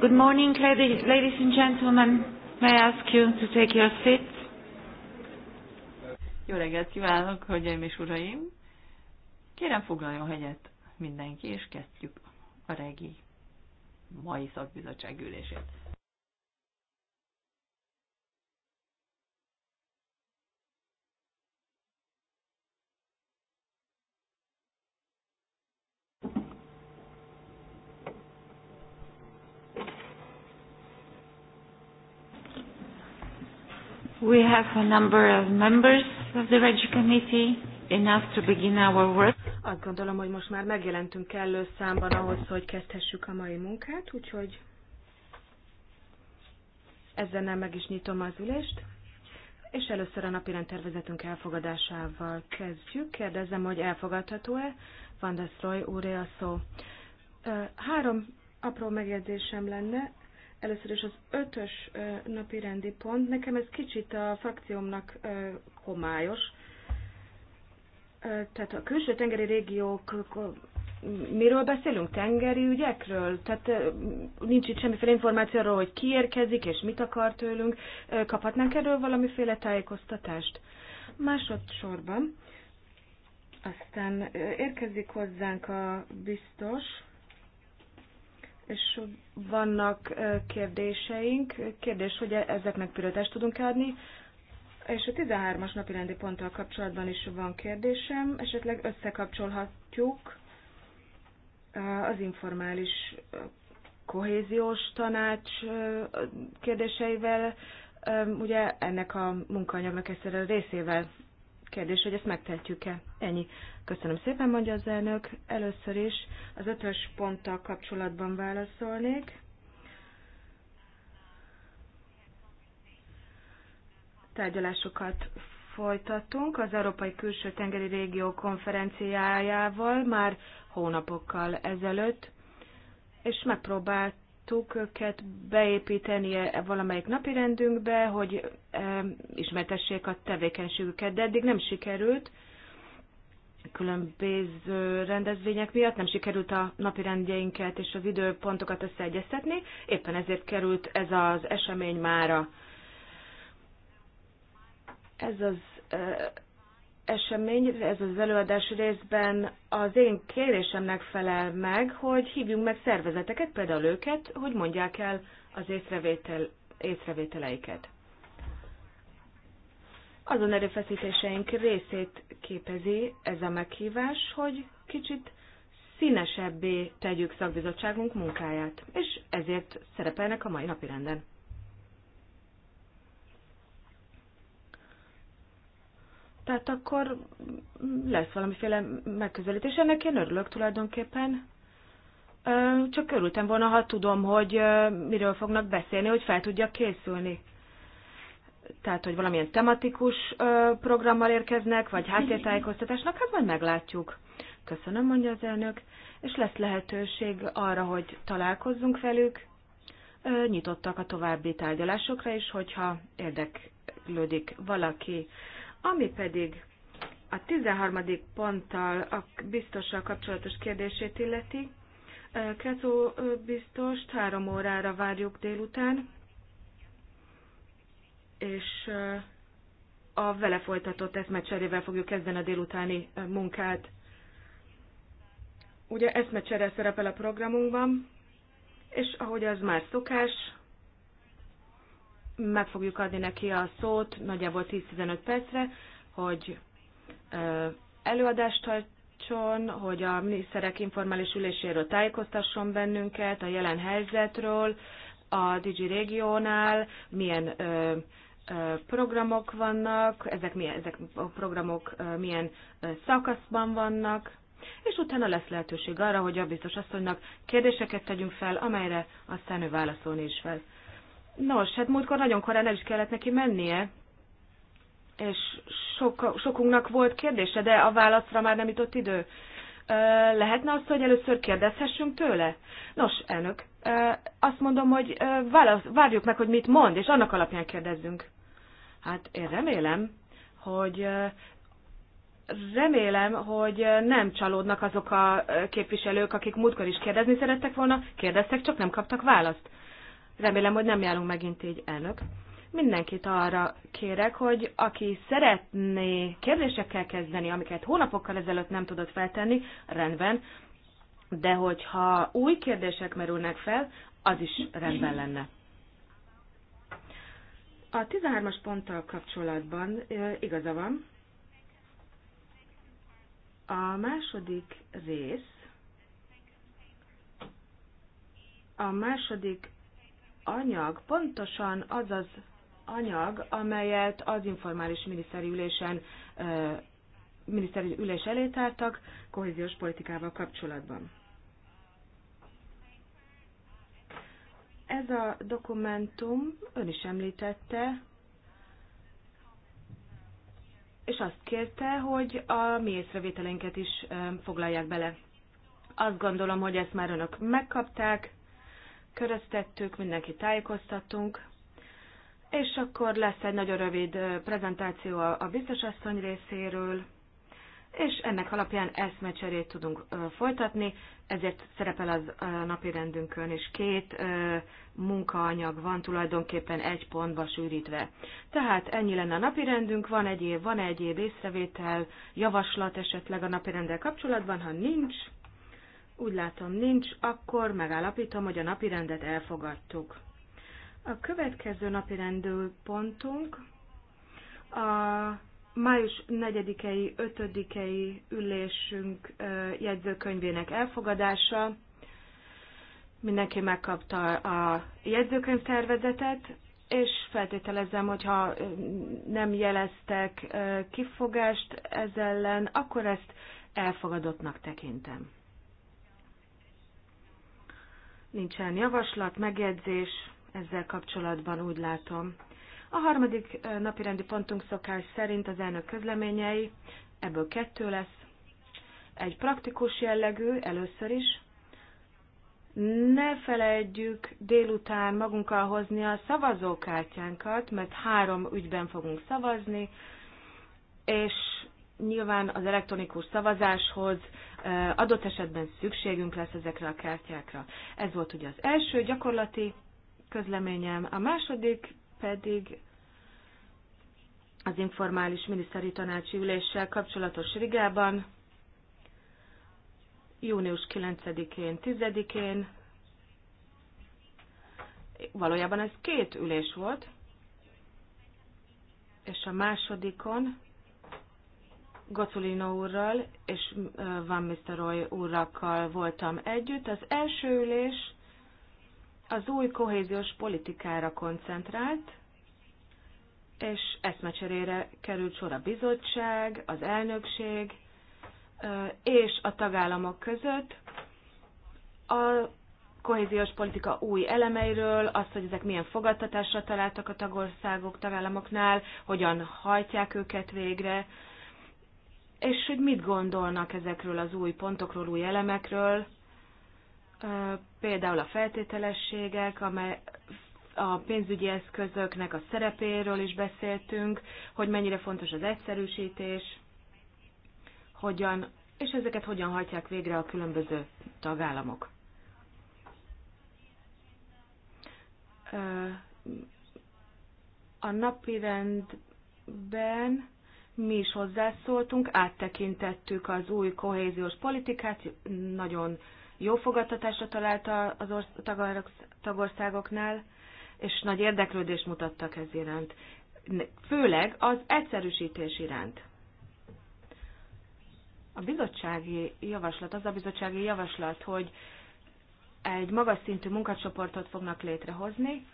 Good morning, ladies, and gentlemen. May I ask you to take your seats? Jó reggelt kívánok, hölgyeim és uraim! Kérem foglaljon helyet mindenki, és kezdjük a regi mai szakbizottság ülését. We have a number of members of the Regi Committee, enough to begin our work. Azt gondolom, hogy most már megjelentünk kellő számban ahhoz, hogy kezdhessük a mai munkát, úgyhogy ezzel nem meg is nyitom az ülést. És először a napirend tervezetünk elfogadásával kezdjük. Kérdezem, hogy elfogadható-e? Van Roy úré a szó. Három apró megjegyzésem lenne. Először is az ötös napi rendi pont, nekem ez kicsit a frakciómnak homályos. Tehát a külső tengeri régiók, miről beszélünk? Tengeri ügyekről? Tehát nincs itt semmiféle információ arról, hogy ki érkezik és mit akar tőlünk. Kaphatnánk erről valamiféle tájékoztatást? Másodszorban aztán érkezik hozzánk a biztos, és vannak kérdéseink. Kérdés, hogy e- ezeknek pirotást tudunk adni. És a 13-as napi rendi ponttal kapcsolatban is van kérdésem. Esetleg összekapcsolhatjuk az informális kohéziós tanács kérdéseivel, ugye ennek a munkanyagnak egyszerűen részével Kérdés, hogy ezt megtehetjük-e? Ennyi. Köszönöm szépen, mondja az elnök. Először is az ötös ponttal kapcsolatban válaszolnék. Tárgyalásokat folytatunk az Európai Külső Tengeri Régió konferenciájával már hónapokkal ezelőtt, és megpróbált megpróbáltuk őket beépíteni valamelyik napirendünkbe, hogy e, ismertessék a tevékenységüket, de eddig nem sikerült különböző rendezvények miatt nem sikerült a rendjeinket és az időpontokat összeegyeztetni, éppen ezért került ez az esemény mára. Ez az e, esemény, ez az előadás részben az én kérésemnek felel meg, hogy hívjunk meg szervezeteket, például őket, hogy mondják el az észrevétel, észrevételeiket. Azon erőfeszítéseink részét képezi ez a meghívás, hogy kicsit színesebbé tegyük szakbizottságunk munkáját, és ezért szerepelnek a mai napirenden. Tehát akkor lesz valamiféle megközelítés. Ennek én örülök tulajdonképpen. Csak örültem volna, ha tudom, hogy miről fognak beszélni, hogy fel tudjak készülni. Tehát, hogy valamilyen tematikus programmal érkeznek, vagy háttértájékoztatásnak, hát majd meglátjuk. Köszönöm, mondja az elnök, és lesz lehetőség arra, hogy találkozzunk velük. Nyitottak a további tárgyalásokra is, hogyha érdeklődik valaki ami pedig a 13. ponttal a biztossal kapcsolatos kérdését illeti, Kezó biztos, három órára várjuk délután, és a vele folytatott eszmecserével fogjuk kezdeni a délutáni munkát. Ugye eszmecsere szerepel a programunkban, és ahogy az már szokás, meg fogjuk adni neki a szót nagyjából 10-15 percre, hogy előadást tartson, hogy a miniszterek informális üléséről tájékoztasson bennünket, a jelen helyzetről, a Digi Régiónál, milyen ö, ö, programok vannak, ezek, milyen, ezek a programok ö, milyen ö, szakaszban vannak, és utána lesz lehetőség arra, hogy a biztos asszonynak kérdéseket tegyünk fel, amelyre aztán ő válaszolni is fel. Nos, hát múltkor nagyon korán el is kellett neki mennie, és sok, sokunknak volt kérdése, de a válaszra már nem jutott idő. Lehetne azt, hogy először kérdezhessünk tőle? Nos, elnök, azt mondom, hogy válasz, várjuk meg, hogy mit mond, és annak alapján kérdezzünk. Hát én remélem, hogy remélem, hogy nem csalódnak azok a képviselők, akik múltkor is kérdezni szerettek volna, kérdeztek, csak nem kaptak választ. Remélem, hogy nem járunk megint így, elnök. Mindenkit arra kérek, hogy aki szeretné kérdésekkel kezdeni, amiket hónapokkal ezelőtt nem tudott feltenni, rendben, de hogyha új kérdések merülnek fel, az is rendben lenne. A 13-as ponttal kapcsolatban igaza van. A második rész, a második anyag pontosan az az anyag, amelyet az informális miniszteri ülésen miniszteri ülés elé tártak kohéziós politikával kapcsolatban. Ez a dokumentum, ön is említette, és azt kérte, hogy a mi észrevételénket is foglalják bele. Azt gondolom, hogy ezt már önök megkapták, köröztettük, mindenkit tájékoztattunk, és akkor lesz egy nagyon rövid prezentáció a biztosasszony részéről, és ennek alapján eszmecserét tudunk folytatni, ezért szerepel az napi rendünkön, és két munkaanyag van tulajdonképpen egy pontba sűrítve. Tehát ennyi lenne a napi rendünk, van egyéb, van egyéb észrevétel, javaslat esetleg a napi rendel kapcsolatban, ha nincs, úgy látom nincs, akkor megállapítom, hogy a napi rendet elfogadtuk. A következő napi pontunk a május 4-i, 5-i ülésünk jegyzőkönyvének elfogadása. Mindenki megkapta a jegyzőkönyv tervezetet, és feltételezem, hogyha nem jeleztek kifogást ez ellen, akkor ezt elfogadottnak tekintem. Nincsen javaslat, megjegyzés ezzel kapcsolatban úgy látom. A harmadik napirendi pontunk szokás szerint az elnök közleményei, ebből kettő lesz. Egy praktikus jellegű először is. Ne felejtjük délután magunkkal hozni a szavazókártyánkat, mert három ügyben fogunk szavazni, és nyilván az elektronikus szavazáshoz adott esetben szükségünk lesz ezekre a kártyákra. Ez volt ugye az első gyakorlati közleményem, a második pedig az informális miniszteri tanácsi üléssel kapcsolatos Rigában június 9-én, 10-én. Valójában ez két ülés volt, és a másodikon Gacolino úrral és Van Mistelrooy úrakkal voltam együtt. Az első ülés az új kohéziós politikára koncentrált, és eszmecserére került sor a bizottság, az elnökség és a tagállamok között. A kohéziós politika új elemeiről, azt, hogy ezek milyen fogadtatásra találtak a tagországok, tagállamoknál, hogyan hajtják őket végre, és hogy mit gondolnak ezekről az új pontokról, új elemekről, például a feltételességek, amely a pénzügyi eszközöknek a szerepéről is beszéltünk, hogy mennyire fontos az egyszerűsítés, hogyan, és ezeket hogyan hajtják végre a különböző tagállamok. A napi rendben? mi is hozzászóltunk, áttekintettük az új kohéziós politikát, nagyon jó fogadtatásra találta az tagországoknál, és nagy érdeklődést mutattak ez iránt. Főleg az egyszerűsítés iránt. A bizottsági javaslat, az a bizottsági javaslat, hogy egy magas szintű munkacsoportot fognak létrehozni,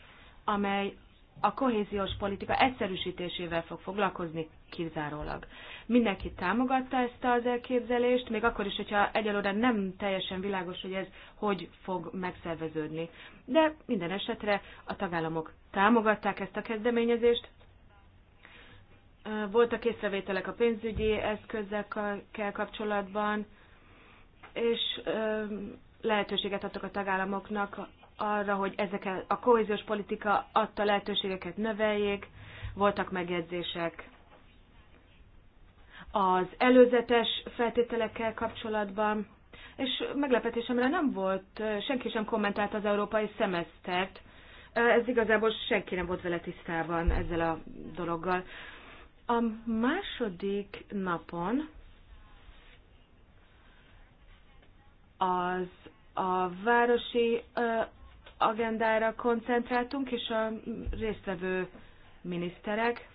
amely a kohéziós politika egyszerűsítésével fog foglalkozni kizárólag. Mindenki támogatta ezt az elképzelést, még akkor is, hogyha egyelőre nem teljesen világos, hogy ez hogy fog megszerveződni. De minden esetre a tagállamok támogatták ezt a kezdeményezést. Voltak észrevételek a pénzügyi eszközekkel kapcsolatban, és lehetőséget adtak a tagállamoknak arra, hogy ezek a kohéziós politika adta lehetőségeket növeljék, voltak megjegyzések az előzetes feltételekkel kapcsolatban, és meglepetésemre nem volt, senki sem kommentált az európai szemesztert, ez igazából senki nem volt vele tisztában ezzel a dologgal. A második napon az a városi agendára koncentráltunk, és a résztvevő miniszterek.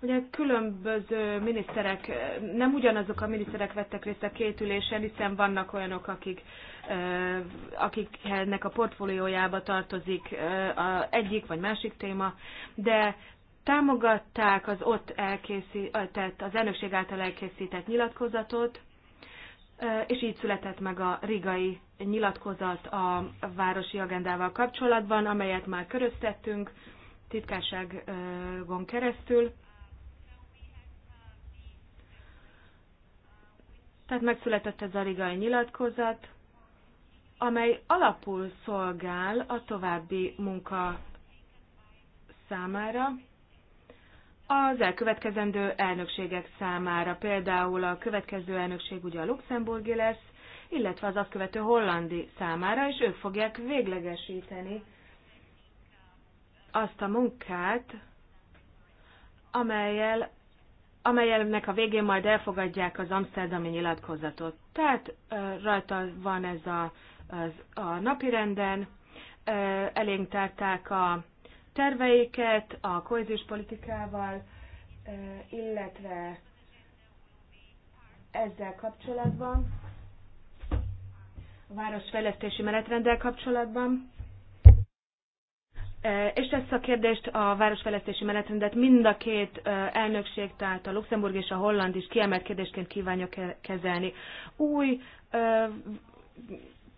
Ugye különböző miniszterek, nem ugyanazok a miniszterek vettek részt a két ülésen, hiszen vannak olyanok, akik, akiknek a portfóliójába tartozik a egyik vagy másik téma, de támogatták az ott elkészített, az elnökség által elkészített nyilatkozatot, és így született meg a rigai nyilatkozat a városi agendával kapcsolatban, amelyet már köröztettünk titkárságon keresztül. Tehát megszületett ez a rigai nyilatkozat, amely alapul szolgál a további munka számára, az elkövetkezendő elnökségek számára. Például a következő elnökség ugye a luxemburgi lesz, illetve az azt követő hollandi számára, és ők fogják véglegesíteni azt a munkát, amelyel, amelyelnek a végén majd elfogadják az Amsterdami nyilatkozatot. Tehát rajta van ez a, az, a napirenden, elénk tárták a terveiket a kohéziós politikával, eh, illetve ezzel kapcsolatban, a városfejlesztési menetrenddel kapcsolatban. Eh, és ezt a kérdést, a városfejlesztési menetrendet mind a két eh, elnökség, tehát a Luxemburg és a Holland is kiemelt kérdésként kívánja kezelni. Új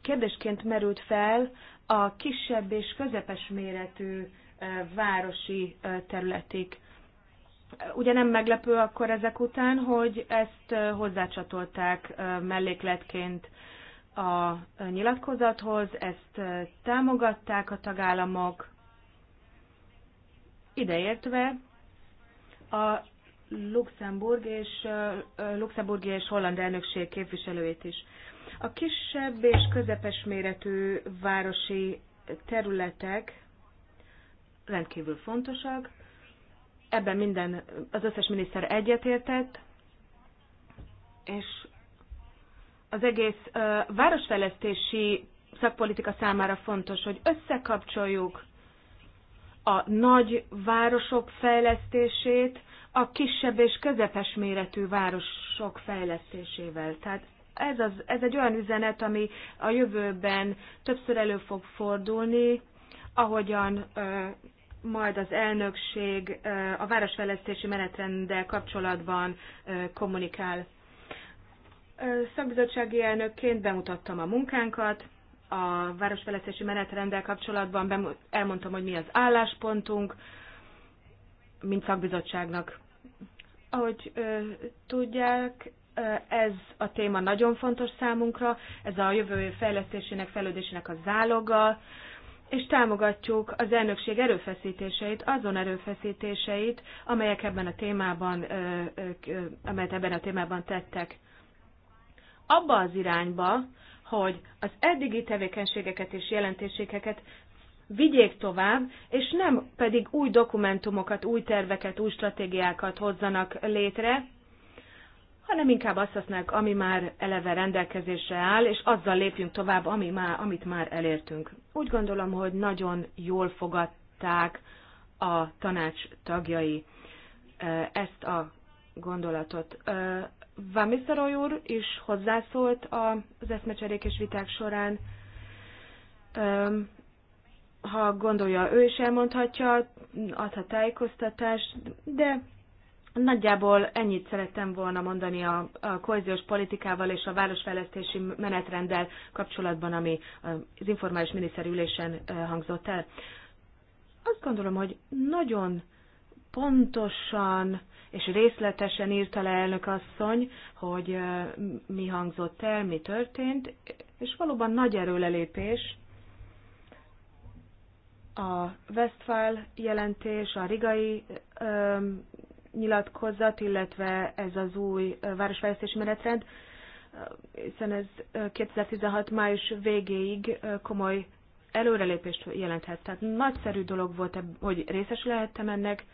kérdésként merült fel a kisebb és közepes méretű városi területig. Ugye nem meglepő akkor ezek után, hogy ezt hozzácsatolták mellékletként a nyilatkozathoz, ezt támogatták a tagállamok, ideértve a Luxemburg és, luxemburgi és holland elnökség képviselőjét is. A kisebb és közepes méretű városi területek rendkívül fontosak. Ebben minden, az összes miniszter egyetértett, és az egész uh, városfejlesztési szakpolitika számára fontos, hogy összekapcsoljuk a nagy városok fejlesztését a kisebb és közepes méretű városok fejlesztésével. Tehát ez, az, ez egy olyan üzenet, ami a jövőben többször elő fog fordulni, ahogyan uh, majd az elnökség a városfejlesztési menetrenddel kapcsolatban kommunikál. Szakbizottsági elnökként bemutattam a munkánkat, a városfejlesztési menetrenddel kapcsolatban elmondtam, hogy mi az álláspontunk, mint szakbizottságnak. Ahogy tudják, ez a téma nagyon fontos számunkra, ez a jövő fejlesztésének, fejlődésének a záloga, és támogatjuk az elnökség erőfeszítéseit, azon erőfeszítéseit, amelyek ebben a témában, amelyet ebben a témában tettek. Abba az irányba, hogy az eddigi tevékenységeket és jelentéségeket vigyék tovább, és nem pedig új dokumentumokat, új terveket, új stratégiákat hozzanak létre, hanem inkább azt használjuk, ami már eleve rendelkezésre áll, és azzal lépjünk tovább, ami már, amit már elértünk. Úgy gondolom, hogy nagyon jól fogadták a tanács tagjai e, ezt a gondolatot. E, Vámisztaroly úr is hozzászólt az eszmecserék és viták során. E, ha gondolja, ő is elmondhatja, adhat tájékoztatást, de Nagyjából ennyit szerettem volna mondani a, a kohéziós politikával és a városfejlesztési menetrenddel kapcsolatban, ami az informális miniszterülésen hangzott el. Azt gondolom, hogy nagyon pontosan és részletesen írta le elnök asszony, hogy mi hangzott el, mi történt, és valóban nagy erőlelépés a Westfál jelentés, a rigai nyilatkozat, illetve ez az új városfejlesztési menetrend, hiszen ez 2016 május végéig komoly előrelépést jelenthet. Tehát nagyszerű dolog volt, hogy részes lehettem ennek,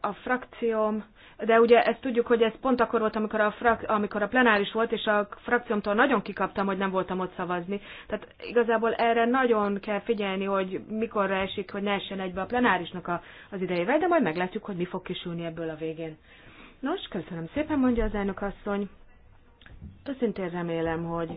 a frakcióm, de ugye ezt tudjuk, hogy ez pont akkor volt, amikor a, frak, amikor a plenáris volt, és a frakciómtól nagyon kikaptam, hogy nem voltam ott szavazni. Tehát igazából erre nagyon kell figyelni, hogy mikor esik, hogy ne essen egybe a plenárisnak a, az idejével, de majd meglátjuk, hogy mi fog kisülni ebből a végén. Nos, köszönöm szépen, mondja az elnök asszony. Őszintén remélem, hogy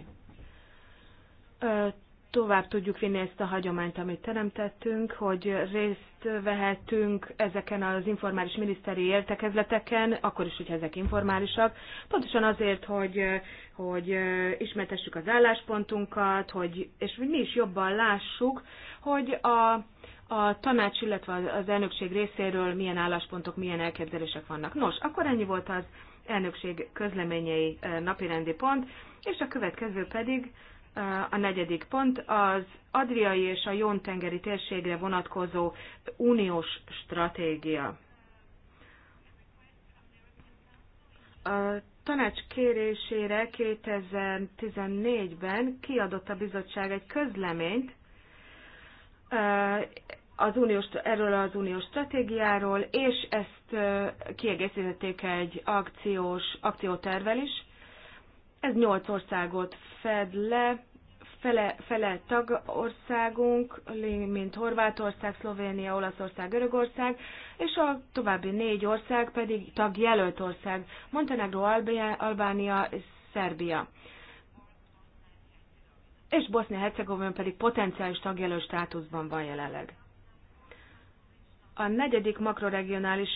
tovább tudjuk vinni ezt a hagyományt, amit teremtettünk, hogy részt vehetünk ezeken az informális miniszteri értekezleteken, akkor is, hogy ezek informálisak, pontosan azért, hogy, hogy ismertessük az álláspontunkat, hogy, és hogy mi is jobban lássuk, hogy a, a tanács, illetve az elnökség részéről milyen álláspontok, milyen elképzelések vannak. Nos, akkor ennyi volt az elnökség közleményei eh, napirendi pont, és a következő pedig a negyedik pont az Adriai és a Jón-tengeri térségre vonatkozó uniós stratégia. A tanács kérésére 2014-ben kiadott a bizottság egy közleményt az uniós, erről az uniós stratégiáról, és ezt kiegészítették egy akciós akciótervel is, ez nyolc országot fed le, fele, fele tagországunk, mint Horvátország, Szlovénia, Olaszország, Görögország, és a további négy ország pedig tagjelölt ország, Montenegro, Albánia és Szerbia. És Bosznia-Hercegovina pedig potenciális tagjelölt státuszban van jelenleg. A negyedik makroregionális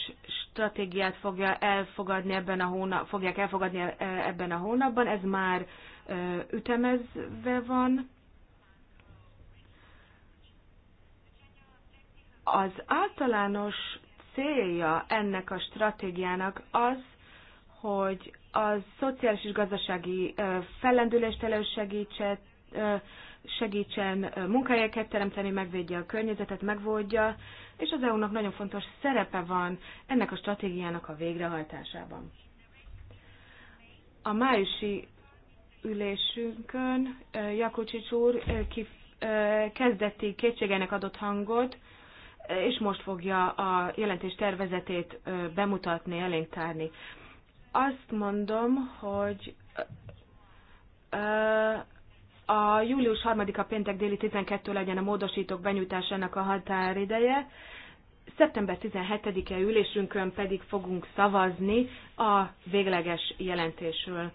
stratégiát fogja elfogadni ebben a hónap, fogják elfogadni e, e, ebben a hónapban, ez már e, ütemezve van. Az általános célja ennek a stratégiának az, hogy a szociális és gazdasági fellendülést elősegítse, segítsen munkahelyeket teremteni, megvédje a környezetet, megvódja és az EU-nak nagyon fontos szerepe van ennek a stratégiának a végrehajtásában. A májusi ülésünkön Jakucsics úr kif, kezdeti kétségeinek adott hangot, és most fogja a jelentés tervezetét bemutatni, elénk tárni. Azt mondom, hogy a július 3-a péntek déli 12 legyen a módosítók benyújtásának a határideje, szeptember 17-e ülésünkön pedig fogunk szavazni a végleges jelentésről.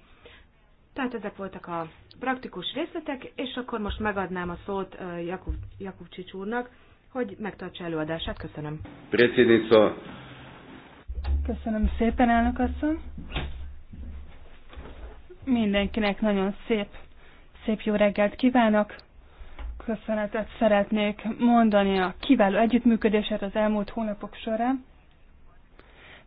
Tehát ezek voltak a praktikus részletek, és akkor most megadnám a szót Jakub, Jakub Csics úrnak, hogy megtartsa előadását. Köszönöm. Precinica. Köszönöm szépen, elnök asszony. Mindenkinek nagyon szép Szép jó reggelt kívánok! Köszönetet szeretnék mondani a kiváló együttműködésért az elmúlt hónapok során,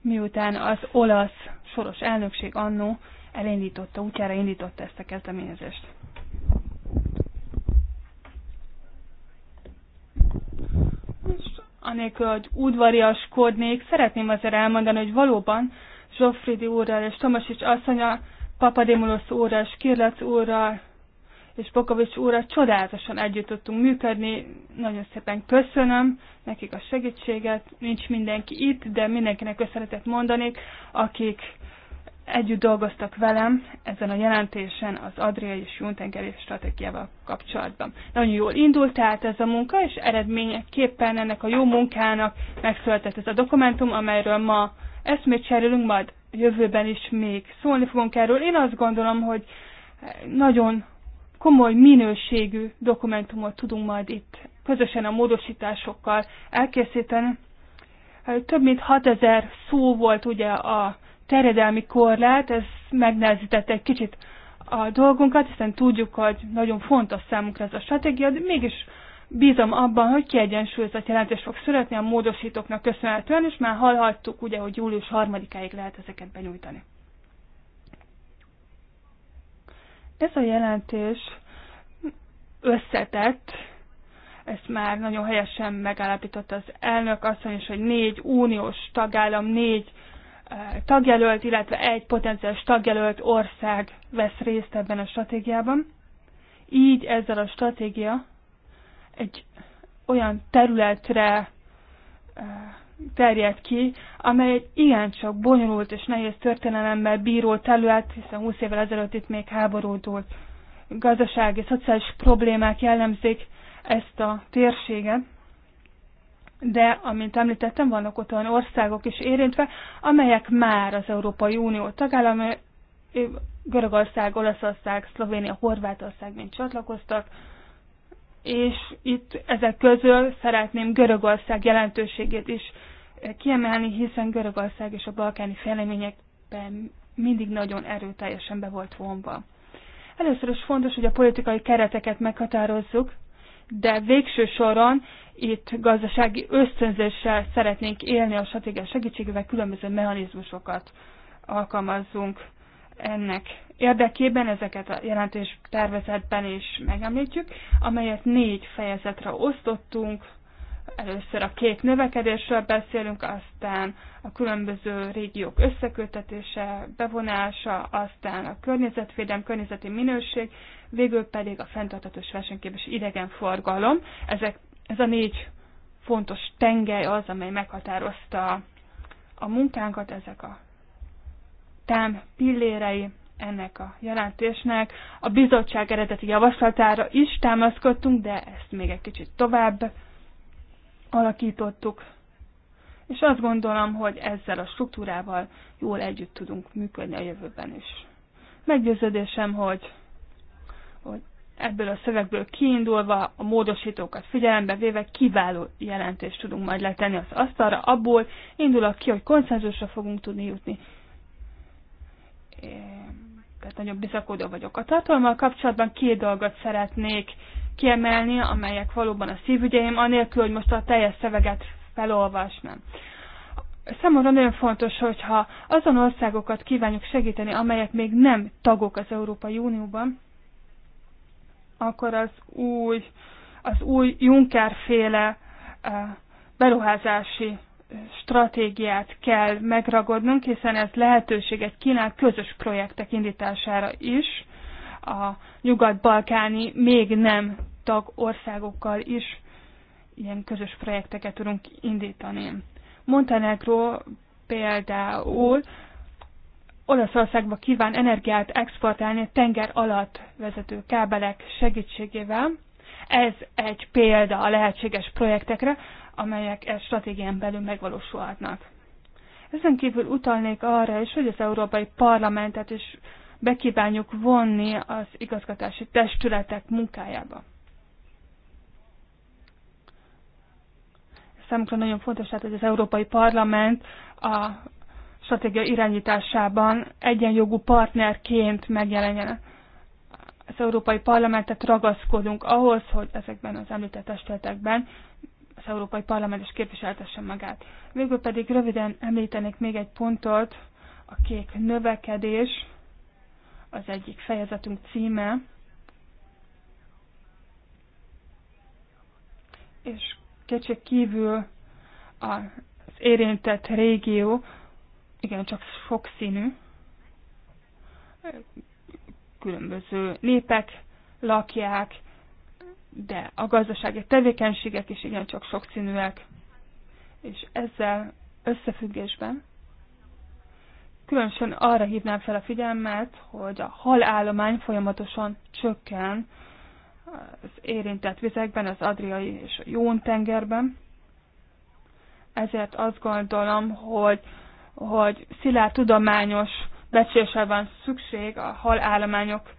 miután az olasz soros elnökség annó elindította, útjára indította ezt a kezdeményezést. anélkül, hogy udvariaskodnék, szeretném azért elmondani, hogy valóban Zsofridi úrral és Tomasics asszonya, Papadémulosz úrral és Kirlac úrral és Bokovics úrra csodálatosan együtt tudtunk működni. Nagyon szépen köszönöm nekik a segítséget. Nincs mindenki itt, de mindenkinek köszönetet mondanék, akik együtt dolgoztak velem ezen a jelentésen az Adria és Juntengeri stratégiával kapcsolatban. Nagyon jól indult tehát ez a munka, és eredményeképpen ennek a jó munkának megszületett ez a dokumentum, amelyről ma eszmét cserélünk, majd jövőben is még szólni fogunk erről. Én azt gondolom, hogy nagyon komoly minőségű dokumentumot tudunk majd itt közösen a módosításokkal elkészíteni. Több mint 6000 szó volt ugye a terjedelmi korlát, ez megnehezítette egy kicsit a dolgunkat, hiszen tudjuk, hogy nagyon fontos számunkra ez a stratégia, de mégis bízom abban, hogy kiegyensúlyozott jelentés fog születni a módosítóknak köszönhetően, és már hallhattuk ugye, hogy július 3-áig lehet ezeket benyújtani. Ez a jelentés összetett, ezt már nagyon helyesen megállapította az elnök asszony is, hogy négy uniós tagállam, négy eh, tagjelölt, illetve egy potenciális tagjelölt ország vesz részt ebben a stratégiában. Így ezzel a stratégia egy olyan területre eh, terjed ki, amely egy igencsak bonyolult és nehéz történelemmel bíró terület, hiszen 20 évvel ezelőtt itt még háborúdult gazdasági, szociális problémák jellemzik ezt a térséget. De, amint említettem, vannak ott olyan országok is érintve, amelyek már az Európai Unió tagállamai, Görögország, Olaszország, Szlovénia, Horvátország mind csatlakoztak, és itt ezek közül szeretném Görögország jelentőségét is kiemelni, hiszen Görögország és a balkáni fejleményekben mindig nagyon erőteljesen be volt vonva. Először is fontos, hogy a politikai kereteket meghatározzuk, de végső soron itt gazdasági ösztönzéssel szeretnénk élni a stratégiai segítségével, különböző mechanizmusokat alkalmazzunk ennek érdekében, ezeket a jelentés tervezetben is megemlítjük, amelyet négy fejezetre osztottunk, Először a két növekedésről beszélünk, aztán a különböző régiók összekötetése, bevonása, aztán a környezetvédelem, környezeti minőség, végül pedig a fenntartatós versenyképes idegenforgalom. Ezek, ez a négy fontos tengely az, amely meghatározta a munkánkat, ezek a tám pillérei ennek a jelentésnek. A bizottság eredeti javaslatára is támaszkodtunk, de ezt még egy kicsit tovább alakítottuk, és azt gondolom, hogy ezzel a struktúrával jól együtt tudunk működni a jövőben is. Meggyőződésem, hogy, hogy ebből a szövegből kiindulva, a módosítókat figyelembe véve kiváló jelentést tudunk majd letenni az asztalra, abból indulok ki, hogy konszenzusra fogunk tudni jutni. Én, tehát nagyon bizakodó vagyok. A tartalommal kapcsolatban két dolgot szeretnék kiemelni, amelyek valóban a szívügyeim, anélkül, hogy most a teljes szöveget felolvasnám. Számomra nagyon fontos, hogyha azon országokat kívánjuk segíteni, amelyek még nem tagok az Európai Unióban, akkor az új, az új Juncker-féle eh, beruházási stratégiát kell megragadnunk, hiszen ez lehetőséget kínál közös projektek indítására is, a nyugat-balkáni, még nem tag országokkal is ilyen közös projekteket tudunk indítani. Montenegro például Olaszországba kíván energiát exportálni tenger alatt vezető kábelek segítségével. Ez egy példa a lehetséges projektekre, amelyek e stratégián belül megvalósulhatnak. Ezen kívül utalnék arra is, hogy az Európai Parlamentet is bekívánjuk vonni az igazgatási testületek munkájába. Számukra nagyon fontos, tehát, hogy az Európai Parlament a stratégia irányításában egyenjogú partnerként megjelenjen. Az Európai Parlamentet ragaszkodunk ahhoz, hogy ezekben az említett testületekben az Európai Parlament is képviseltesse magát. Végül pedig röviden említenék még egy pontot, a kék növekedés, az egyik fejezetünk címe, és kétség kívül az érintett régió igen csak sokszínű, különböző népek lakják, de a gazdasági tevékenységek is igencsak sokszínűek, és ezzel összefüggésben Különösen arra hívnám fel a figyelmet, hogy a halállomány folyamatosan csökken az érintett vizekben, az Adriai és a Jón tengerben. Ezért azt gondolom, hogy, hogy szilárd tudományos becsésre van szükség a halállományok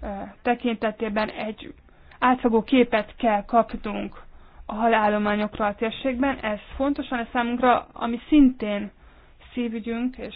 eh, tekintetében egy átfogó képet kell kapnunk a halállományokra a térségben. Ez fontosan a számunkra, ami szintén szívügyünk, és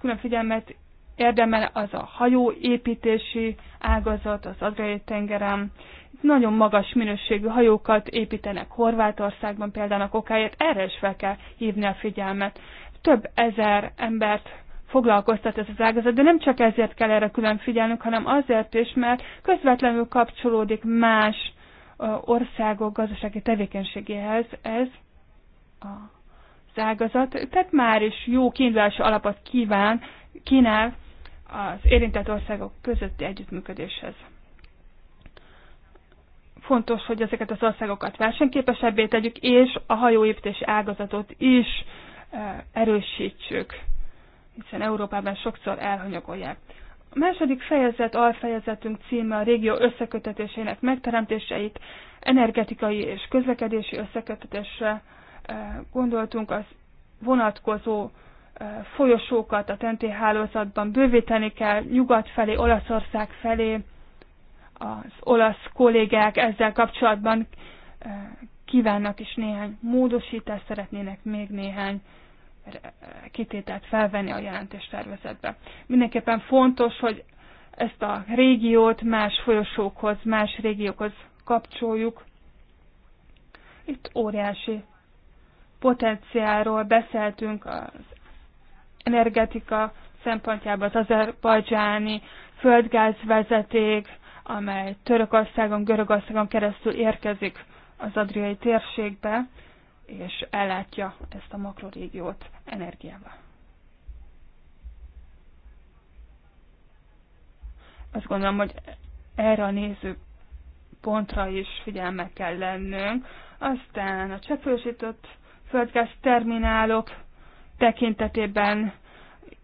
külön figyelmet érdemel az a hajóépítési ágazat az Adriai tengeren. Nagyon magas minőségű hajókat építenek Horvátországban például a kokáért, erre is fel kell hívni a figyelmet. Több ezer embert foglalkoztat ez az ágazat, de nem csak ezért kell erre külön figyelnünk, hanem azért is, mert közvetlenül kapcsolódik más országok gazdasági tevékenységéhez ez a ágazat, tehát már is jó kiindulási alapot kíván, kínál az érintett országok közötti együttműködéshez. Fontos, hogy ezeket az országokat versenyképesebbé tegyük, és a hajóépítési ágazatot is e, erősítsük, hiszen Európában sokszor elhanyagolják. A második fejezet, alfejezetünk címe a régió összekötetésének megteremtéseit, energetikai és közlekedési összekötetésre gondoltunk, az vonatkozó folyosókat a TNT hálózatban bővíteni kell, nyugat felé, Olaszország felé, az olasz kollégák ezzel kapcsolatban kívánnak is néhány módosítást, szeretnének még néhány kitételt felvenni a tervezetbe. Mindenképpen fontos, hogy ezt a régiót más folyosókhoz, más régiókhoz kapcsoljuk. Itt óriási potenciáról beszéltünk az energetika szempontjából az azerbajdzsáni földgázvezeték, amely Törökországon, Görögországon keresztül érkezik az adriai térségbe, és ellátja ezt a makrorégiót energiával. Azt gondolom, hogy erre a néző pontra is figyelme kell lennünk. Aztán a csepősított földgáz terminálok tekintetében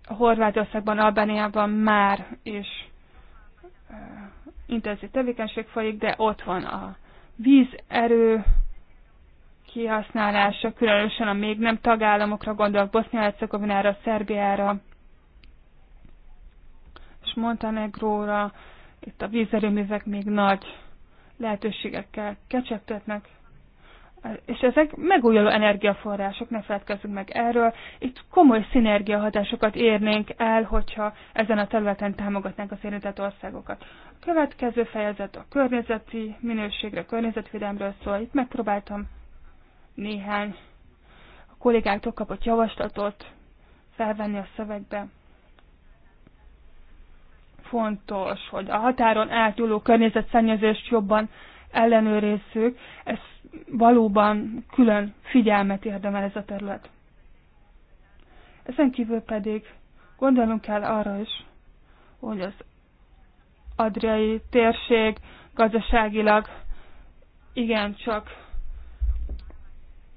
Horvátországban, Albániában már is intenzív tevékenység folyik, de ott van a vízerő kihasználása, különösen a még nem tagállamokra gondolok, Bosznia-Hercegovinára, Szerbiára és Montenegróra. Itt a vízerőművek még nagy lehetőségekkel kecsegtetnek és ezek megújuló energiaforrások, ne feledkezzünk meg erről. Itt komoly szinergiahatásokat érnénk el, hogyha ezen a területen támogatnánk az érintett országokat. A következő fejezet a környezeti minőségre, környezetvédelemről szól. Itt megpróbáltam néhány a kollégáktól kapott javaslatot felvenni a szövegbe. Fontos, hogy a határon átnyúló környezetszennyezést jobban ellenőrizzük. Ez valóban külön figyelmet érdemel ez a terület. Ezen kívül pedig gondolunk kell arra is, hogy az adriai térség gazdaságilag igencsak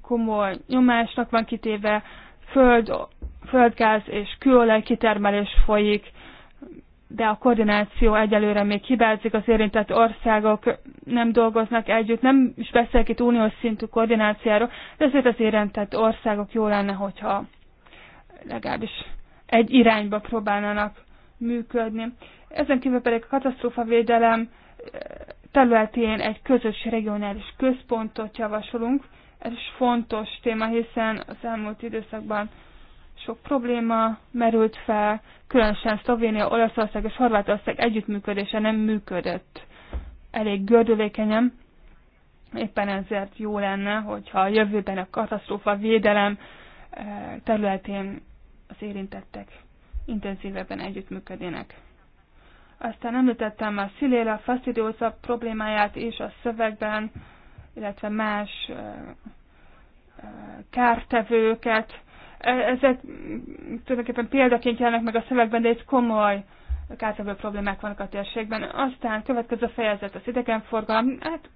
komoly nyomásnak van kitéve, föld, földgáz és kőolaj kitermelés folyik, de a koordináció egyelőre még hibázik, az érintett országok nem dolgoznak együtt, nem is beszélek itt uniós szintű koordinációról, de azért az érintett országok jó lenne, hogyha legalábbis egy irányba próbálnának működni. Ezen kívül pedig a katasztrófavédelem eh, területén egy közös regionális központot javasolunk. Ez is fontos téma, hiszen az elmúlt időszakban sok probléma merült fel, különösen Szlovénia, Olaszország és Horvátország együttműködése nem működött elég gördülékenyen. Éppen ezért jó lenne, hogyha a jövőben a katasztrófa védelem eh, területén az érintettek intenzívebben együttműködjenek. Aztán említettem a sziléla faszidioza problémáját is a szövegben, illetve más eh, eh, kártevőket, E, ezek tulajdonképpen példaként jelennek meg a szövegben, de itt komoly kártevő problémák vannak a térségben. Aztán következő fejezet az idegenforgalom. Hát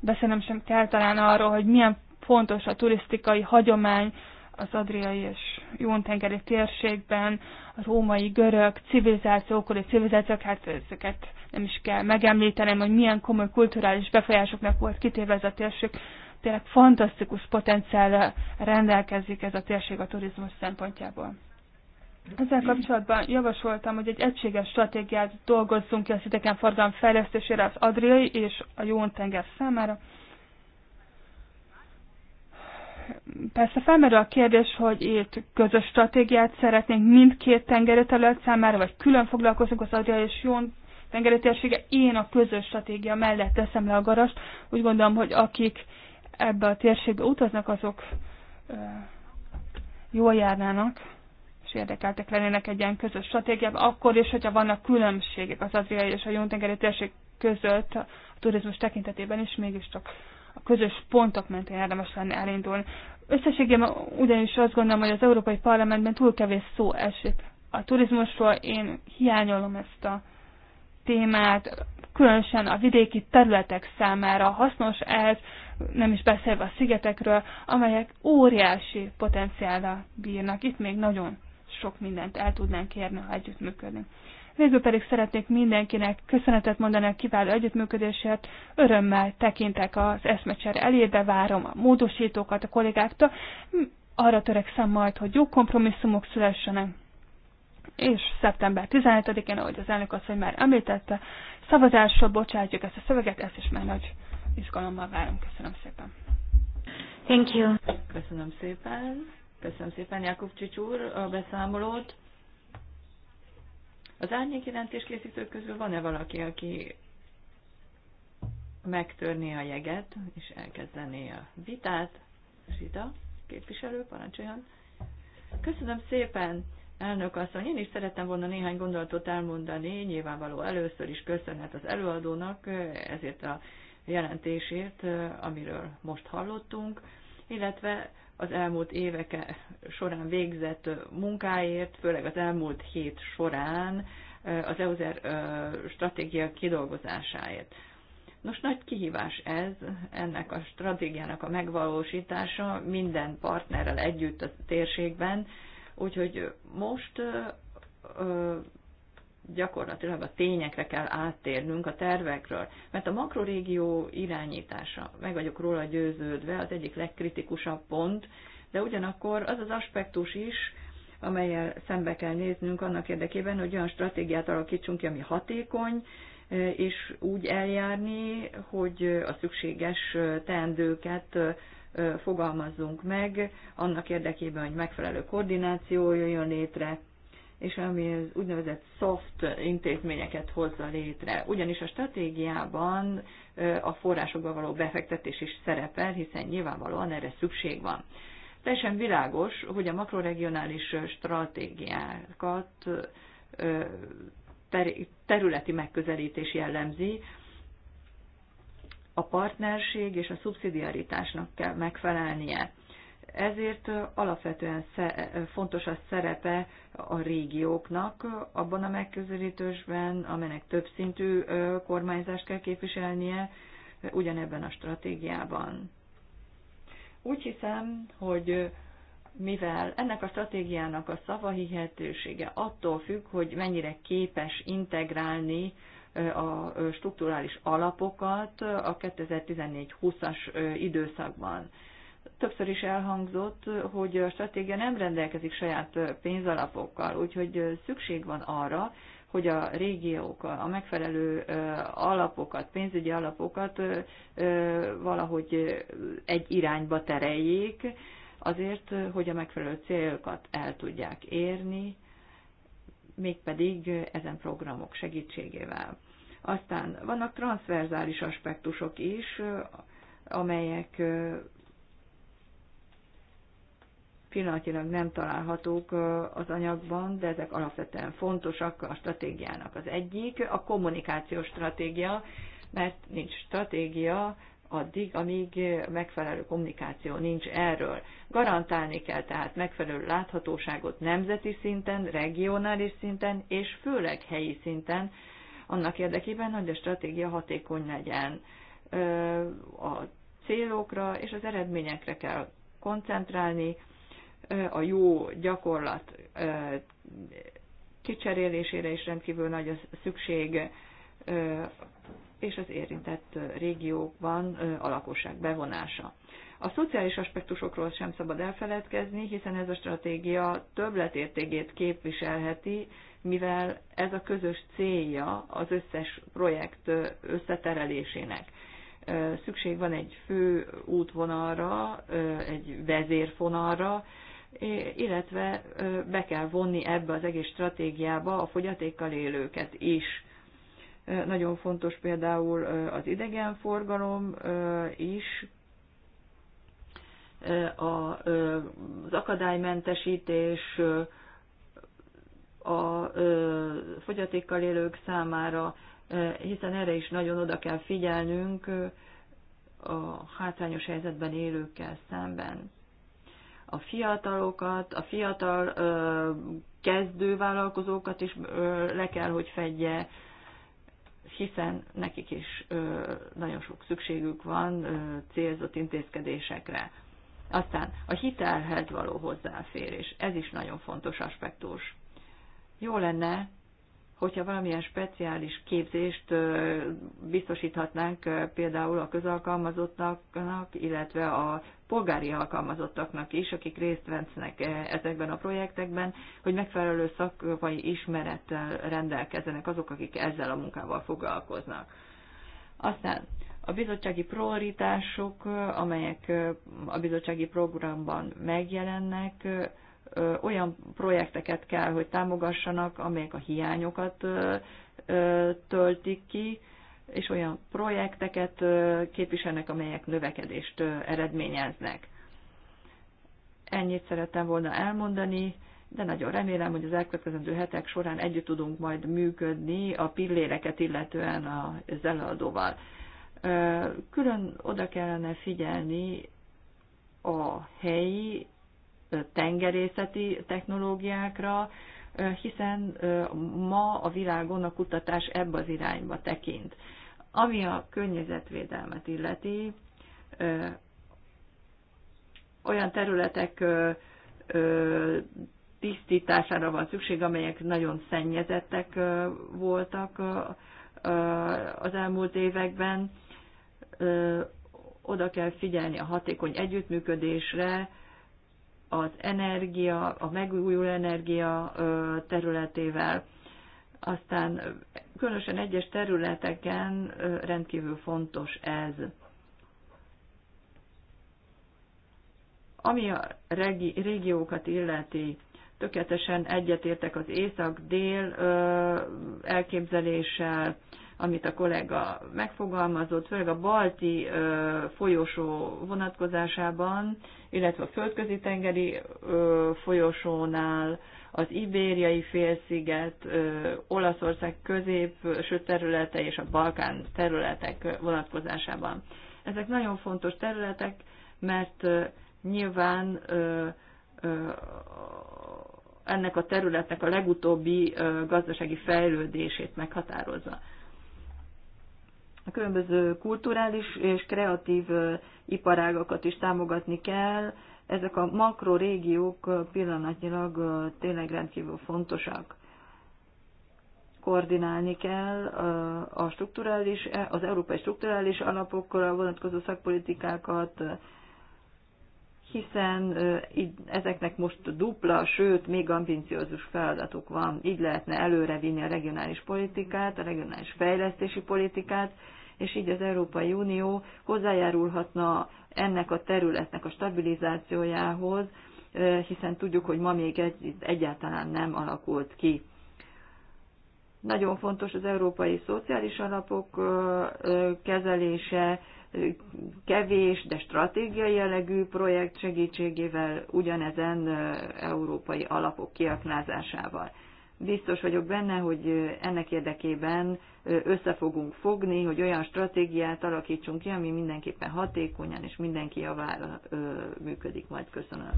beszélnem sem kell talán arról, hogy milyen fontos a turisztikai hagyomány az adriai és jóntengeri térségben, a római görög civilizáció, ókori civilizációk, hát ezeket nem is kell megemlítenem, hogy milyen komoly kulturális befolyásoknak volt kitéve ez a térség tényleg fantasztikus potenciállal rendelkezik ez a térség a turizmus szempontjából. Ezzel kapcsolatban javasoltam, hogy egy egységes stratégiát dolgozzunk ki a szideken forgalom fejlesztésére az Adriai és a Jón tenger számára. Persze felmerül a kérdés, hogy itt közös stratégiát szeretnénk mindkét tengeri terület számára, vagy külön foglalkozunk az Adriai és Jón tengeri térsége. Én a közös stratégia mellett teszem le a garast. Úgy gondolom, hogy akik ebbe a térségbe utaznak, azok jól járnának, és érdekeltek lennének egy ilyen közös stratégiában, akkor is, hogyha vannak különbségek az adriai és a jóntengeri térség között a turizmus tekintetében is, mégiscsak a közös pontok mentén érdemes lenne elindulni. Összességében ugyanis azt gondolom, hogy az Európai Parlamentben túl kevés szó esik. A turizmusról én hiányolom ezt a témát, különösen a vidéki területek számára hasznos ez, nem is beszélve a szigetekről, amelyek óriási potenciállal bírnak. Itt még nagyon sok mindent el tudnánk érni, ha együttműködünk. Végül pedig szeretnék mindenkinek köszönetet mondani a kiváló együttműködésért. Örömmel tekintek az eszmecsere elébe, várom a módosítókat a kollégáktól. Arra törekszem majd, hogy jó kompromisszumok szülessenek. És szeptember 17-én, ahogy az elnök azt, hogy már említette, szavazásra bocsátjuk ezt a szöveget, ezt is már nagy izgalommal várom Köszönöm szépen. Thank you. Köszönöm szépen. Köszönöm szépen, Jakub Csics úr, a beszámolót. Az árnyék jelentés készítők közül van-e valaki, aki megtörné a jeget, és elkezdené a vitát? Zsida, képviselő, parancsoljon. Köszönöm szépen, elnök asszony. Én is szerettem volna néhány gondolatot elmondani. Nyilvánvaló először is köszönhet az előadónak ezért a jelentésért, amiről most hallottunk, illetve az elmúlt évek során végzett munkáért, főleg az elmúlt hét során az EUZER stratégia kidolgozásáért. Nos, nagy kihívás ez, ennek a stratégiának a megvalósítása minden partnerrel együtt a térségben, úgyhogy most gyakorlatilag a tényekre kell áttérnünk a tervekről, mert a makrorégió irányítása, meg vagyok róla győződve, az egyik legkritikusabb pont, de ugyanakkor az az aspektus is, amelyel szembe kell néznünk annak érdekében, hogy olyan stratégiát alakítsunk ki, ami hatékony, és úgy eljárni, hogy a szükséges teendőket fogalmazzunk meg, annak érdekében, hogy megfelelő koordináció jöjjön létre, és ami az úgynevezett soft intézményeket hozza létre. Ugyanis a stratégiában a forrásokba való befektetés is szerepel, hiszen nyilvánvalóan erre szükség van. Teljesen világos, hogy a makroregionális stratégiákat területi megközelítés jellemzi, a partnerség és a szubszidiaritásnak kell megfelelnie. Ezért alapvetően fontos a szerepe a régióknak abban a megközelítősben, amelynek többszintű kormányzást kell képviselnie ugyanebben a stratégiában. Úgy hiszem, hogy mivel ennek a stratégiának a szavahihetősége attól függ, hogy mennyire képes integrálni a strukturális alapokat a 2014-20-as időszakban. Többször is elhangzott, hogy a stratégia nem rendelkezik saját pénzalapokkal, úgyhogy szükség van arra, hogy a régiók a megfelelő alapokat, pénzügyi alapokat valahogy egy irányba tereljék, azért, hogy a megfelelő célokat el tudják érni, mégpedig ezen programok segítségével. Aztán vannak transzverzális aspektusok is, amelyek pillanatilag nem találhatók az anyagban, de ezek alapvetően fontosak a stratégiának. Az egyik a kommunikációs stratégia, mert nincs stratégia addig, amíg megfelelő kommunikáció nincs erről. Garantálni kell tehát megfelelő láthatóságot nemzeti szinten, regionális szinten és főleg helyi szinten, annak érdekében, hogy a stratégia hatékony legyen. A célokra és az eredményekre kell koncentrálni, a jó gyakorlat kicserélésére is rendkívül nagy a szükség, és az érintett régiókban a lakosság bevonása. A szociális aspektusokról sem szabad elfeledkezni, hiszen ez a stratégia többletértékét képviselheti, mivel ez a közös célja az összes projekt összeterelésének. Szükség van egy fő útvonalra, egy vezérfonalra, illetve be kell vonni ebbe az egész stratégiába a fogyatékkal élőket is. Nagyon fontos például az idegenforgalom is, az akadálymentesítés, a fogyatékkal élők számára, hiszen erre is nagyon oda kell figyelnünk a hátrányos helyzetben élőkkel szemben a fiatalokat, a fiatal ö, kezdő vállalkozókat is ö, le kell, hogy fedje, hiszen nekik is ö, nagyon sok szükségük van ö, célzott intézkedésekre. Aztán a hitelhez való hozzáférés, ez is nagyon fontos aspektus. Jó lenne, hogyha valamilyen speciális képzést biztosíthatnánk például a közalkalmazottaknak, illetve a polgári alkalmazottaknak is, akik részt vesznek ezekben a projektekben, hogy megfelelő szakmai ismerettel rendelkezzenek azok, akik ezzel a munkával foglalkoznak. Aztán a bizottsági prioritások, amelyek a bizottsági programban megjelennek, olyan projekteket kell, hogy támogassanak, amelyek a hiányokat töltik ki, és olyan projekteket képviselnek, amelyek növekedést eredményeznek. Ennyit szerettem volna elmondani, de nagyon remélem, hogy az elkövetkezendő hetek során együtt tudunk majd működni a pilléreket illetően az előadóval. Külön oda kellene figyelni a helyi tengerészeti technológiákra, hiszen ma a világon a kutatás ebbe az irányba tekint. Ami a környezetvédelmet illeti, olyan területek tisztítására van szükség, amelyek nagyon szennyezettek voltak az elmúlt években. Oda kell figyelni a hatékony együttműködésre, az energia, a megújuló energia területével, aztán különösen egyes területeken rendkívül fontos ez. Ami a regi, régiókat illeti, tökéletesen egyetértek az észak-dél elképzeléssel, amit a kollega megfogalmazott, főleg a balti folyosó vonatkozásában, illetve a földközi tengeri folyosónál, az ibériai félsziget, Olaszország középső területe és a Balkán területek vonatkozásában. Ezek nagyon fontos területek, mert nyilván ennek a területnek a legutóbbi gazdasági fejlődését meghatározza a különböző kulturális és kreatív iparágakat is támogatni kell. Ezek a makrorégiók pillanatnyilag tényleg rendkívül fontosak. Koordinálni kell a strukturális, e, az európai strukturális alapokra vonatkozó szakpolitikákat, hiszen ezeknek most dupla, sőt, még ambiciózus feladatuk van. Így lehetne előrevinni a regionális politikát, a regionális fejlesztési politikát, és így az Európai Unió hozzájárulhatna ennek a területnek a stabilizációjához, hiszen tudjuk, hogy ma még egy, egyáltalán nem alakult ki. Nagyon fontos az európai szociális alapok kezelése, kevés, de stratégiai jellegű projekt segítségével, ugyanezen európai alapok kiaknázásával. Biztos vagyok benne, hogy ennek érdekében össze fogunk fogni, hogy olyan stratégiát alakítsunk ki, ami mindenképpen hatékonyan és mindenki javára működik. Majd köszönöm.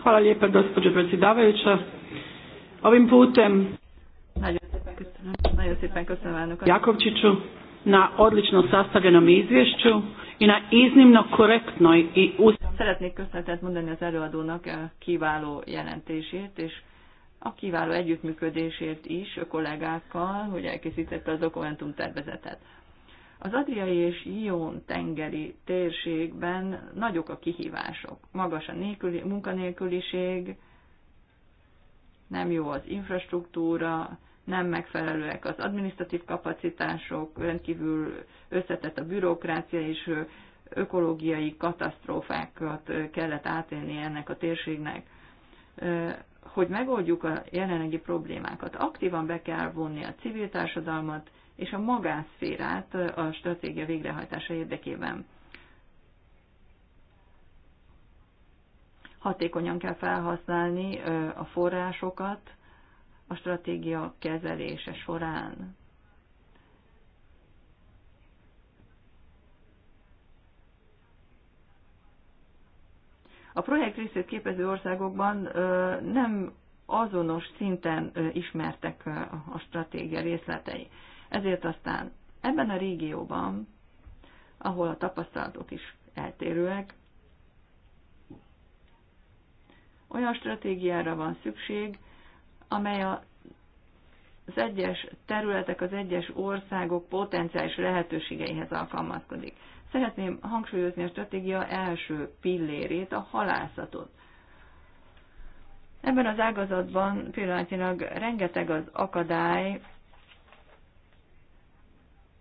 Hvala lijepa gospođo predsjedavajuća. Ovim putem Köszönöm. Nagyon szépen köszönöm, elnök. Jakovcsicsú, na odlično sastavljenom izvješću i na iznimno korektnoj i Szeretnék köszönetet mondani az előadónak a kiváló jelentését, és a kiváló együttműködésért is a kollégákkal, hogy elkészítette a dokumentum tervezetet. Az Adriai és Ión tengeri térségben nagyok a kihívások. Magas a nélküli, munkanélküliség, nem jó az infrastruktúra, nem megfelelőek az adminisztratív kapacitások, rendkívül összetett a bürokrácia, és ökológiai katasztrófákat kellett átélni ennek a térségnek. Hogy megoldjuk a jelenlegi problémákat, aktívan be kell vonni a civil társadalmat és a magánszférát a stratégia végrehajtása érdekében. Hatékonyan kell felhasználni a forrásokat, a stratégia kezelése során. A projekt részét képező országokban nem azonos szinten ismertek a stratégia részletei. Ezért aztán ebben a régióban, ahol a tapasztalatok is eltérőek, olyan stratégiára van szükség, amely a az egyes területek, az egyes országok potenciális lehetőségeihez alkalmazkodik. Szeretném hangsúlyozni a stratégia első pillérét, a halászatot. Ebben az ágazatban pillanatilag rengeteg az akadály,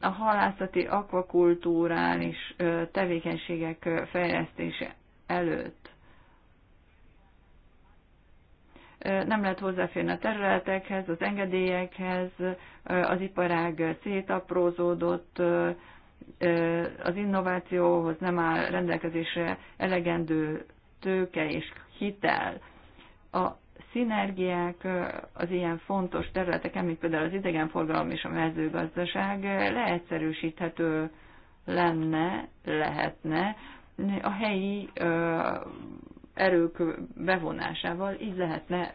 a halászati akvakulturális tevékenységek fejlesztése előtt. nem lehet hozzáférni a területekhez, az engedélyekhez, az iparág szétaprózódott, az innovációhoz nem áll rendelkezésre elegendő tőke és hitel. A szinergiák az ilyen fontos területeken, mint például az idegenforgalom és a mezőgazdaság leegyszerűsíthető lenne, lehetne a helyi erők bevonásával, így lehetne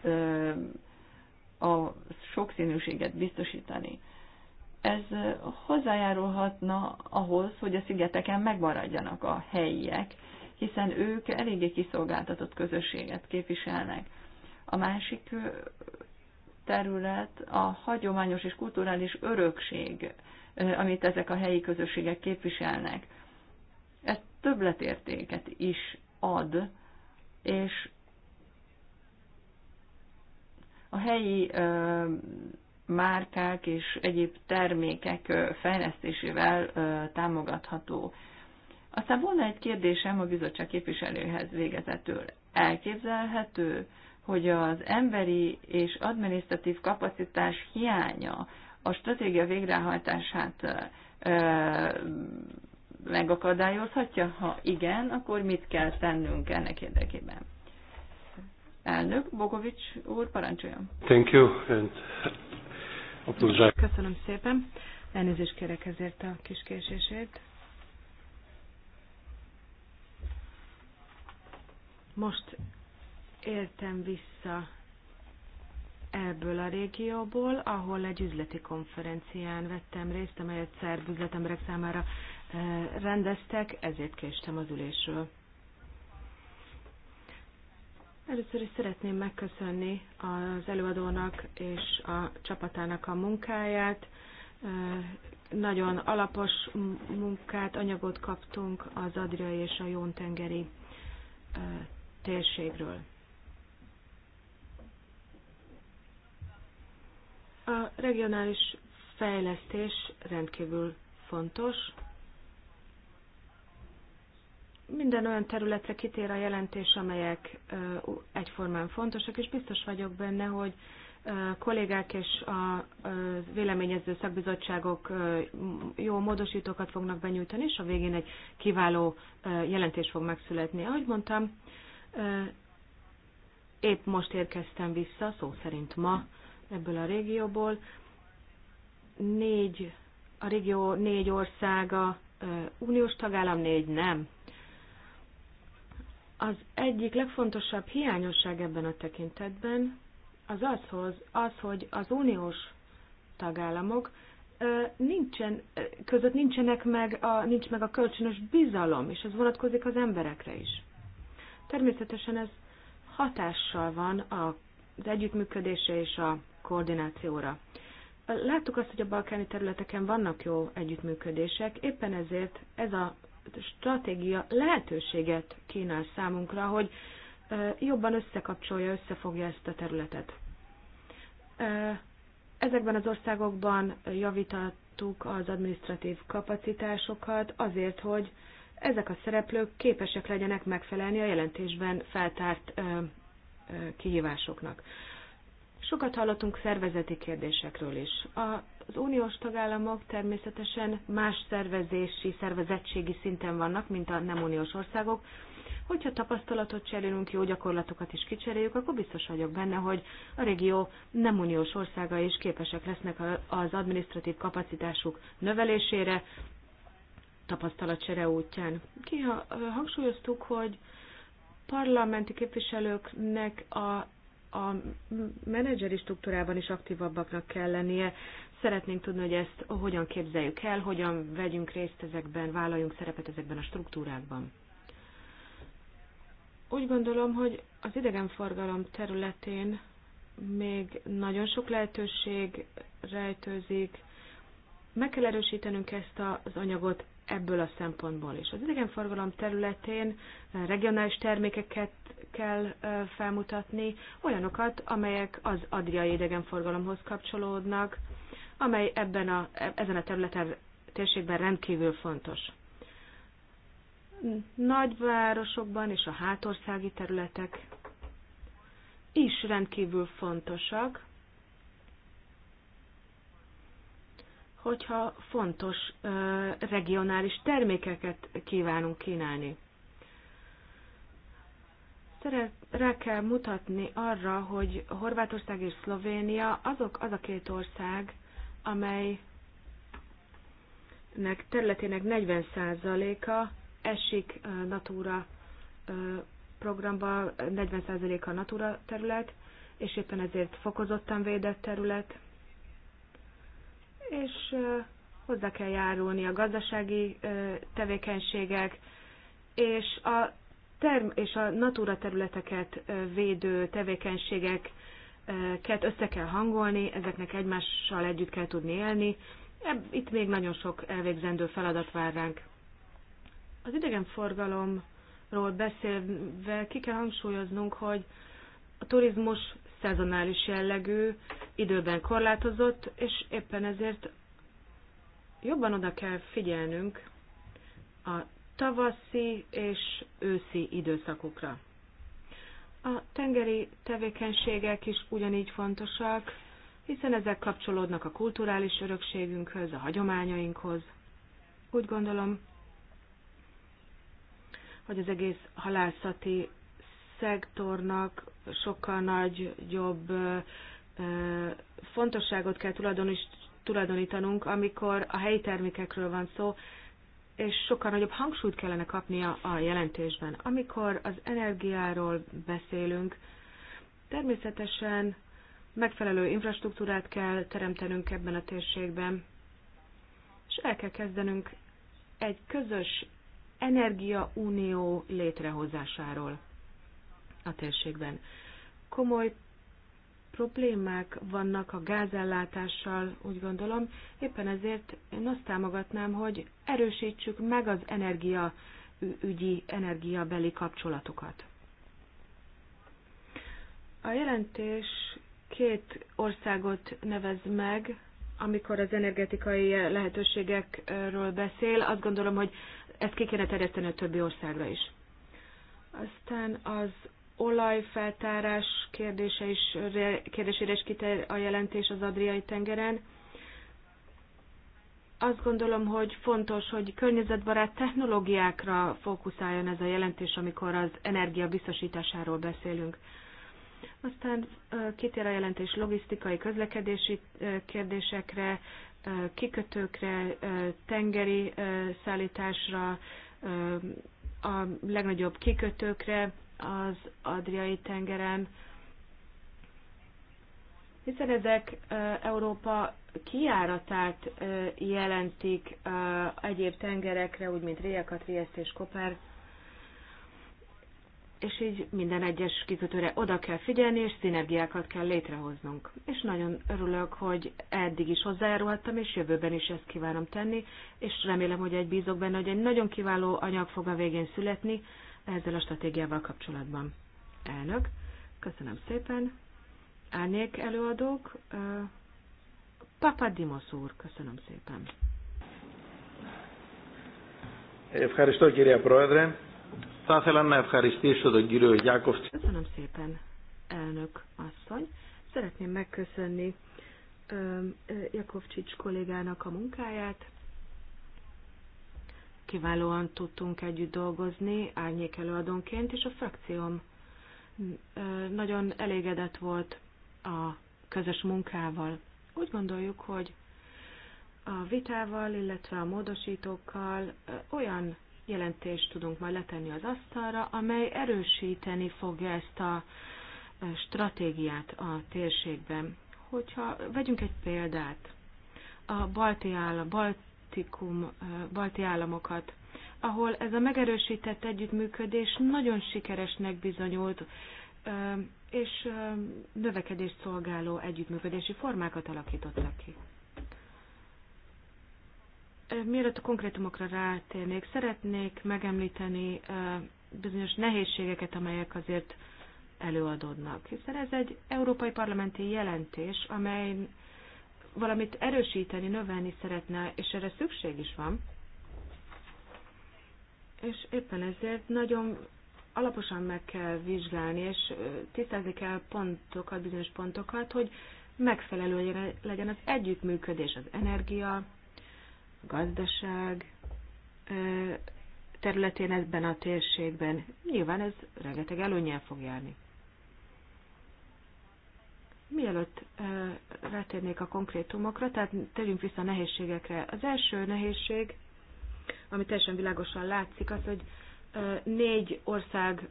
a sokszínűséget biztosítani. Ez hozzájárulhatna ahhoz, hogy a szigeteken megmaradjanak a helyiek, hiszen ők eléggé kiszolgáltatott közösséget képviselnek. A másik terület a hagyományos és kulturális örökség, amit ezek a helyi közösségek képviselnek. Ez többletértéket is ad és a helyi márkák és egyéb termékek fejlesztésével támogatható. Aztán volna egy kérdésem a bizottság képviselőhez végezetül. Elképzelhető, hogy az emberi és adminisztratív kapacitás hiánya a stratégia végrehajtását megakadályozhatja? Ha igen, akkor mit kell tennünk ennek érdekében? Elnök Bogovics úr, parancsoljon. Thank you. And... Köszönöm szépen. Elnézést kérek ezért a kis késésért. Most éltem vissza ebből a régióból, ahol egy üzleti konferencián vettem részt, amelyet szerb üzletemberek számára rendeztek, ezért késtem az ülésről. Először is szeretném megköszönni az előadónak és a csapatának a munkáját. Nagyon alapos munkát, anyagot kaptunk az Adriai és a Jóntengeri térségről. A regionális fejlesztés rendkívül fontos, minden olyan területre kitér a jelentés, amelyek egyformán fontosak, és biztos vagyok benne, hogy kollégák és a véleményező szakbizottságok jó módosítókat fognak benyújtani, és a végén egy kiváló jelentés fog megszületni. Ahogy mondtam, épp most érkeztem vissza, szó szerint ma ebből a régióból. Négy, a régió négy országa uniós tagállam, négy nem. Az egyik legfontosabb hiányosság ebben a tekintetben az azhoz, az, hogy az uniós tagállamok nincsen, között nincsenek meg a, nincs meg a kölcsönös bizalom, és ez vonatkozik az emberekre is. Természetesen ez hatással van az együttműködése és a koordinációra. Láttuk azt, hogy a balkáni területeken vannak jó együttműködések, éppen ezért ez a stratégia lehetőséget kínál számunkra, hogy jobban összekapcsolja, összefogja ezt a területet. Ezekben az országokban javítottuk az administratív kapacitásokat azért, hogy ezek a szereplők képesek legyenek megfelelni a jelentésben feltárt kihívásoknak. Sokat hallottunk szervezeti kérdésekről is. A az uniós tagállamok természetesen más szervezési, szervezettségi szinten vannak, mint a nem uniós országok. Hogyha tapasztalatot cserélünk, jó gyakorlatokat is kicseréljük, akkor biztos vagyok benne, hogy a régió nem uniós országa is képesek lesznek az administratív kapacitásuk növelésére, tapasztalatcsere útján. Ki hangsúlyoztuk, hogy parlamenti képviselőknek a a menedzseri struktúrában is aktívabbaknak kell lennie, Szeretnénk tudni, hogy ezt hogyan képzeljük el, hogyan vegyünk részt ezekben, vállaljunk szerepet ezekben a struktúrákban. Úgy gondolom, hogy az idegenforgalom területén még nagyon sok lehetőség rejtőzik. Meg kell erősítenünk ezt az anyagot ebből a szempontból is. Az idegenforgalom területén regionális termékeket kell felmutatni, olyanokat, amelyek az adriai idegenforgalomhoz kapcsolódnak, amely ebben a, ezen a területen térségben rendkívül fontos. Nagyvárosokban és a hátországi területek is rendkívül fontosak, hogyha fontos ö, regionális termékeket kívánunk kínálni. Szeret, rá kell mutatni arra, hogy Horvátország és Szlovénia azok az a két ország, amelynek területének 40%-a esik Natura programba, 40%-a Natura terület, és éppen ezért fokozottan védett terület, és hozzá kell járulni a gazdasági tevékenységek, és a, term- és a natura területeket védő tevékenységek ket össze kell hangolni, ezeknek egymással együtt kell tudni élni. Itt még nagyon sok elvégzendő feladat vár ránk. Az idegenforgalomról beszélve ki kell hangsúlyoznunk, hogy a turizmus szezonális jellegű, időben korlátozott, és éppen ezért jobban oda kell figyelnünk a tavaszi és őszi időszakokra. A tengeri tevékenységek is ugyanígy fontosak, hiszen ezek kapcsolódnak a kulturális örökségünkhöz, a hagyományainkhoz. Úgy gondolom, hogy az egész halászati szektornak sokkal nagyobb fontosságot kell tulajdonítanunk, amikor a helyi termékekről van szó, és sokkal nagyobb hangsúlyt kellene kapnia a jelentésben. Amikor az energiáról beszélünk, természetesen megfelelő infrastruktúrát kell teremtenünk ebben a térségben, és el kell kezdenünk egy közös energiaunió létrehozásáról a térségben. Komoly problémák vannak a gázellátással, úgy gondolom. Éppen ezért én azt támogatnám, hogy erősítsük meg az energia ügyi, energiabeli kapcsolatokat. A jelentés két országot nevez meg, amikor az energetikai lehetőségekről beszél. Azt gondolom, hogy ezt ki kéne terjeszteni a többi országra is. Aztán az olajfeltárás kérdése is, kérdésére is kiter a jelentés az Adriai tengeren. Azt gondolom, hogy fontos, hogy környezetbarát technológiákra fókuszáljon ez a jelentés, amikor az energia biztosításáról beszélünk. Aztán kitér a jelentés logisztikai, közlekedési kérdésekre, kikötőkre, tengeri szállításra, a legnagyobb kikötőkre, az Adriai tengeren, hiszen ezek Európa kiáratát jelentik egyéb tengerekre, úgy mint Rijeka, Trieste és Koper, és így minden egyes kikötőre oda kell figyelni, és szinergiákat kell létrehoznunk. És nagyon örülök, hogy eddig is hozzájárultam, és jövőben is ezt kívánom tenni, és remélem, hogy egy bízok benne, hogy egy nagyon kiváló anyag fog a végén születni, ezzel a stratégiával kapcsolatban. Elnök, köszönöm szépen. Árnyék előadók, Papadimos úr, köszönöm szépen. Ευχαριστώ κύριε Πρόεδρε. Θα ήθελα να ευχαριστήσω τον κύριο Γιάκοφ. Köszönöm szépen, elnök asszony. Szeretném megköszönni Jakovcsics kollégának a munkáját, kiválóan tudtunk együtt dolgozni árnyék előadónként, és a frakcióm mm, nagyon elégedett volt a közös munkával. Úgy gondoljuk, hogy a vitával, illetve a módosítókkal olyan jelentést tudunk majd letenni az asztalra, amely erősíteni fogja ezt a stratégiát a térségben. Hogyha vegyünk egy példát, a balti állam, balti Baltikum, balti államokat, ahol ez a megerősített együttműködés nagyon sikeresnek bizonyult, és növekedést szolgáló együttműködési formákat alakítottak ki. Mielőtt a konkrétumokra rátérnék, szeretnék megemlíteni bizonyos nehézségeket, amelyek azért előadódnak, hiszen ez egy európai parlamenti jelentés, amely valamit erősíteni, növelni szeretne, és erre szükség is van. És éppen ezért nagyon alaposan meg kell vizsgálni, és tisztázni kell pontokat, bizonyos pontokat, hogy megfelelő legyen az együttműködés, az energia, a gazdaság területén, ebben a térségben. Nyilván ez rengeteg előnyel fog járni. Mielőtt rátérnék a konkrétumokra, tehát térjünk vissza a nehézségekre. Az első nehézség, ami teljesen világosan látszik, az, hogy négy ország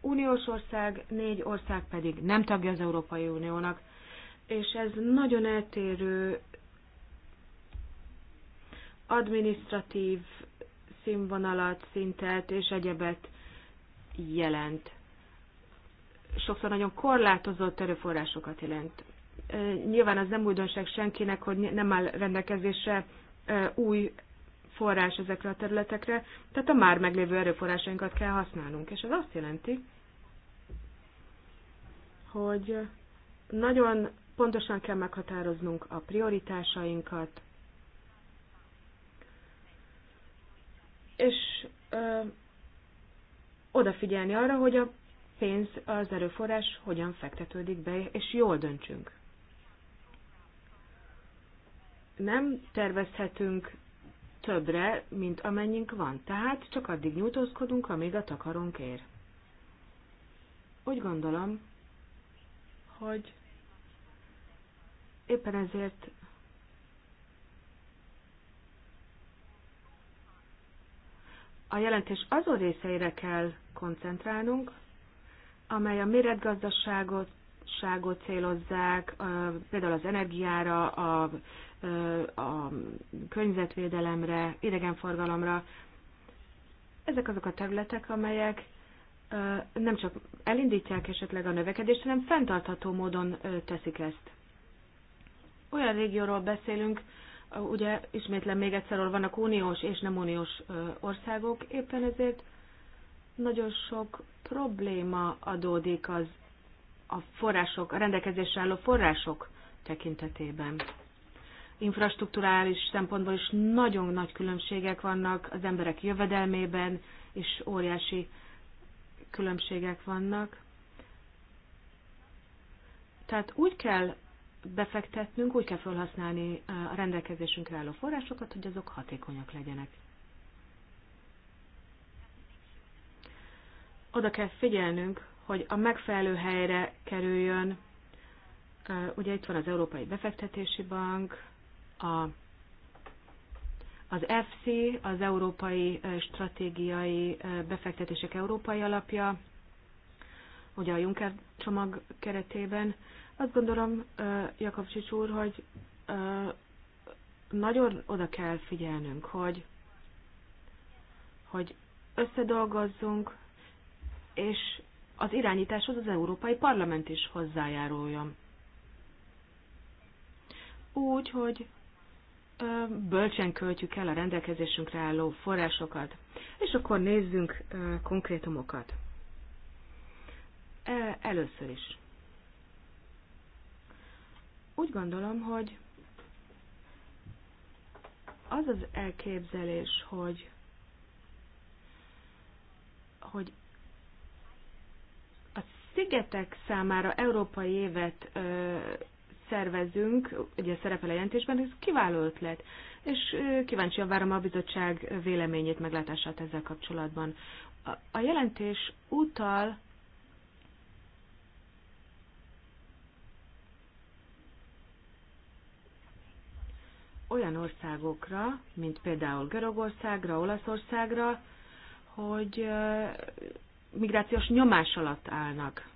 uniós ország, négy ország pedig nem tagja az Európai Uniónak. És ez nagyon eltérő administratív színvonalat, szintet és egyebet jelent sokszor nagyon korlátozott erőforrásokat jelent. Nyilván az nem újdonság senkinek, hogy nem áll rendelkezésre új forrás ezekre a területekre, tehát a már meglévő erőforrásainkat kell használnunk. És ez azt jelenti, hogy nagyon pontosan kell meghatároznunk a prioritásainkat, és ö, odafigyelni arra, hogy a pénz, az erőforrás hogyan fektetődik be, és jól döntsünk. Nem tervezhetünk többre, mint amennyink van, tehát csak addig nyújtózkodunk, amíg a takarónk ér. Úgy gondolom, hogy éppen ezért a jelentés azon részeire kell koncentrálnunk, amely a méretgazdaságot célozzák, például az energiára, a, a környezetvédelemre, idegenforgalomra. Ezek azok a területek, amelyek nem csak elindítják esetleg a növekedést, hanem fenntartható módon teszik ezt. Olyan régióról beszélünk, ugye ismétlem még egyszer, vannak uniós és nem uniós országok, éppen ezért nagyon sok probléma adódik az a források, a rendelkezésre álló források tekintetében. Infrastruktúrális szempontból is nagyon nagy különbségek vannak az emberek jövedelmében, és óriási különbségek vannak. Tehát úgy kell befektetnünk, úgy kell felhasználni eh, a rendelkezésünkre álló forrásokat, hogy azok hatékonyak legyenek. oda kell figyelnünk, hogy a megfelelő helyre kerüljön. Ugye itt van az Európai Befektetési Bank, a, az FC, az Európai Stratégiai Befektetések Európai Alapja, ugye a Juncker csomag keretében. Azt gondolom, Csics úr, hogy nagyon oda kell figyelnünk, hogy, hogy összedolgozzunk, és az irányításhoz az Európai Parlament is hozzájáruljon. Úgy, hogy bölcsen költjük el a rendelkezésünkre álló forrásokat, és akkor nézzünk konkrétumokat. Először is. Úgy gondolom, hogy az az elképzelés, hogy, hogy szigetek számára európai évet ö, szervezünk, ugye szerepel a jelentésben, ez kiváló ötlet, és kíváncsian várom a bizottság véleményét, meglátását ezzel kapcsolatban. A, a jelentés utal olyan országokra, mint például Görögországra, Olaszországra, hogy migrációs nyomás alatt állnak.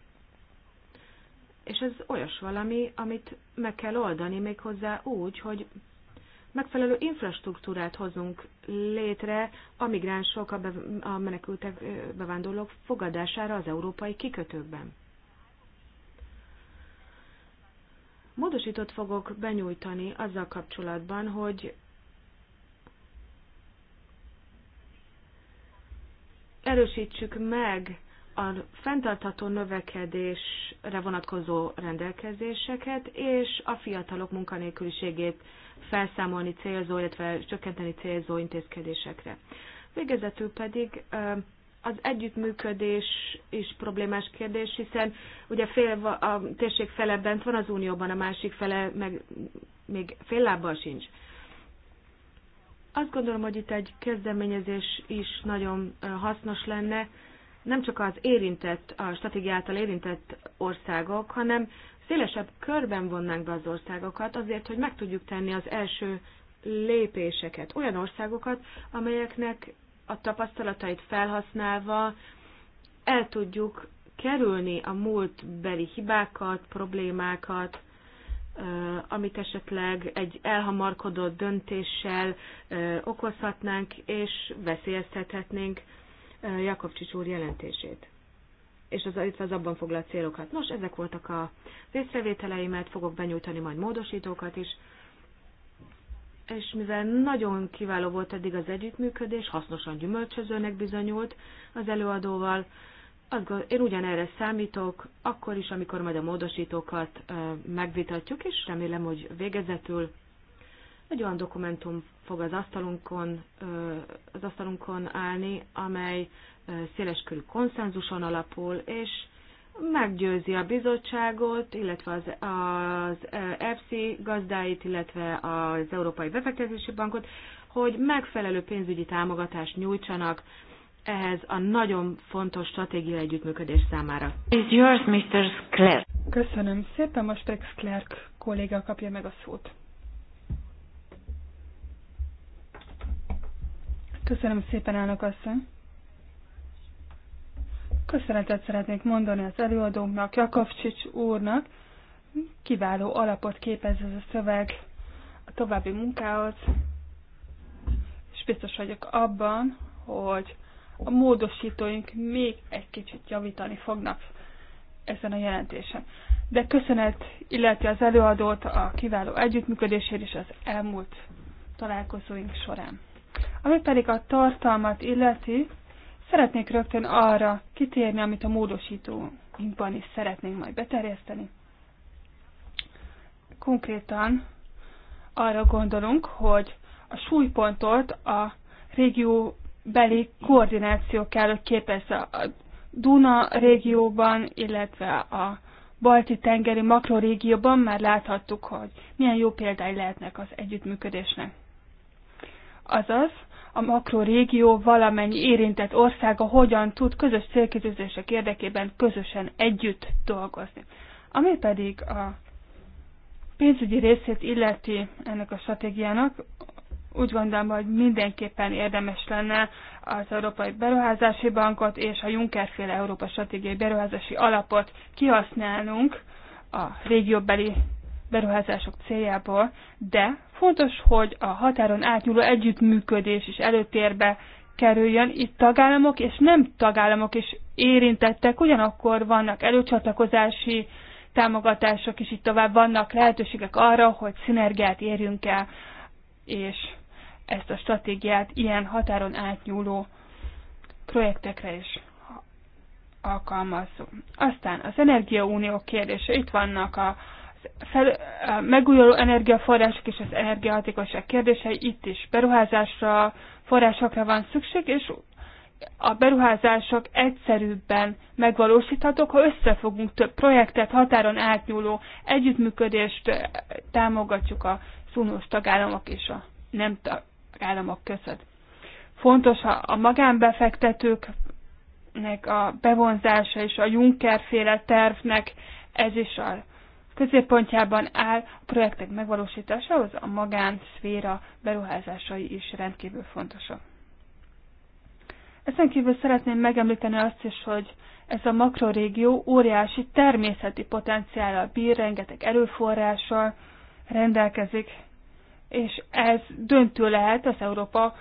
És ez olyas valami, amit meg kell oldani méghozzá úgy, hogy megfelelő infrastruktúrát hozunk létre a migránsok, a, be, a menekültek, bevándorlók fogadására az európai kikötőkben. Módosított fogok benyújtani azzal kapcsolatban, hogy erősítsük meg a fenntartható növekedésre vonatkozó rendelkezéseket, és a fiatalok munkanélküliségét felszámolni célzó, illetve csökkenteni célzó intézkedésekre. Végezetül pedig az együttműködés is problémás kérdés, hiszen ugye fél a térség fele bent van az unióban, a másik fele meg még fél lábbal sincs. Azt gondolom, hogy itt egy kezdeményezés is nagyon hasznos lenne, nem csak az érintett, a stratégiától érintett országok, hanem szélesebb körben vonnánk be az országokat azért, hogy meg tudjuk tenni az első lépéseket, olyan országokat, amelyeknek a tapasztalatait felhasználva el tudjuk kerülni a múltbeli hibákat, problémákat, amit esetleg egy elhamarkodott döntéssel okozhatnánk, és veszélyeztethetnénk Jakobcsics úr jelentését. És az, itt az abban foglalt célokat. Nos, ezek voltak a részrevételeimet, fogok benyújtani majd módosítókat is. És mivel nagyon kiváló volt eddig az együttműködés, hasznosan gyümölcsözőnek bizonyult az előadóval, az, én ugyanerre számítok, akkor is, amikor majd a módosítókat megvitatjuk, és remélem, hogy végezetül egy olyan dokumentum fog az asztalunkon, az asztalunkon állni, amely széleskörű konszenzuson alapul, és meggyőzi a bizottságot, illetve az, az EFSI gazdáit, illetve az Európai Befektetési Bankot, hogy megfelelő pénzügyi támogatást nyújtsanak ehhez a nagyon fontos stratégiai együttműködés számára. It's yours, Mr. Clark. Köszönöm szépen, most pedig Clark kolléga kapja meg a szót. Köszönöm szépen, elnök asszony. Köszönetet szeretnék mondani az előadónknak, Jakovcsics úrnak. Kiváló alapot képez ez a szöveg a további munkához, és biztos vagyok abban, hogy a módosítóink még egy kicsit javítani fognak ezen a jelentésen. De köszönet illeti az előadót a kiváló együttműködésért is az elmúlt találkozóink során. Ami pedig a tartalmat illeti, szeretnék rögtön arra kitérni, amit a módosítóinkban is szeretnénk majd beterjeszteni. Konkrétan arra gondolunk, hogy a súlypontot a régió beli koordináció kell, hogy képezze a Duna régióban, illetve a balti tengeri makrorégióban már láthattuk, hogy milyen jó példái lehetnek az együttműködésnek. Azaz, a makrorégió valamennyi érintett országa hogyan tud közös célkitűzések érdekében közösen együtt dolgozni. Ami pedig a pénzügyi részét illeti ennek a stratégiának, úgy gondolom, hogy mindenképpen érdemes lenne az Európai Beruházási Bankot és a Junckerféle Európa Stratégiai Beruházási Alapot kihasználnunk a régióbeli beruházások céljából, de fontos, hogy a határon átnyúló együttműködés is előtérbe kerüljön. Itt tagállamok és nem tagállamok is érintettek, ugyanakkor vannak előcsatlakozási támogatások, és itt tovább vannak lehetőségek arra, hogy szinergiát érjünk el, és ezt a stratégiát ilyen határon átnyúló projektekre is alkalmazzuk. Aztán az energiaunió kérdése, itt vannak a, fel, a megújuló energiaforrások és az energiahatékonyság kérdései, itt is beruházásra, forrásokra van szükség, és a beruházások egyszerűbben megvalósíthatók, ha összefogunk több projektet, határon átnyúló együttműködést eh, támogatjuk a szunós tagállamok és a nem, tag államok között. Fontos a magánbefektetőknek a bevonzása és a Juncker féle tervnek ez is a középpontjában áll a projektek megvalósításához, a magánszféra beruházásai is rendkívül fontosak. Ezen kívül szeretném megemlíteni azt is, hogy ez a makrorégió óriási természeti potenciállal bír, rengeteg erőforrással rendelkezik, és ez döntő lehet az Európa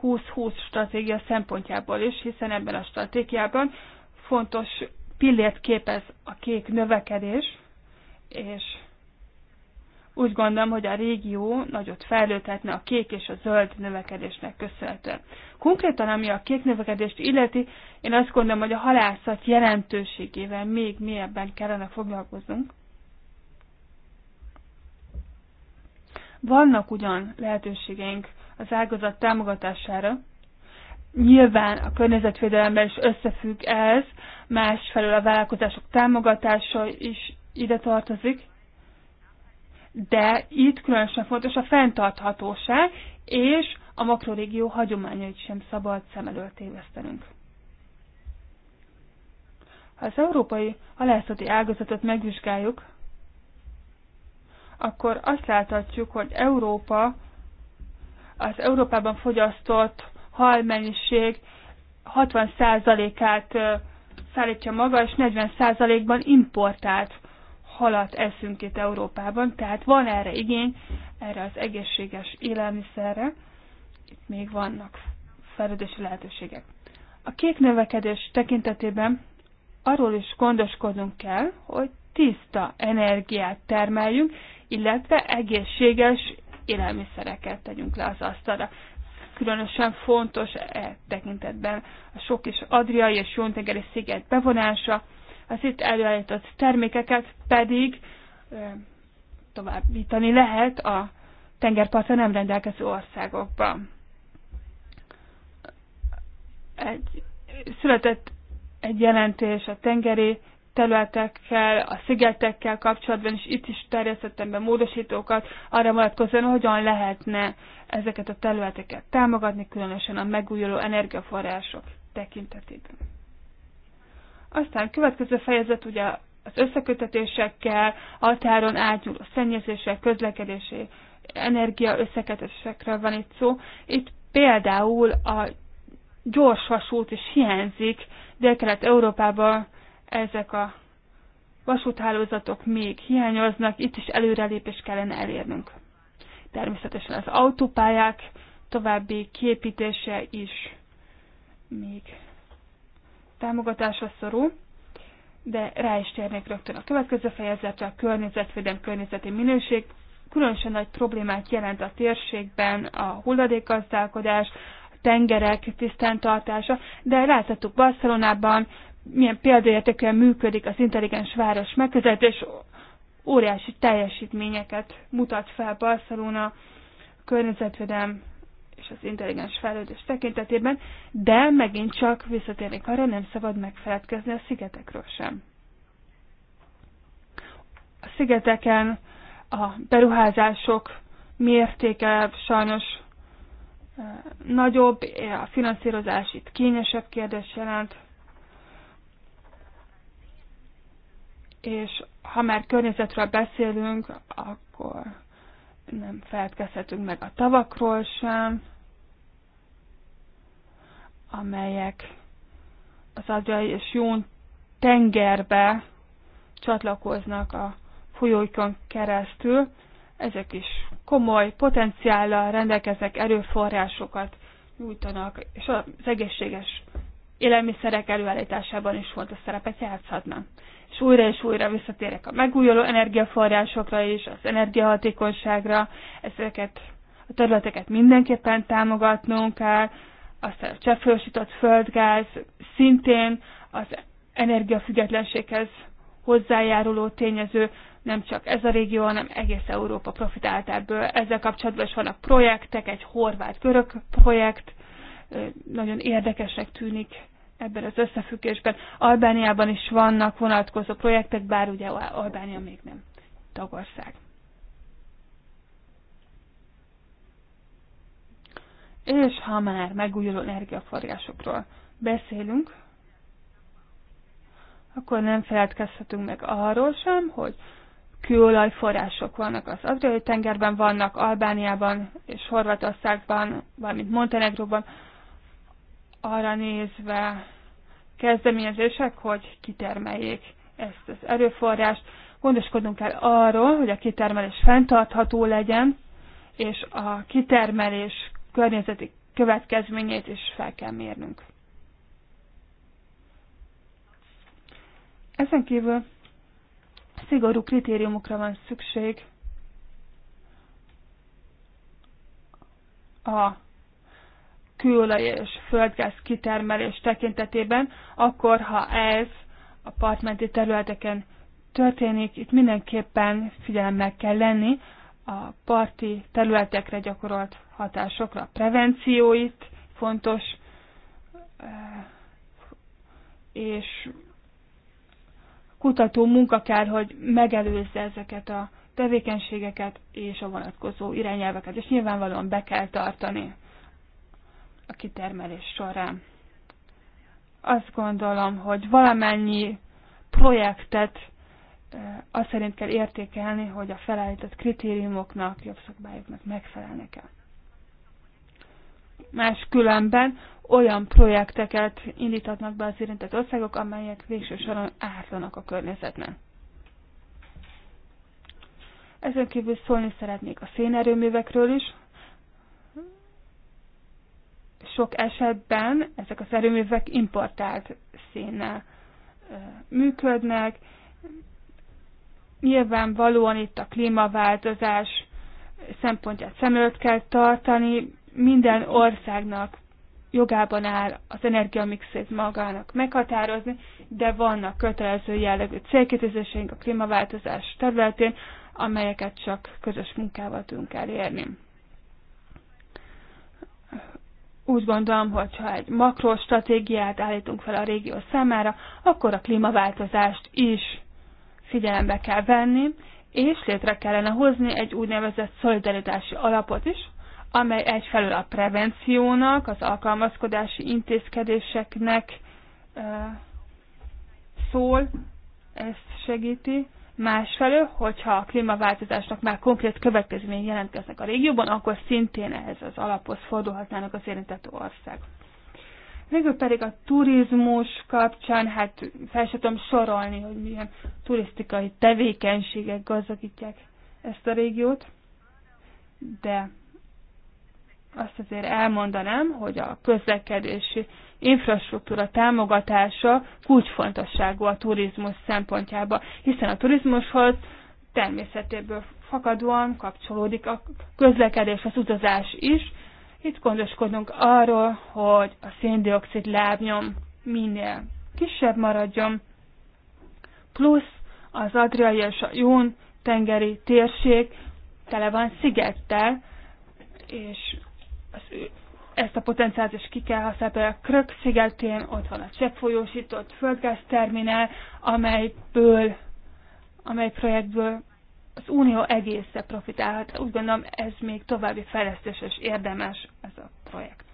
2020 stratégia szempontjából is, hiszen ebben a stratégiában fontos pillért képez a kék növekedés, és úgy gondolom, hogy a régió nagyot fejlődhetne a kék és a zöld növekedésnek köszönhetően. Konkrétan, ami a kék növekedést illeti, én azt gondolom, hogy a halászat jelentőségével még mélyebben kellene foglalkoznunk. Vannak ugyan lehetőségeink az ágazat támogatására, Nyilván a környezetvédelemben is összefügg ez, másfelől a vállalkozások támogatása is ide tartozik, de itt különösen fontos a fenntarthatóság, és a makrorégió hagyományait sem szabad szem előtt tévesztenünk. Ha az európai halászati ágazatot megvizsgáljuk, akkor azt láthatjuk, hogy Európa, az Európában fogyasztott halmennyiség 60%-át szállítja maga, és 40%-ban importált halat eszünk itt Európában, tehát van erre igény, erre az egészséges élelmiszerre, itt még vannak fejlődési lehetőségek. A kék növekedés tekintetében arról is gondoskodnunk kell, hogy tiszta energiát termeljünk, illetve egészséges élelmiszereket tegyünk le az asztalra. Különösen fontos e tekintetben a sok és Adriai és Jóntengeri sziget bevonása, az itt előállított termékeket pedig e, továbbítani lehet a tengerpartra nem rendelkező országokban. Egy, született egy jelentés a tengeri területekkel, a szigetekkel kapcsolatban, és itt is terjesztettem be módosítókat arra vonatkozóan, hogyan lehetne ezeket a területeket támogatni, különösen a megújuló energiaforrások tekintetében. Aztán következő fejezet ugye az összekötetésekkel, határon átnyúló szennyezések, közlekedési energia összekötetésekről van itt szó. Itt például a gyors vasút is hiányzik Dél-Kelet-Európában, ezek a vasúthálózatok még hiányoznak, itt is előrelépés kellene elérnünk. Természetesen az autópályák további képítése is még támogatásra szorul, de rá is térnék rögtön a következő fejezetre, a környezetvédelem, környezeti minőség. Különösen nagy problémát jelent a térségben a hulladékgazdálkodás, tengerek tisztántartása, de láthattuk Barcelonában, milyen példaértékűen működik az intelligens város megközelítés, óriási teljesítményeket mutat fel Barcelona környezetvédelem és az intelligens fejlődés tekintetében, de megint csak visszatérnék arra, nem szabad megfeledkezni a szigetekről sem. A szigeteken a beruházások mértéke sajnos eh, nagyobb, a finanszírozás itt kényesebb kérdés jelent, és ha már környezetről beszélünk, akkor nem feledkezhetünk meg a tavakról sem, amelyek az adjai és jón tengerbe csatlakoznak a folyóikon keresztül. Ezek is komoly potenciállal rendelkeznek, erőforrásokat nyújtanak, és az egészséges élelmiszerek előállításában is volt a szerepet játszhatna. És újra és újra visszatérek a megújuló energiaforrásokra is, az energiahatékonyságra, ezeket a területeket mindenképpen támogatnunk kell, aztán a cseppfősított földgáz szintén az energiafüggetlenséghez hozzájáruló tényező, nem csak ez a régió, hanem egész Európa profitált ebből. Ezzel kapcsolatban is vannak projektek, egy horvát-görög projekt, nagyon érdekesnek tűnik ebben az összefüggésben. Albániában is vannak vonatkozó projektek, bár ugye Albánia még nem tagország. És ha már megújuló energiaforrásokról beszélünk, akkor nem feledkezhetünk meg arról sem, hogy kőolajforrások vannak az Adriai tengerben, vannak Albániában és Horvátországban, valamint Montenegróban, arra nézve kezdeményezések, hogy kitermeljék ezt az erőforrást. Gondoskodnunk kell arról, hogy a kitermelés fenntartható legyen, és a kitermelés környezeti következményét is fel kell mérnünk. Ezen kívül szigorú kritériumokra van szükség a kőolaj és földgáz kitermelés tekintetében, akkor ha ez a partmenti területeken történik, itt mindenképpen figyelemmel kell lenni a parti területekre gyakorolt hatásokra. A prevencióit fontos, eh, és kutató munka kell, hogy megelőzze ezeket a tevékenységeket és a vonatkozó irányelveket, és nyilvánvalóan be kell tartani a kitermelés során. Azt gondolom, hogy valamennyi projektet azt szerint kell értékelni, hogy a felállított kritériumoknak, jogszabályoknak megfelelnek el. Más különben olyan projekteket indítatnak be az érintett országok, amelyek végső soron ártanak a környezetnek. Ezen kívül szólni szeretnék a szénerőművekről is, sok esetben ezek az erőművek importált szénnel működnek. Nyilvánvalóan itt a klímaváltozás szempontját szem előtt kell tartani. Minden országnak jogában áll az energiamixét magának meghatározni, de vannak kötelező jellegű célkitűzéseink a klímaváltozás területén, amelyeket csak közös munkával tudunk elérni úgy gondolom, hogy ha egy stratégiát állítunk fel a régió számára, akkor a klímaváltozást is figyelembe kell venni, és létre kellene hozni egy úgynevezett szolidaritási alapot is, amely egyfelől a prevenciónak, az alkalmazkodási intézkedéseknek szól, ezt segíti, Másfelől, hogyha a klímaváltozásnak már konkrét következmény jelentkeznek a régióban, akkor szintén ehhez az alaphoz fordulhatnának az érintett ország. Végül pedig a turizmus kapcsán, hát fel sem tudom sorolni, hogy milyen turisztikai tevékenységek gazdagítják ezt a régiót, de azt azért elmondanám, hogy a közlekedési infrastruktúra támogatása kulcsfontosságú a turizmus szempontjába, hiszen a turizmushoz természetéből fakadóan kapcsolódik a közlekedés, az utazás is. Itt gondoskodunk arról, hogy a széndiokszid lábnyom minél kisebb maradjon, plusz az Adriai és a Jón tengeri térség tele van szigettel, és az, ezt a potenciált is ki kell használni. a Krök szigetén ott van a cseppfolyósított földgázterminál, amelyből, amely projektből az Unió egészen profitálhat. Úgy gondolom, ez még további fejlesztéses és érdemes ez a projekt.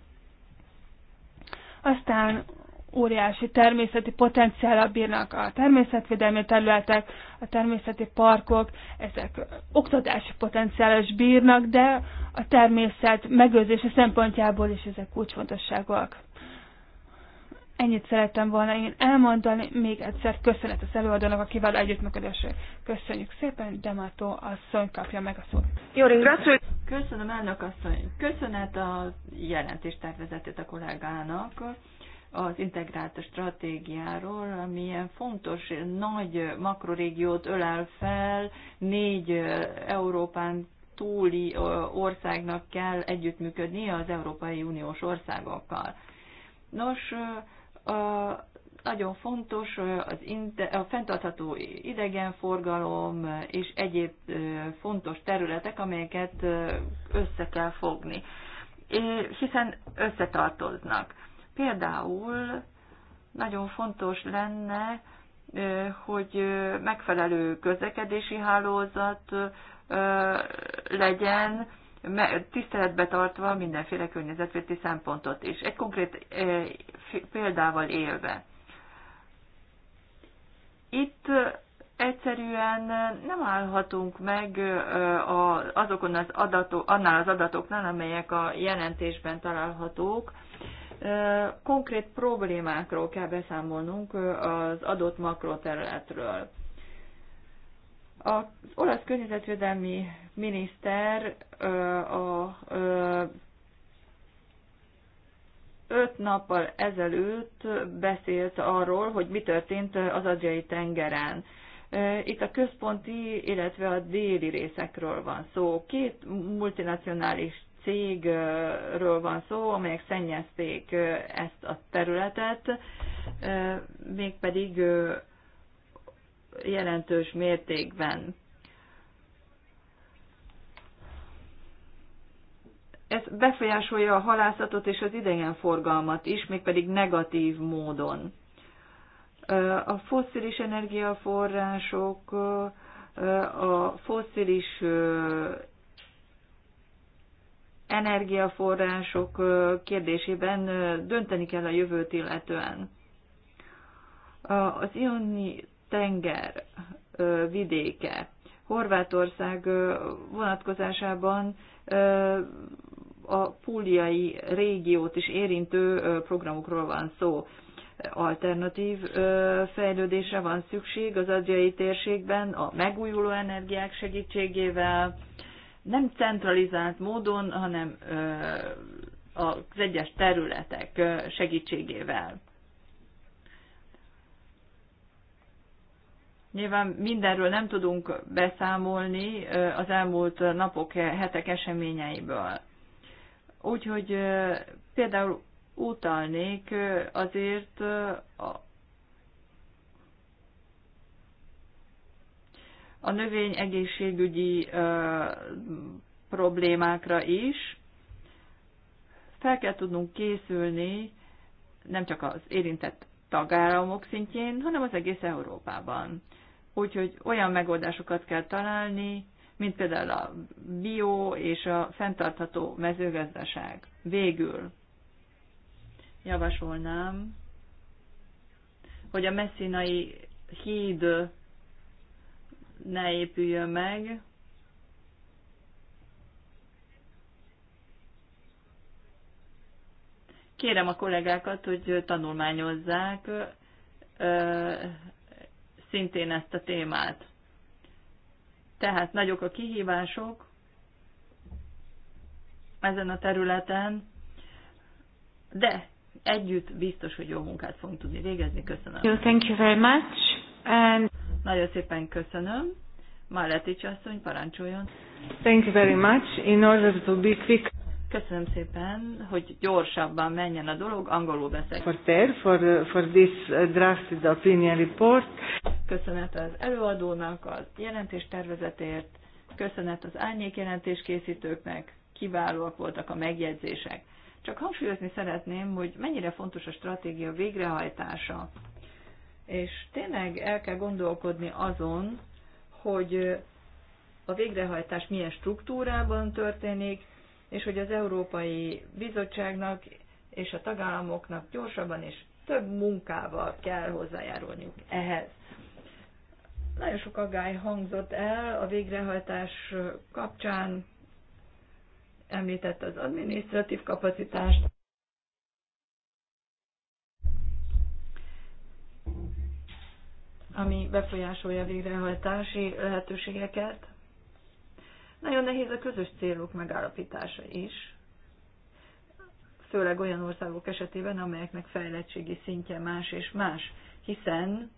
Aztán óriási természeti potenciállal bírnak a természetvédelmi területek, a természeti parkok, ezek oktatási potenciállal is bírnak, de a természet megőrzése szempontjából is ezek kulcsfontosságúak. Ennyit szerettem volna én elmondani, még egyszer köszönet az előadónak a kiváló együttműködésre. Köszönjük szépen, Demato asszony kapja meg a szót. Jó, Köszönöm, elnök asszony. Köszönet a jelentéstervezetét a kollégának az integrált stratégiáról, amilyen fontos, nagy makrorégiót ölel fel, négy Európán túli országnak kell együttműködni az Európai Uniós országokkal. Nos, nagyon fontos az inter, a fenntartható idegenforgalom és egyéb fontos területek, amelyeket össze kell fogni, hiszen összetartoznak Például nagyon fontos lenne, hogy megfelelő közlekedési hálózat legyen, tiszteletbe tartva mindenféle környezetvéti szempontot is. Egy konkrét példával élve. Itt egyszerűen nem állhatunk meg azokon az adatok, annál az adatoknál, amelyek a jelentésben találhatók, konkrét problémákról kell beszámolnunk az adott makroterületről. Az olasz környezetvédelmi miniszter a öt nappal ezelőtt beszélt arról, hogy mi történt az adjai tengeren. Itt a központi, illetve a déli részekről van szó. Két multinacionális cégről van szó, amelyek szennyezték ezt a területet, mégpedig jelentős mértékben. Ez befolyásolja a halászatot és az idegenforgalmat is, mégpedig negatív módon. A fosszilis energiaforrások, a fosszilis energiaforrások kérdésében dönteni kell a jövőt illetően. Az Ioni tenger vidéke Horvátország vonatkozásában a púliai régiót is érintő programokról van szó. Alternatív fejlődésre van szükség az adjai térségben a megújuló energiák segítségével, nem centralizált módon, hanem az egyes területek segítségével. Nyilván mindenről nem tudunk beszámolni az elmúlt napok, hetek eseményeiből. Úgyhogy például utalnék azért a növény egészségügyi problémákra is. Fel kell tudnunk készülni nem csak az érintett tagállamok szintjén, hanem az egész Európában. Úgyhogy olyan megoldásokat kell találni, mint például a bio és a fenntartható mezőgazdaság. Végül javasolnám, hogy a messzinai híd ne épüljön meg. Kérem a kollégákat, hogy tanulmányozzák szintén ezt a témát. Tehát nagyok a kihívások ezen a területen, de együtt biztos, hogy jó munkát fogunk tudni végezni. Köszönöm. Thank you very much. And... Nagyon szépen köszönöm. Maletics asszony, parancsoljon. Thank you very much. In order to be quick. Köszönöm szépen, hogy gyorsabban menjen a dolog, angolul beszél. For, there, for, for this drafted opinion report. Köszönet az előadónak, az jelentés tervezetért, köszönet az árnyék jelentés készítőknek, kiválóak voltak a megjegyzések. Csak hangsúlyozni szeretném, hogy mennyire fontos a stratégia végrehajtása, és tényleg el kell gondolkodni azon, hogy a végrehajtás milyen struktúrában történik, és hogy az Európai Bizottságnak és a tagállamoknak gyorsabban és több munkával kell hozzájárulniuk ehhez. Nagyon sok aggály hangzott el a végrehajtás kapcsán, említett az adminisztratív kapacitást, ami befolyásolja végrehajtási lehetőségeket. Nagyon nehéz a közös célok megállapítása is, főleg olyan országok esetében, amelyeknek fejlettségi szintje más és más, hiszen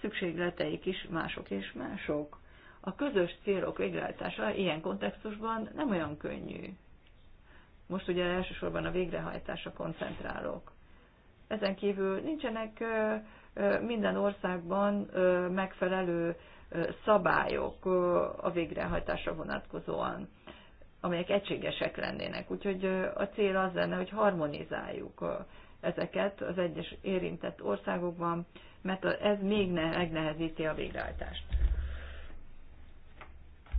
szükségleteik is mások és mások. A közös célok végrehajtása ilyen kontextusban nem olyan könnyű. Most ugye elsősorban a végrehajtásra koncentrálok. Ezen kívül nincsenek minden országban megfelelő szabályok a végrehajtásra vonatkozóan, amelyek egységesek lennének. Úgyhogy a cél az lenne, hogy harmonizáljuk ezeket az egyes érintett országokban, mert ez még ne, megnehezíti a végrehajtást.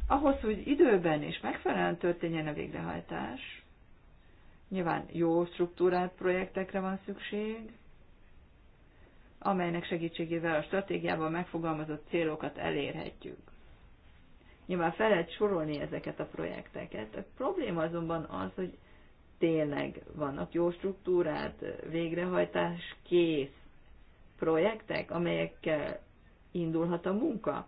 Ahhoz, hogy időben és megfelelően történjen a végrehajtás, nyilván jó struktúrált projektekre van szükség, amelynek segítségével a stratégiában megfogalmazott célokat elérhetjük. Nyilván fel lehet sorolni ezeket a projekteket. A probléma azonban az, hogy tényleg vannak jó struktúrát, végrehajtás kész projektek, amelyekkel indulhat a munka.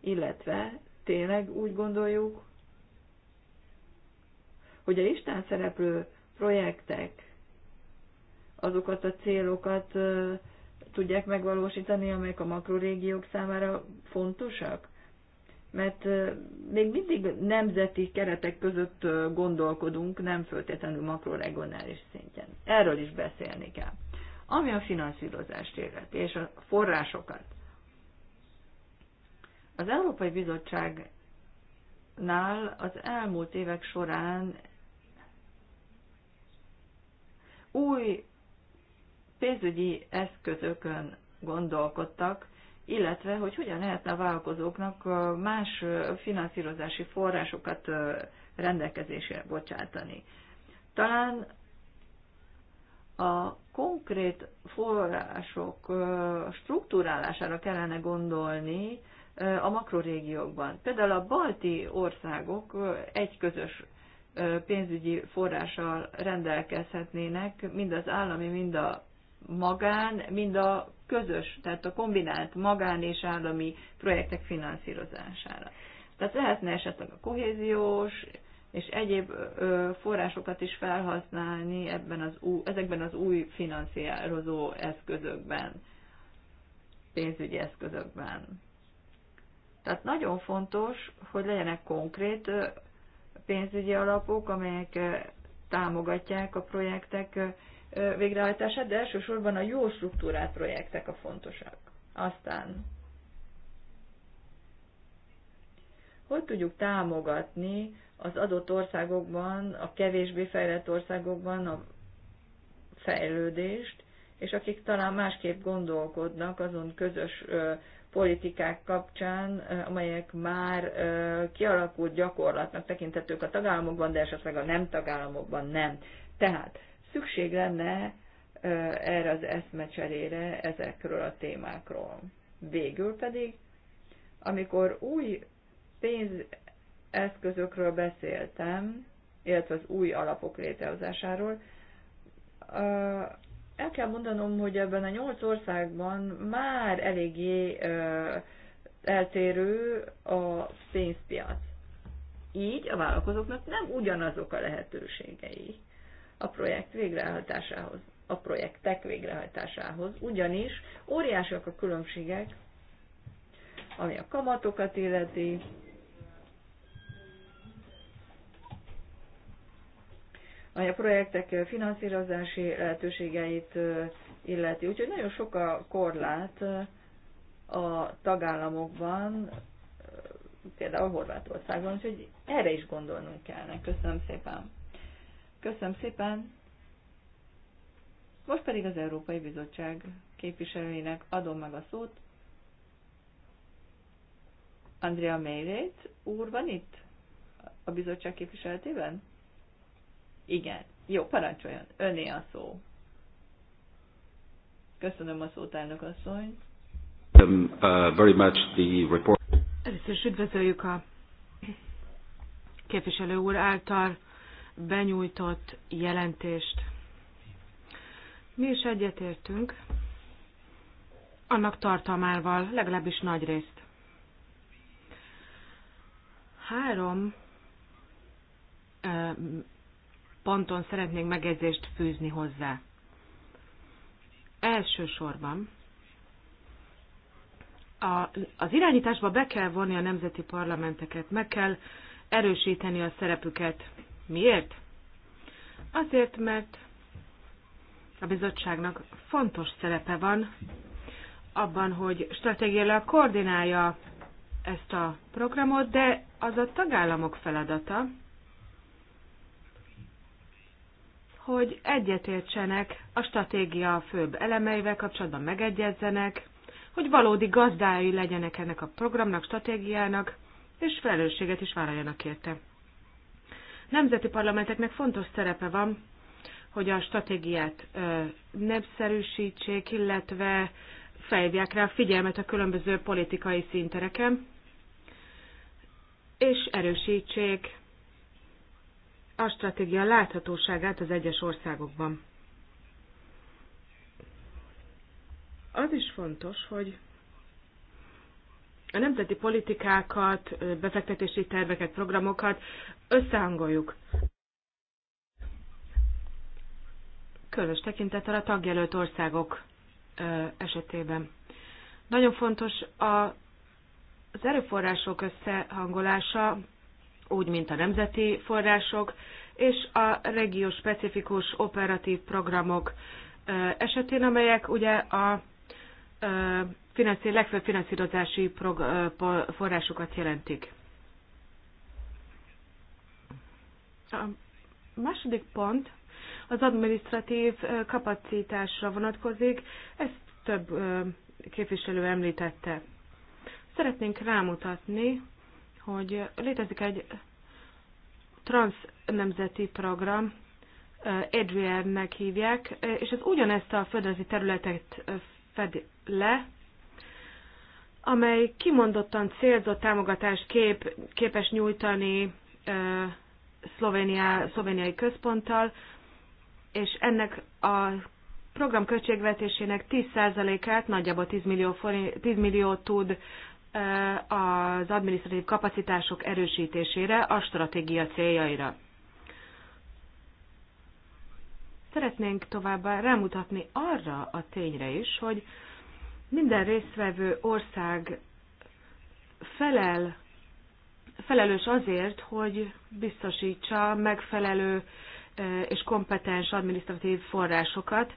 Illetve tényleg úgy gondoljuk, hogy a listán szereplő projektek azokat a célokat tudják megvalósítani, amelyek a makrorégiók számára fontosak? Mert még mindig nemzeti keretek között gondolkodunk, nem föltétlenül makroregionális szinten. Erről is beszélni kell. Ami a finanszírozást illeti, és a forrásokat. Az Európai Bizottságnál az elmúlt évek során új pénzügyi eszközökön gondolkodtak, illetve hogy hogyan lehetne a vállalkozóknak más finanszírozási forrásokat rendelkezésre bocsátani. Talán a konkrét források struktúrálására kellene gondolni a makrorégiókban. Például a balti országok egy közös pénzügyi forrással rendelkezhetnének, mind az állami, mind a magán, mind a közös, tehát a kombinált magán és állami projektek finanszírozására. Tehát lehetne esetleg a kohéziós és egyéb forrásokat is felhasználni ebben az új, ezekben az új finanszírozó eszközökben, pénzügyi eszközökben. Tehát nagyon fontos, hogy legyenek konkrét pénzügyi alapok, amelyek támogatják a projektek végrehajtását, de elsősorban a jó struktúrát projektek a fontosak. Aztán, hogy tudjuk támogatni az adott országokban, a kevésbé fejlett országokban a fejlődést, és akik talán másképp gondolkodnak azon közös politikák kapcsán, amelyek már kialakult gyakorlatnak tekintetők a tagállamokban, de esetleg a nem tagállamokban nem. Tehát szükség lenne erre az eszmecserére ezekről a témákról. Végül pedig, amikor új pénzeszközökről beszéltem, illetve az új alapok létrehozásáról, el kell mondanom, hogy ebben a nyolc országban már eléggé eltérő a pénzpiac. Így a vállalkozóknak nem ugyanazok a lehetőségei a projekt végrehajtásához, a projektek végrehajtásához, ugyanis óriásak a különbségek, ami a kamatokat illeti, ami a projektek finanszírozási lehetőségeit illeti. Úgyhogy nagyon sok a korlát a tagállamokban, például Horvátországban, úgyhogy erre is gondolnunk kellene. Köszönöm szépen! Köszönöm szépen. Most pedig az Európai Bizottság képviselőinek adom meg a szót. Andrea Meirét úr van itt? A bizottság képviseletében? Igen. Jó, parancsoljon. Öné a szó. Köszönöm a szót, elnök asszony. Um, uh, very much the report. Először is üdvözöljük a képviselő úr által benyújtott jelentést. Mi is egyetértünk annak tartalmával, legalábbis nagy részt. Három ponton szeretnék megjegyzést fűzni hozzá. Elsősorban a, az irányításba be kell vonni a nemzeti parlamenteket, meg kell erősíteni a szerepüket Miért? Azért, mert a bizottságnak fontos szerepe van abban, hogy stratégiailag koordinálja ezt a programot, de az a tagállamok feladata, hogy egyetértsenek a stratégia főbb elemeivel kapcsolatban megegyezzenek, hogy valódi gazdái legyenek ennek a programnak, stratégiának, és felelősséget is vállaljanak érte nemzeti parlamenteknek fontos szerepe van, hogy a stratégiát népszerűsítsék, illetve felhívják rá a figyelmet a különböző politikai szintereken, és erősítsék a stratégia láthatóságát az egyes országokban. Az is fontos, hogy a nemzeti politikákat, befektetési terveket, programokat összehangoljuk. Különös tekintettel a tagjelölt országok esetében. Nagyon fontos a, az erőforrások összehangolása, úgy, mint a nemzeti források, és a regió specifikus operatív programok esetén, amelyek ugye a finanszí- legfőbb finanszírozási forrásokat jelentik. A második pont az administratív kapacitásra vonatkozik, ezt több képviselő említette. Szeretnénk rámutatni, hogy létezik egy transznemzeti program, Edrian-nek hívják, és ez ugyanezt a földrajzi területet fed le, amely kimondottan célzott támogatást kép, képes nyújtani szlovénia szlovéniai központtal, és ennek a program költségvetésének 10%-át, nagyjából 10 millió, forint, 10 millió tud az adminisztratív kapacitások erősítésére, a stratégia céljaira. Szeretnénk továbbá rámutatni arra a tényre is, hogy minden résztvevő ország felel, felelős azért, hogy biztosítsa megfelelő e, és kompetens administratív forrásokat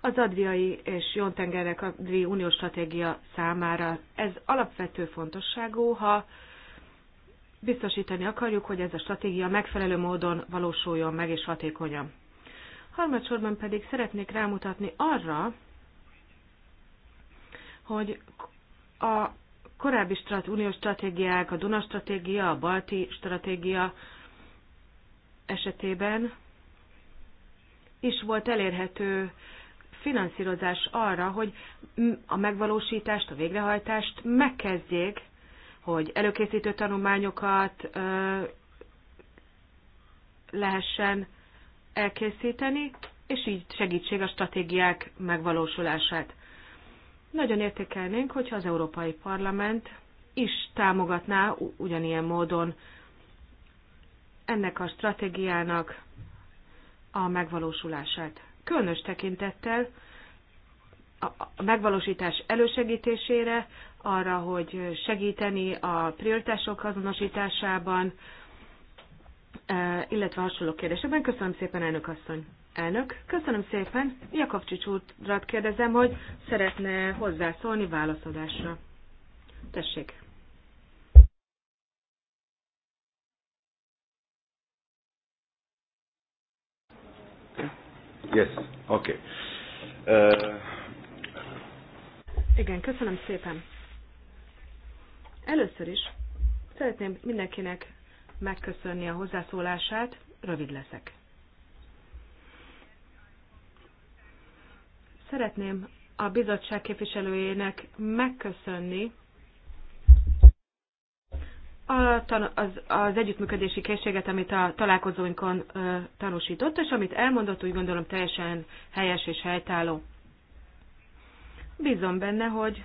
az Adriai és Jontengerek Adri uniós stratégia számára. Ez alapvető fontosságú, ha biztosítani akarjuk, hogy ez a stratégia megfelelő módon valósuljon meg és hatékonyan. Harmadsorban pedig szeretnék rámutatni arra, hogy a korábbi strat, uniós stratégiák, a Duna stratégia, a Balti stratégia esetében is volt elérhető finanszírozás arra, hogy a megvalósítást, a végrehajtást megkezdjék, hogy előkészítő tanulmányokat ö, lehessen elkészíteni, és így segítség a stratégiák megvalósulását. Nagyon értékelnénk, hogyha az Európai Parlament is támogatná ugyanilyen módon ennek a stratégiának a megvalósulását. Különös tekintettel a megvalósítás elősegítésére, arra, hogy segíteni a prioritások azonosításában, illetve hasonló kérdésekben. Köszönöm szépen, elnök asszony. Elnök, köszönöm szépen. Jakovcsics úrat kérdezem, hogy szeretne hozzászólni válaszadásra. Tessék. Yes, okay. Uh... Igen, köszönöm szépen. Először is szeretném mindenkinek megköszönni a hozzászólását, rövid leszek. Szeretném a bizottság képviselőjének megköszönni az, az együttműködési készséget, amit a találkozóinkon ö, tanúsított, és amit elmondott, úgy gondolom teljesen helyes és helytálló. Bízom benne, hogy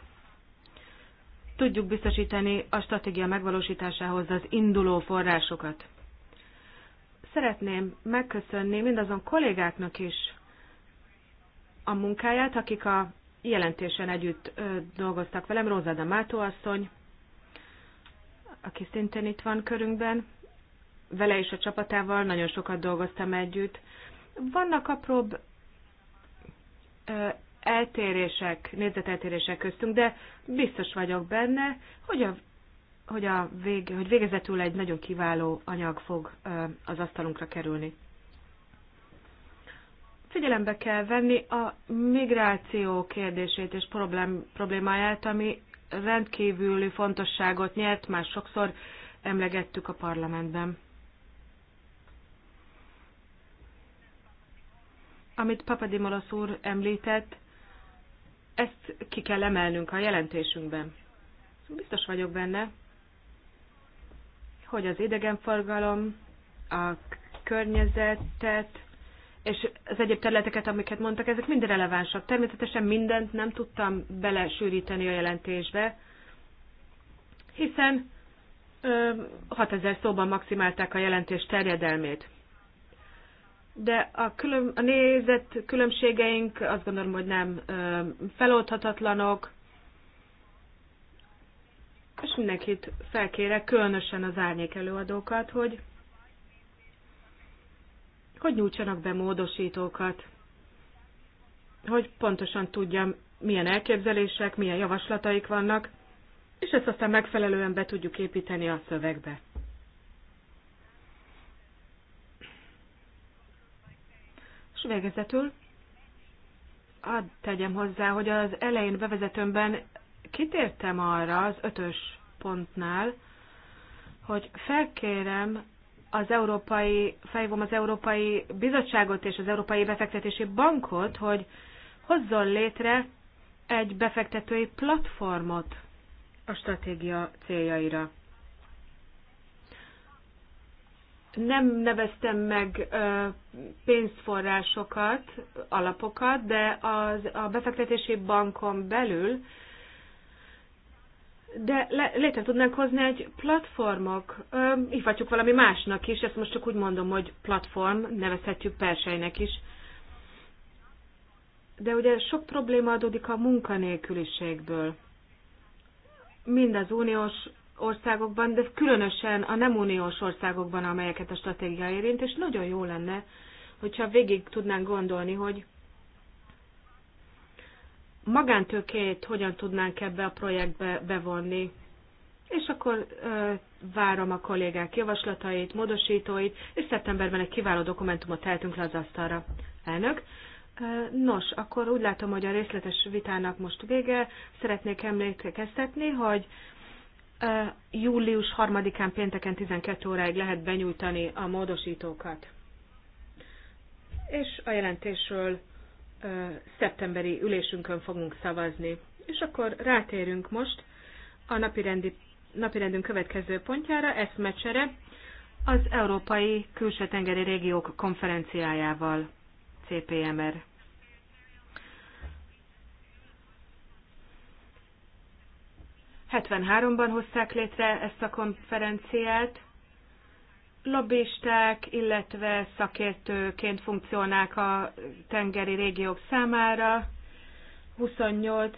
tudjuk biztosítani a stratégia megvalósításához az induló forrásokat. Szeretném megköszönni mindazon kollégáknak is a munkáját, akik a jelentésen együtt dolgoztak velem, Rózada Mátó asszony, aki szintén itt van körünkben, vele és a csapatával nagyon sokat dolgoztam együtt. Vannak apróbb eltérések, nézeteltérések köztünk, de biztos vagyok benne, hogy a hogy, a vég, hogy végezetül egy nagyon kiváló anyag fog az asztalunkra kerülni. Figyelembe kell venni a migráció kérdését és problém, problémáját, ami rendkívüli fontosságot nyert, már sokszor emlegettük a parlamentben. Amit Papadimolosz úr említett, ezt ki kell emelnünk a jelentésünkben. Biztos vagyok benne, hogy az idegenforgalom, a környezetet, és az egyéb területeket, amiket mondtak, ezek mind relevánsak. Természetesen mindent nem tudtam belesűríteni a jelentésbe, hiszen 6000 szóban maximálták a jelentés terjedelmét de a, külön, a nézet különbségeink azt gondolom, hogy nem ö, feloldhatatlanok, és mindenkit felkérek, különösen az árnyék előadókat, hogy, hogy nyújtsanak be módosítókat, hogy pontosan tudjam, milyen elképzelések, milyen javaslataik vannak, és ezt aztán megfelelően be tudjuk építeni a szövegbe. És végezetül ad tegyem hozzá, hogy az elején bevezetőmben kitértem arra az ötös pontnál, hogy felkérem az európai, felhívom az Európai Bizottságot és az Európai Befektetési Bankot, hogy hozzon létre egy befektetői platformot a stratégia céljaira. Nem neveztem meg ö, pénzforrásokat, alapokat, de az, a befektetési bankon belül, de le, létre tudnánk hozni egy platformok, ö, hívhatjuk valami másnak is, ezt most csak úgy mondom, hogy platform, nevezhetjük persejnek is. De ugye sok probléma adódik a munkanélküliségből mind az uniós országokban, de különösen a nem uniós országokban, amelyeket a stratégia érint, és nagyon jó lenne, hogyha végig tudnánk gondolni, hogy magántőkét hogyan tudnánk ebbe a projektbe bevonni. És akkor ö, várom a kollégák javaslatait, módosítóit, és szeptemberben egy kiváló dokumentumot tehetünk le az asztalra. Elnök, Nos, akkor úgy látom, hogy a részletes vitának most vége. Szeretnék emlékeztetni, hogy Július 3-án pénteken 12 óráig lehet benyújtani a módosítókat. És a jelentésről szeptemberi ülésünkön fogunk szavazni. És akkor rátérünk most a napirendi, napirendünk következő pontjára, eszmecsere, az Európai Külső Tengeri Régiók Konferenciájával, CPMR. 73-ban hozták létre ezt a konferenciát. Lobbisták, illetve szakértőként funkcionálnak a tengeri régiók számára. 28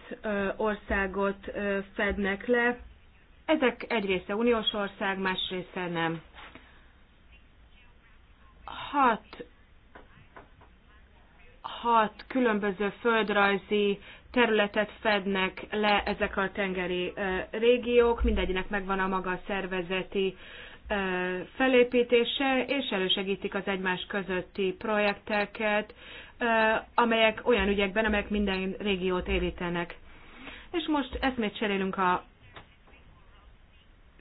országot fednek le. Ezek egy része uniós ország, más része nem. Hat, hat különböző földrajzi területet fednek le ezek a tengeri régiók, mindegyinek megvan a maga szervezeti felépítése, és elősegítik az egymás közötti projekteket, amelyek olyan ügyekben, amelyek minden régiót érítenek. És most eszmét cserélünk a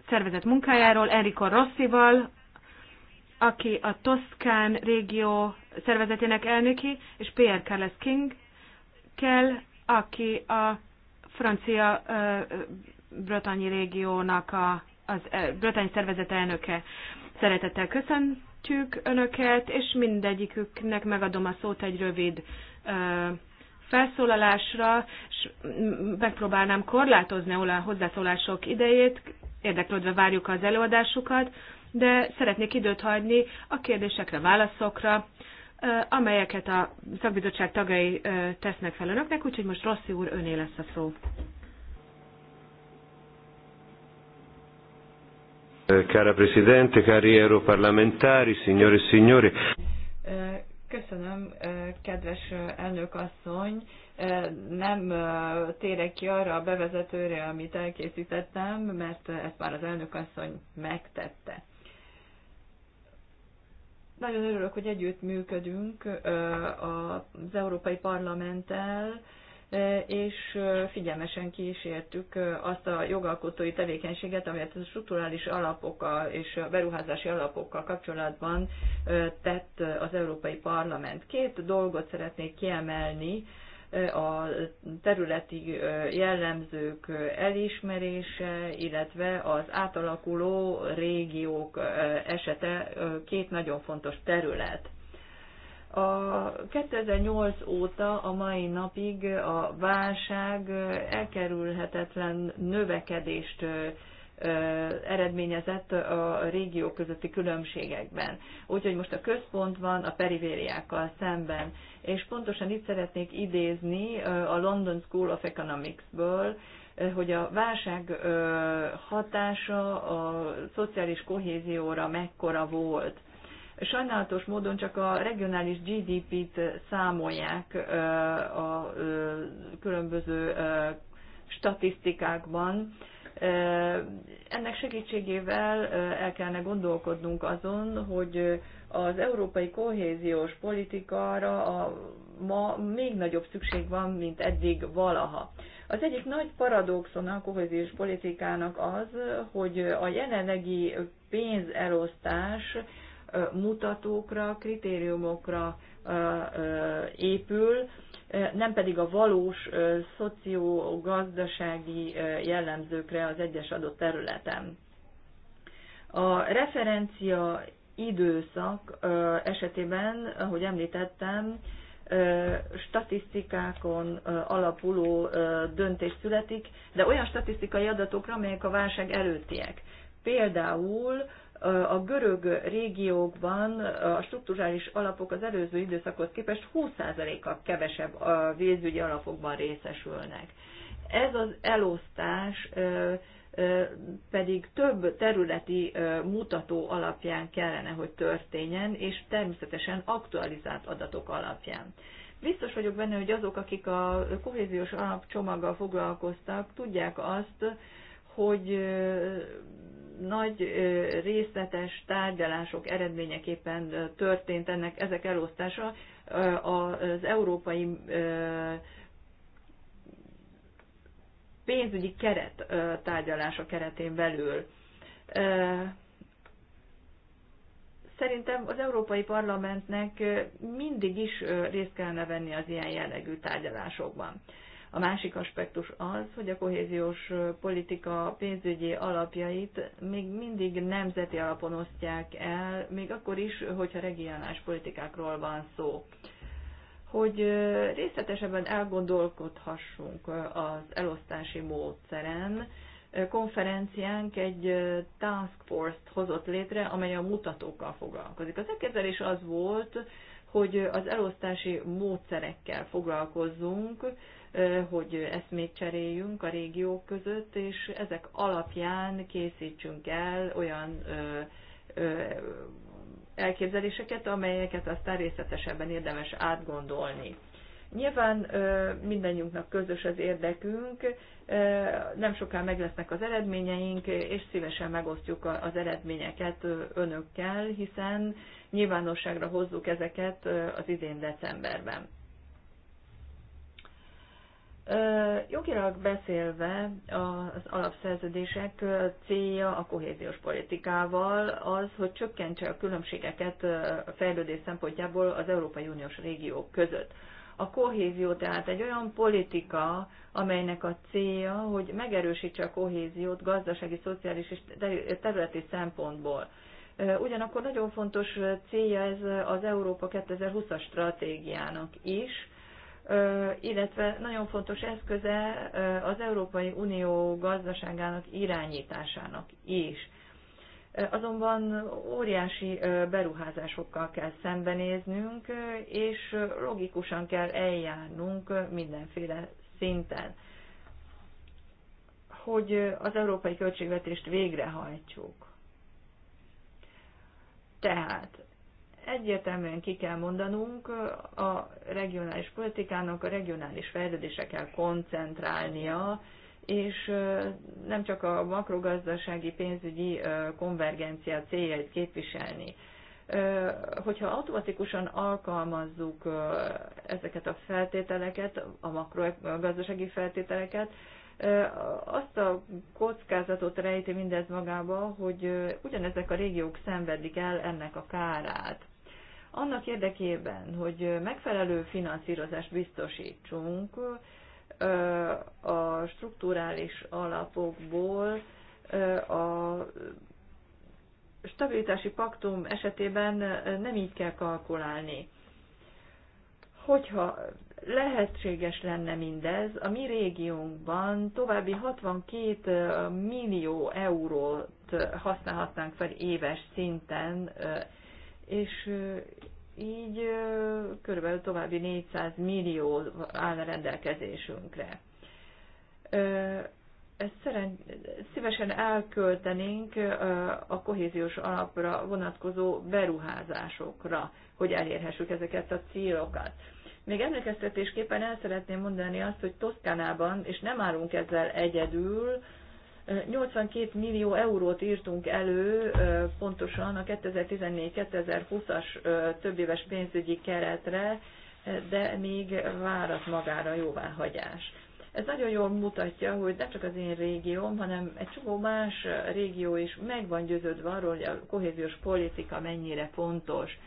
szervezet munkájáról Enrico Rossival, aki a Toszkán régió szervezetének elnöki, és P.R. Carles King kell, aki a francia bretanyi régiónak a, az bretanyi szervezet elnöke. Szeretettel köszöntjük Önöket, és mindegyiküknek megadom a szót egy rövid felszólalásra, és megpróbálnám korlátozni a hozzászólások idejét, érdeklődve várjuk az előadásukat, de szeretnék időt hagyni a kérdésekre, válaszokra, amelyeket a szakbizottság tagjai tesznek fel önöknek, úgyhogy most Rossi úr öné lesz a szó. Cara Presidente, cari europarlamentari, signore e signori. Köszönöm, kedves elnök asszony. Nem térek ki arra a bevezetőre, amit elkészítettem, mert ezt már az elnök asszony megtette. Nagyon örülök, hogy együtt működünk az Európai Parlamenttel, és figyelmesen kísértük azt a jogalkotói tevékenységet, amelyet a strukturális alapokkal és a beruházási alapokkal kapcsolatban tett az Európai Parlament. Két dolgot szeretnék kiemelni, a területi jellemzők elismerése, illetve az átalakuló régiók esete két nagyon fontos terület. A 2008 óta a mai napig a válság elkerülhetetlen növekedést eredményezett a régiók közötti különbségekben. Úgyhogy most a központ van a perivériákkal szemben. És pontosan itt szeretnék idézni a London School of Economics-ből, hogy a válság hatása a szociális kohézióra mekkora volt. Sajnálatos módon csak a regionális GDP-t számolják a különböző statisztikákban, ennek segítségével el kellene gondolkodnunk azon, hogy az európai kohéziós politikára a, ma még nagyobb szükség van, mint eddig valaha. Az egyik nagy paradoxon a kohéziós politikának az, hogy a jelenlegi pénzelosztás mutatókra, kritériumokra épül, nem pedig a valós szociogazdasági jellemzőkre az egyes adott területen. A referencia időszak esetében, ahogy említettem, statisztikákon alapuló döntés születik, de olyan statisztikai adatokra, amelyek a válság előttiek. Például a görög régiókban a strukturális alapok az előző időszakhoz képest 20%-kal kevesebb a vízügyi alapokban részesülnek. Ez az elosztás pedig több területi mutató alapján kellene, hogy történjen, és természetesen aktualizált adatok alapján. Biztos vagyok benne, hogy azok, akik a kohéziós alapcsomaggal foglalkoztak, tudják azt, hogy nagy részletes tárgyalások eredményeképpen történt ennek ezek elosztása az európai pénzügyi keret tárgyalása keretén belül. Szerintem az Európai Parlamentnek mindig is részt kellene venni az ilyen jellegű tárgyalásokban. A másik aspektus az, hogy a kohéziós politika pénzügyi alapjait még mindig nemzeti alapon osztják el, még akkor is, hogyha regionális politikákról van szó. Hogy részletesebben elgondolkodhassunk az elosztási módszeren, konferenciánk egy task force-t hozott létre, amely a mutatókkal foglalkozik. Az elképzelés az volt, hogy az elosztási módszerekkel foglalkozzunk, hogy eszmét cseréljünk a régiók között, és ezek alapján készítsünk el olyan elképzeléseket, amelyeket aztán részletesebben érdemes átgondolni. Nyilván mindannyiunknak közös az érdekünk, nem soká meg lesznek az eredményeink, és szívesen megosztjuk az eredményeket önökkel, hiszen nyilvánosságra hozzuk ezeket az idén decemberben. Jogilag beszélve az alapszerződések célja a kohéziós politikával az, hogy csökkentse a különbségeket a fejlődés szempontjából az Európai Uniós régiók között. A kohézió tehát egy olyan politika, amelynek a célja, hogy megerősítse a kohéziót gazdasági, szociális és területi szempontból. Ugyanakkor nagyon fontos célja ez az Európa 2020-as stratégiának is, illetve nagyon fontos eszköze az Európai Unió gazdaságának irányításának is. Azonban óriási beruházásokkal kell szembenéznünk, és logikusan kell eljárnunk mindenféle szinten, hogy az európai költségvetést végrehajtsuk. Tehát egyértelműen ki kell mondanunk, a regionális politikának a regionális fejlődése kell koncentrálnia, és nem csak a makrogazdasági pénzügyi konvergencia céljait képviselni. Hogyha automatikusan alkalmazzuk ezeket a feltételeket, a makrogazdasági feltételeket, azt a kockázatot rejti mindez magába, hogy ugyanezek a régiók szenvedik el ennek a kárát annak érdekében, hogy megfelelő finanszírozást biztosítsunk a strukturális alapokból a stabilitási paktum esetében nem így kell kalkulálni. Hogyha lehetséges lenne mindez, a mi régiónkban további 62 millió eurót használhatnánk fel éves szinten és így körülbelül további 400 millió áll a rendelkezésünkre. Ezt szeren, szívesen elköltenénk a kohéziós alapra vonatkozó beruházásokra, hogy elérhessük ezeket a célokat. Még emlékeztetésképpen el szeretném mondani azt, hogy Toszkánában, és nem állunk ezzel egyedül, 82 millió eurót írtunk elő pontosan a 2014-2020-as többéves pénzügyi keretre, de még várat magára jóváhagyás. Ez nagyon jól mutatja, hogy nem csak az én régióm, hanem egy csomó más régió is meg van győződve arról, hogy a kohéziós politika mennyire fontos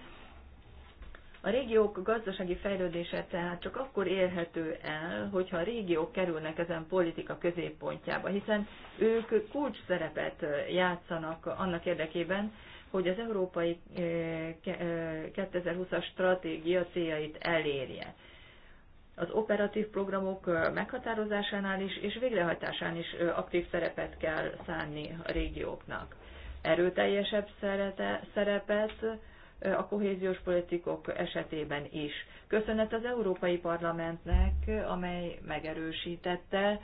a régiók gazdasági fejlődése tehát csak akkor érhető el, hogyha a régiók kerülnek ezen politika középpontjába, hiszen ők kulcs szerepet játszanak annak érdekében, hogy az európai 2020-as eh, eh, stratégia céljait elérje. Az operatív programok eh, meghatározásánál is és végrehajtásán is aktív szerepet kell szánni a régióknak. Erőteljesebb szerepet, a kohéziós politikok esetében is. Köszönet az Európai Parlamentnek, amely megerősítette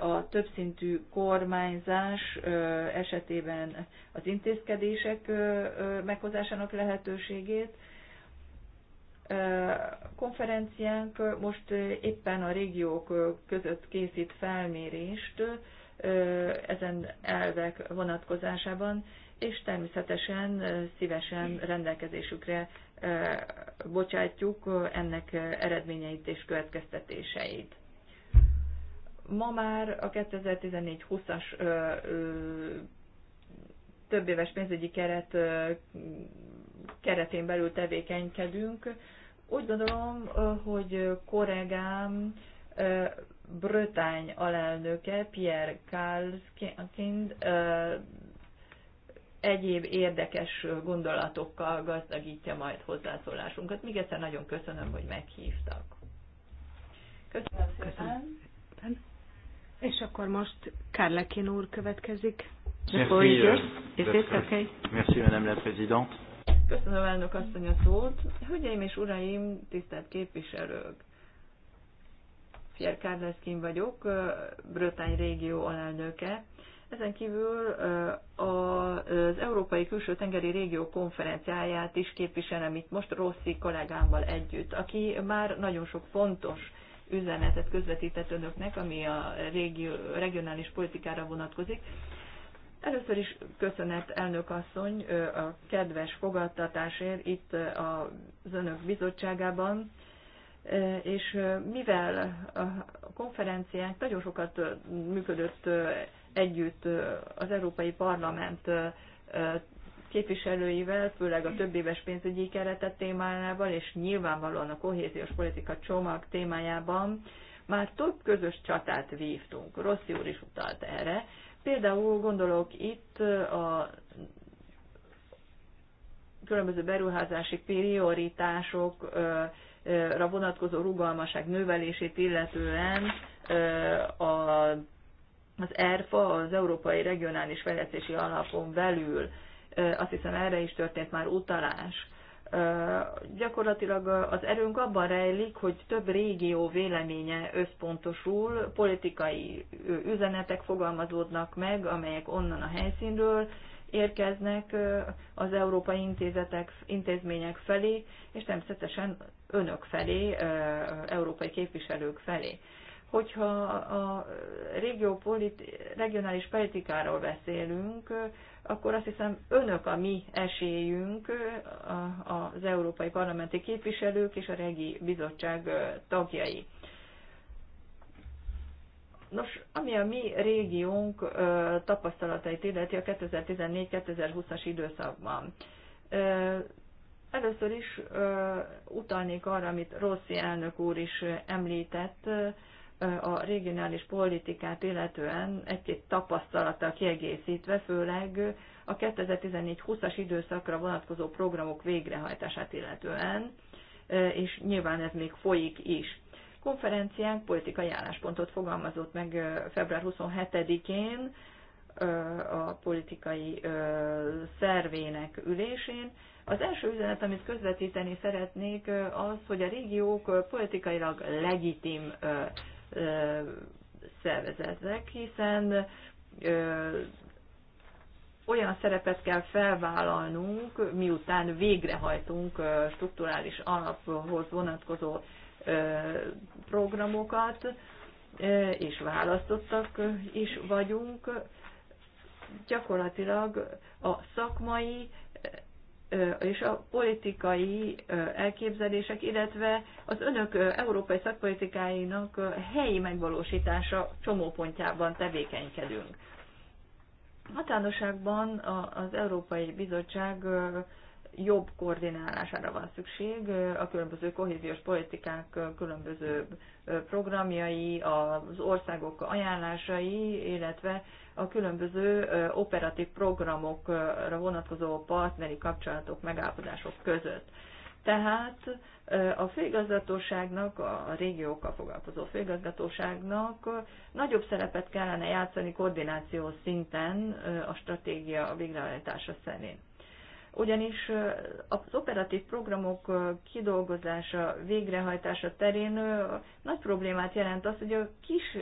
a többszintű kormányzás esetében az intézkedések meghozásának lehetőségét. Konferenciánk most éppen a régiók között készít felmérést ezen elvek vonatkozásában, és természetesen szívesen rendelkezésükre bocsátjuk ennek eredményeit és következtetéseit. Ma már a 2014-20-as több éves pénzügyi keret keretén belül tevékenykedünk. Úgy gondolom, hogy korregám Brötány alelnöke, Pierre Kalskind egyéb érdekes gondolatokkal gazdagítja majd hozzászólásunkat. Még egyszer nagyon köszönöm, hogy meghívtak. Köszönöm szépen. Köszönöm. És akkor most Kárlekin úr következik. Merci, euh, Merci, Madame la Présidente. Köszönöm elnök asszony a szót. Hölgyeim és uraim, tisztelt képviselők! Pierre Kárleszkin vagyok, Brötány régió alelnöke ezen kívül az Európai Külső Tengeri Régió konferenciáját is képviselem itt most Rossi kollégámmal együtt, aki már nagyon sok fontos üzenetet közvetített önöknek, ami a régió, regionális politikára vonatkozik. Először is köszönet, elnök asszony, a kedves fogadtatásért itt az önök bizottságában, és mivel a konferenciánk nagyon sokat működött együtt az Európai Parlament képviselőivel, főleg a éves pénzügyi keretet témájával, és nyilvánvalóan a kohéziós politika csomag témájában már több közös csatát vívtunk. Rossz úr is utalt erre. Például gondolok itt a különböző beruházási prioritásokra vonatkozó rugalmaság növelését illetően a az ERFA, az Európai Regionális Fejlesztési Alapon belül, azt hiszem erre is történt már utalás, gyakorlatilag az erőnk abban rejlik, hogy több régió véleménye összpontosul, politikai üzenetek fogalmazódnak meg, amelyek onnan a helyszínről érkeznek az európai intézetek, intézmények felé, és természetesen önök felé, európai képviselők felé hogyha a politi- regionális politikáról beszélünk, akkor azt hiszem önök a mi esélyünk, az európai parlamenti képviselők és a regi bizottság tagjai. Nos, ami a mi régiónk tapasztalatait illeti a 2014-2020-as időszakban. Először is utalnék arra, amit Rossi elnök úr is említett, a regionális politikát illetően egy-két tapasztalattal kiegészítve, főleg a 2014-20-as időszakra vonatkozó programok végrehajtását illetően, e, és nyilván ez még folyik is. Konferenciánk politikai álláspontot fogalmazott meg e, február 27-én e, a politikai szervének ülésén, az első üzenet, amit közvetíteni szeretnék, az, hogy a régiók politikailag legitim szervezetnek, hiszen olyan szerepet kell felvállalnunk, miután végrehajtunk strukturális alaphoz vonatkozó programokat, és választottak is vagyunk, gyakorlatilag a szakmai és a politikai elképzelések, illetve az önök európai szakpolitikáinak helyi megvalósítása csomópontjában tevékenykedünk. Hatánosságban az Európai Bizottság jobb koordinálására van szükség, a különböző kohéziós politikák különböző programjai, az országok ajánlásai, illetve a különböző operatív programokra vonatkozó partneri kapcsolatok, megállapodások között. Tehát a főigazgatóságnak, a régiókkal foglalkozó főigazgatóságnak nagyobb szerepet kellene játszani koordináció szinten a stratégia végrehajtása szerint ugyanis az operatív programok kidolgozása, végrehajtása terén nagy problémát jelent az, hogy a kis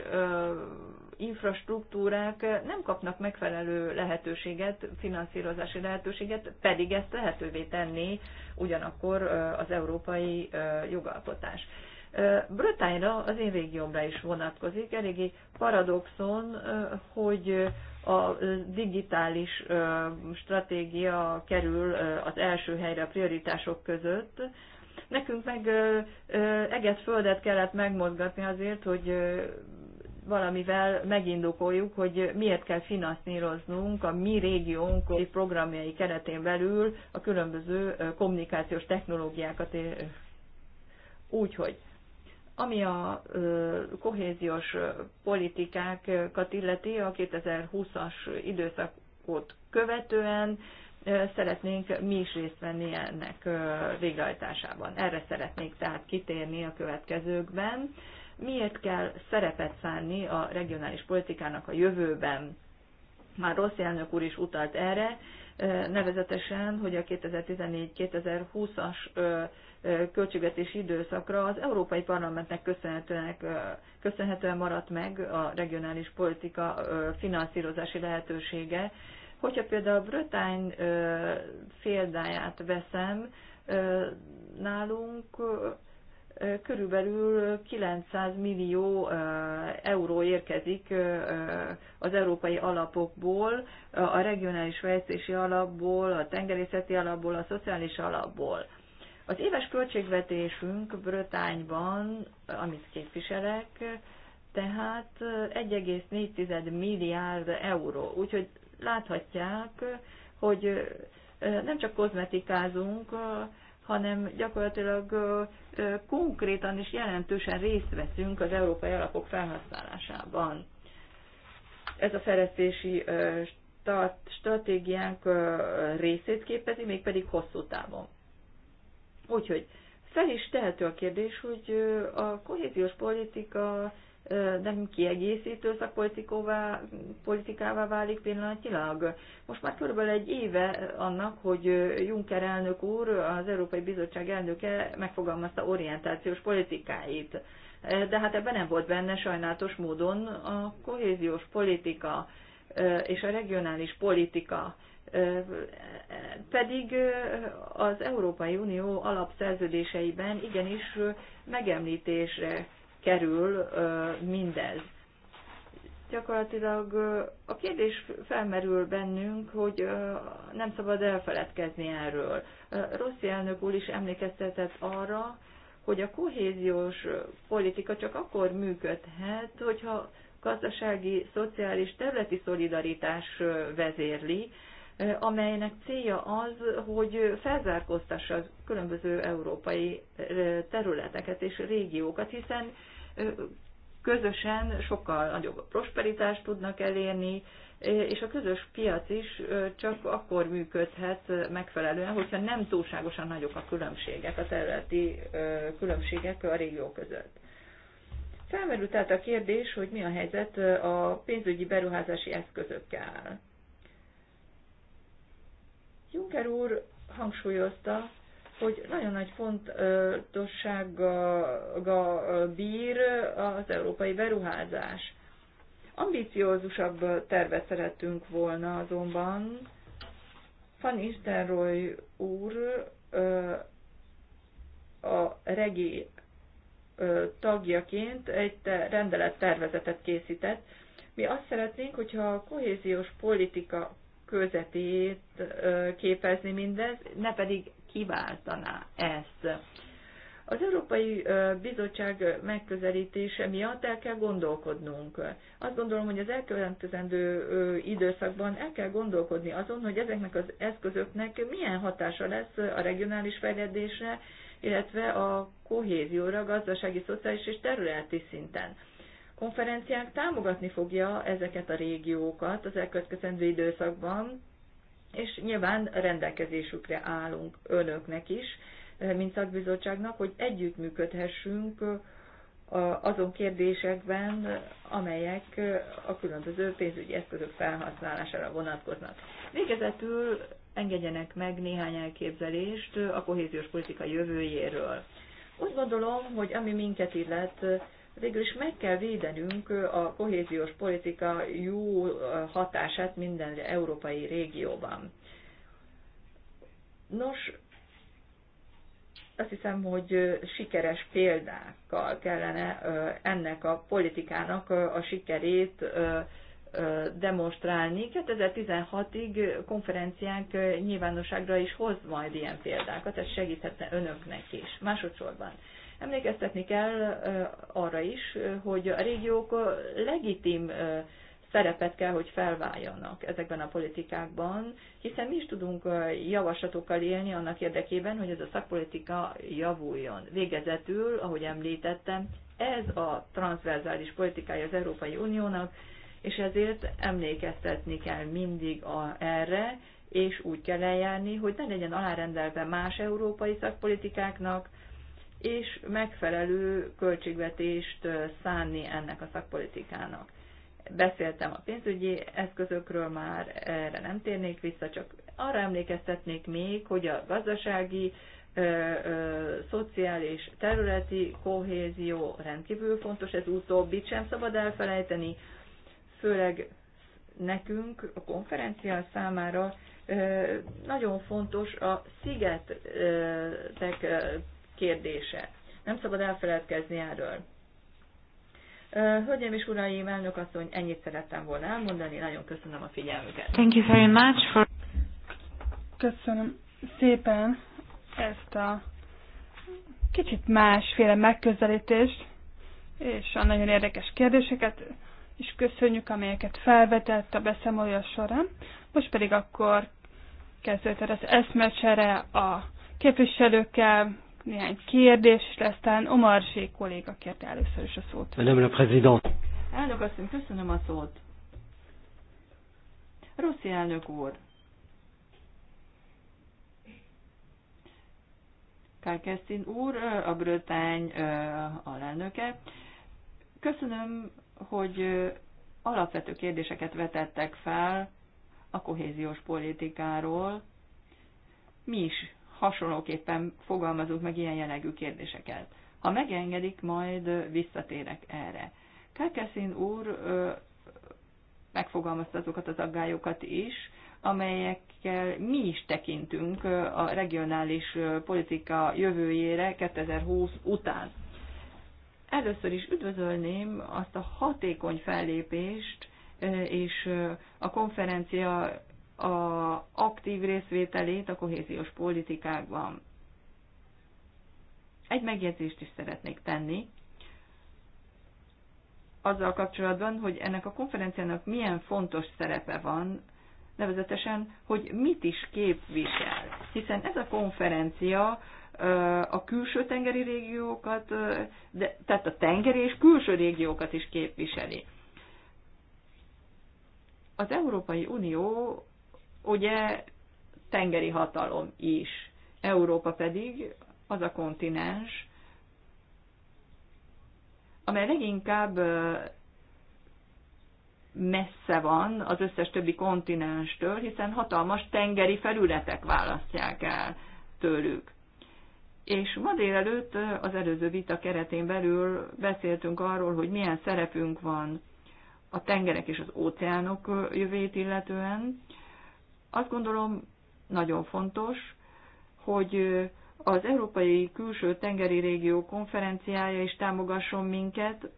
infrastruktúrák nem kapnak megfelelő lehetőséget, finanszírozási lehetőséget, pedig ezt lehetővé tenni ugyanakkor az európai jogalkotás. Brötányra az én régiómra is vonatkozik. Eléggé paradoxon, hogy a digitális stratégia kerül az első helyre a prioritások között. Nekünk meg egész földet kellett megmozgatni azért, hogy valamivel megindokoljuk, hogy miért kell finanszíroznunk a mi régiónk programjai keretén belül a különböző kommunikációs technológiákat. Úgyhogy ami a kohéziós politikákat illeti, a 2020-as időszakot követően szeretnénk mi is részt venni ennek végrehajtásában. Erre szeretnék tehát kitérni a következőkben. Miért kell szerepet szánni a regionális politikának a jövőben? Már rossz elnök úr is utalt erre, nevezetesen, hogy a 2014-2020-as költségvetési időszakra az Európai Parlamentnek köszönhetően, eh, köszönhetően maradt meg a regionális politika eh, finanszírozási lehetősége. Hogyha például Brötány féldáját eh, veszem, nálunk körülbelül 900 millió euró érkezik az európai alapokból, a regionális fejlesztési alapból, a tengerészeti alapból, a szociális alapból. Az éves költségvetésünk Brötányban, amit képviselek, tehát 1,4 milliárd euró. Úgyhogy láthatják, hogy nem csak kozmetikázunk, hanem gyakorlatilag konkrétan és jelentősen részt veszünk az európai alapok felhasználásában. Ez a fejlesztési stratégiánk részét képezi, mégpedig hosszú távon. Úgyhogy fel is tehető a kérdés, hogy a kohéziós politika nem kiegészítő szakpolitikává válik pillanatilag. Most már körülbelül egy éve annak, hogy Juncker elnök úr, az Európai Bizottság elnöke megfogalmazta orientációs politikáit. De hát ebben nem volt benne sajnálatos módon a kohéziós politika és a regionális politika pedig az Európai Unió alapszerződéseiben igenis megemlítésre kerül mindez. Gyakorlatilag a kérdés felmerül bennünk, hogy nem szabad elfeledkezni erről. Rossi elnök úr is emlékeztetett arra, hogy a kohéziós politika csak akkor működhet, hogyha gazdasági, szociális, területi szolidaritás vezérli, amelynek célja az, hogy felzárkóztassa az különböző európai területeket és régiókat, hiszen közösen sokkal nagyobb prosperitást tudnak elérni, és a közös piac is csak akkor működhet megfelelően, hogyha nem túlságosan nagyok a különbségek, a területi különbségek a régió között. Felmerült tehát a kérdés, hogy mi a helyzet a pénzügyi beruházási eszközökkel. Juncker úr hangsúlyozta, hogy nagyon nagy fontossággal bír az európai beruházás. Ambiciózusabb tervet szerettünk volna azonban. Van Istenroy úr a regi tagjaként egy rendelet tervezetet készített. Mi azt szeretnénk, hogyha a kohéziós politika közetét képezni mindez, ne pedig kiváltaná ezt. Az Európai Bizottság megközelítése miatt el kell gondolkodnunk. Azt gondolom, hogy az elkövetkezendő időszakban el kell gondolkodni azon, hogy ezeknek az eszközöknek milyen hatása lesz a regionális fejlődésre, illetve a kohézióra, gazdasági, szociális és területi szinten konferenciánk támogatni fogja ezeket a régiókat az elkövetkezendő időszakban, és nyilván rendelkezésükre állunk önöknek is, mint szakbizottságnak, hogy együttműködhessünk azon kérdésekben, amelyek a különböző pénzügyi eszközök felhasználására vonatkoznak. Végezetül engedjenek meg néhány elképzelést a kohéziós politika jövőjéről. Úgy gondolom, hogy ami minket illet, végül is meg kell védenünk a kohéziós politika jó hatását minden európai régióban. Nos, azt hiszem, hogy sikeres példákkal kellene ennek a politikának a sikerét demonstrálni. 2016-ig konferenciánk nyilvánosságra is hoz majd ilyen példákat, ez segíthetne önöknek is. Másodszorban Emlékeztetni kell arra is, hogy a régiók legitim szerepet kell, hogy felváljanak ezekben a politikákban, hiszen mi is tudunk javaslatokkal élni annak érdekében, hogy ez a szakpolitika javuljon. Végezetül, ahogy említettem, ez a transzverzális politikája az Európai Uniónak, és ezért emlékeztetni kell mindig a, erre, és úgy kell eljárni, hogy ne legyen alárendelve más európai szakpolitikáknak, és megfelelő költségvetést szánni ennek a szakpolitikának. Beszéltem a pénzügyi eszközökről már, erre nem térnék vissza, csak arra emlékeztetnék még, hogy a gazdasági, ö, ö, szociális, területi kohézió rendkívül fontos, ez utóbbi sem szabad elfelejteni, főleg nekünk a konferencia számára nagyon fontos a szigetek kérdése. Nem szabad elfeledkezni erről. Hölgyeim és uraim, elnök asszony, ennyit szerettem volna elmondani. Nagyon köszönöm a figyelmüket. Thank you very much for... Köszönöm szépen ezt a kicsit másféle megközelítést és a nagyon érdekes kérdéseket is köszönjük, amelyeket felvetett a beszámolja során. Most pedig akkor kezdődött az eszmecsere a képviselőkkel, néhány kérdés, és aztán Omar Zsé kolléga kérte először is a szót. Madame la Présidente. Elnök asszony, köszönöm a szót. Rossi elnök úr. Kárkesztin úr, a Brötány alelnöke. Köszönöm, hogy alapvető kérdéseket vetettek fel a kohéziós politikáról. Mi is hasonlóképpen fogalmazunk meg ilyen jellegű kérdéseket. Ha megengedik, majd visszatérek erre. Kákeszin úr megfogalmazta azokat az aggályokat is, amelyekkel mi is tekintünk a regionális politika jövőjére 2020 után. Először is üdvözölném azt a hatékony fellépést és a konferencia a aktív részvételét a kohéziós politikákban. Egy megjegyzést is szeretnék tenni azzal kapcsolatban, hogy ennek a konferenciának milyen fontos szerepe van, nevezetesen, hogy mit is képvisel. Hiszen ez a konferencia a külső tengeri régiókat, de, tehát a tengeri és külső régiókat is képviseli. Az Európai Unió ugye tengeri hatalom is. Európa pedig az a kontinens, amely leginkább messze van az összes többi kontinenstől, hiszen hatalmas tengeri felületek választják el tőlük. És ma délelőtt az előző vita keretén belül beszéltünk arról, hogy milyen szerepünk van a tengerek és az óceánok jövét illetően, azt gondolom, nagyon fontos, hogy az Európai Külső Tengeri Régió konferenciája is támogasson minket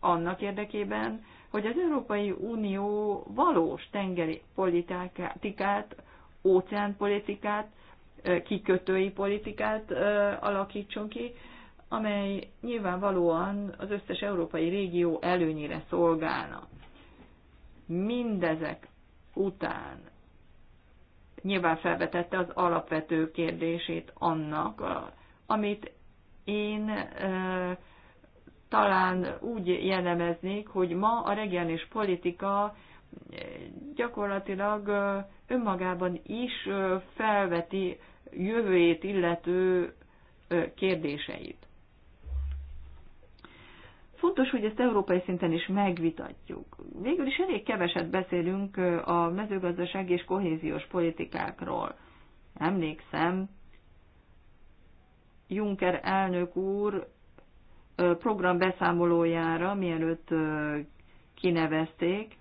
annak érdekében, hogy az Európai Unió valós tengeri politikát, óceánpolitikát, kikötői politikát alakítson ki, amely nyilvánvalóan az összes európai régió előnyére szolgálna. Mindezek után nyilván felvetette az alapvető kérdését annak, amit én talán úgy jellemeznék, hogy ma a regionális politika gyakorlatilag önmagában is felveti jövőjét illető kérdéseit. Fontos, hogy ezt európai szinten is megvitatjuk. Végül is elég keveset beszélünk a mezőgazdasági és kohéziós politikákról. Emlékszem, Juncker elnök úr program beszámolójára, mielőtt kinevezték,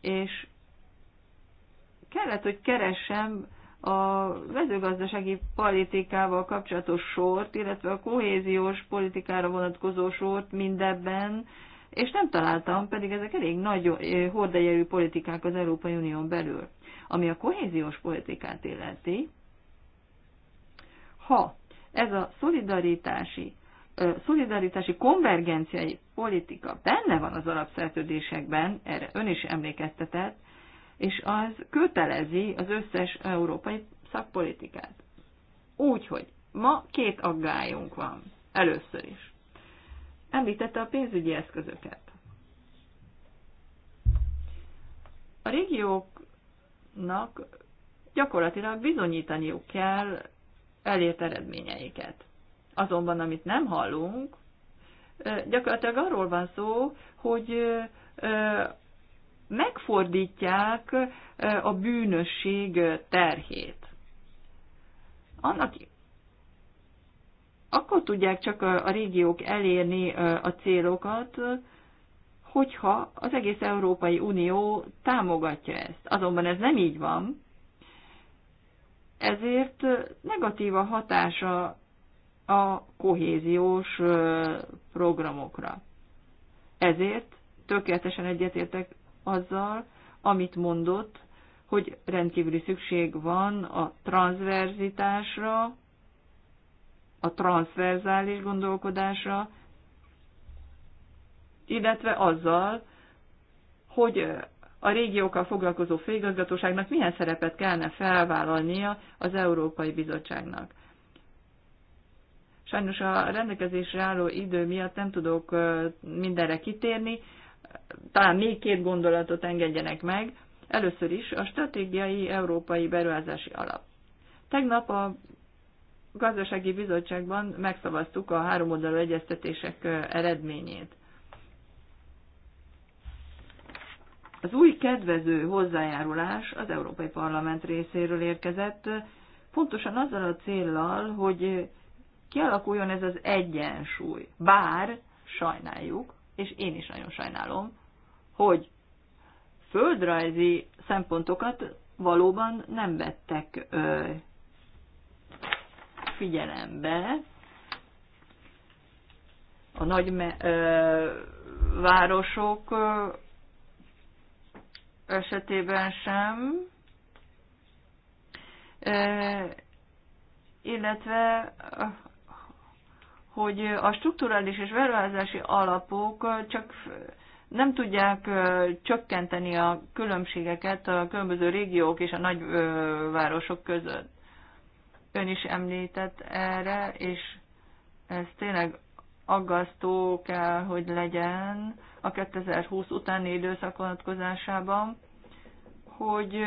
és kellett, hogy keressem a mezőgazdasági politikával kapcsolatos sort, illetve a kohéziós politikára vonatkozó sort mindebben, és nem találtam, pedig ezek elég nagy hordajelű politikák az Európai Unión belül. Ami a kohéziós politikát illeti, ha ez a szolidaritási, szolidaritási konvergenciai politika benne van az alapszerződésekben, erre ön is emlékeztetett, és az kötelezi az összes európai szakpolitikát. Úgyhogy ma két aggályunk van, először is. Említette a pénzügyi eszközöket. A régióknak gyakorlatilag bizonyítaniuk kell elért eredményeiket. Azonban, amit nem hallunk, gyakorlatilag arról van szó, hogy megfordítják a bűnösség terhét. Annak akkor tudják csak a régiók elérni a célokat, hogyha az egész Európai Unió támogatja ezt. Azonban ez nem így van, ezért negatív a hatása a kohéziós programokra. Ezért tökéletesen egyetértek azzal, amit mondott, hogy rendkívüli szükség van a transverzitásra, a transverzális gondolkodásra, illetve azzal, hogy a régiókkal foglalkozó főigazgatóságnak milyen szerepet kellene felvállalnia az Európai Bizottságnak. Sajnos a rendelkezésre álló idő miatt nem tudok mindenre kitérni, talán még két gondolatot engedjenek meg. Először is a stratégiai európai beruházási alap. Tegnap a gazdasági bizottságban megszavaztuk a három oldalú egyeztetések eredményét. Az új kedvező hozzájárulás az Európai Parlament részéről érkezett, pontosan azzal a céllal, hogy kialakuljon ez az egyensúly. Bár sajnáljuk, és én is nagyon sajnálom, hogy földrajzi szempontokat valóban nem vettek ö, figyelembe a nagy me- ö, városok ö, esetében sem, ö, illetve hogy a strukturális és beruházási alapok csak nem tudják csökkenteni a különbségeket a különböző régiók és a nagyvárosok között. Ön is említett erre, és ez tényleg aggasztó kell, hogy legyen a 2020 utáni időszak vonatkozásában, hogy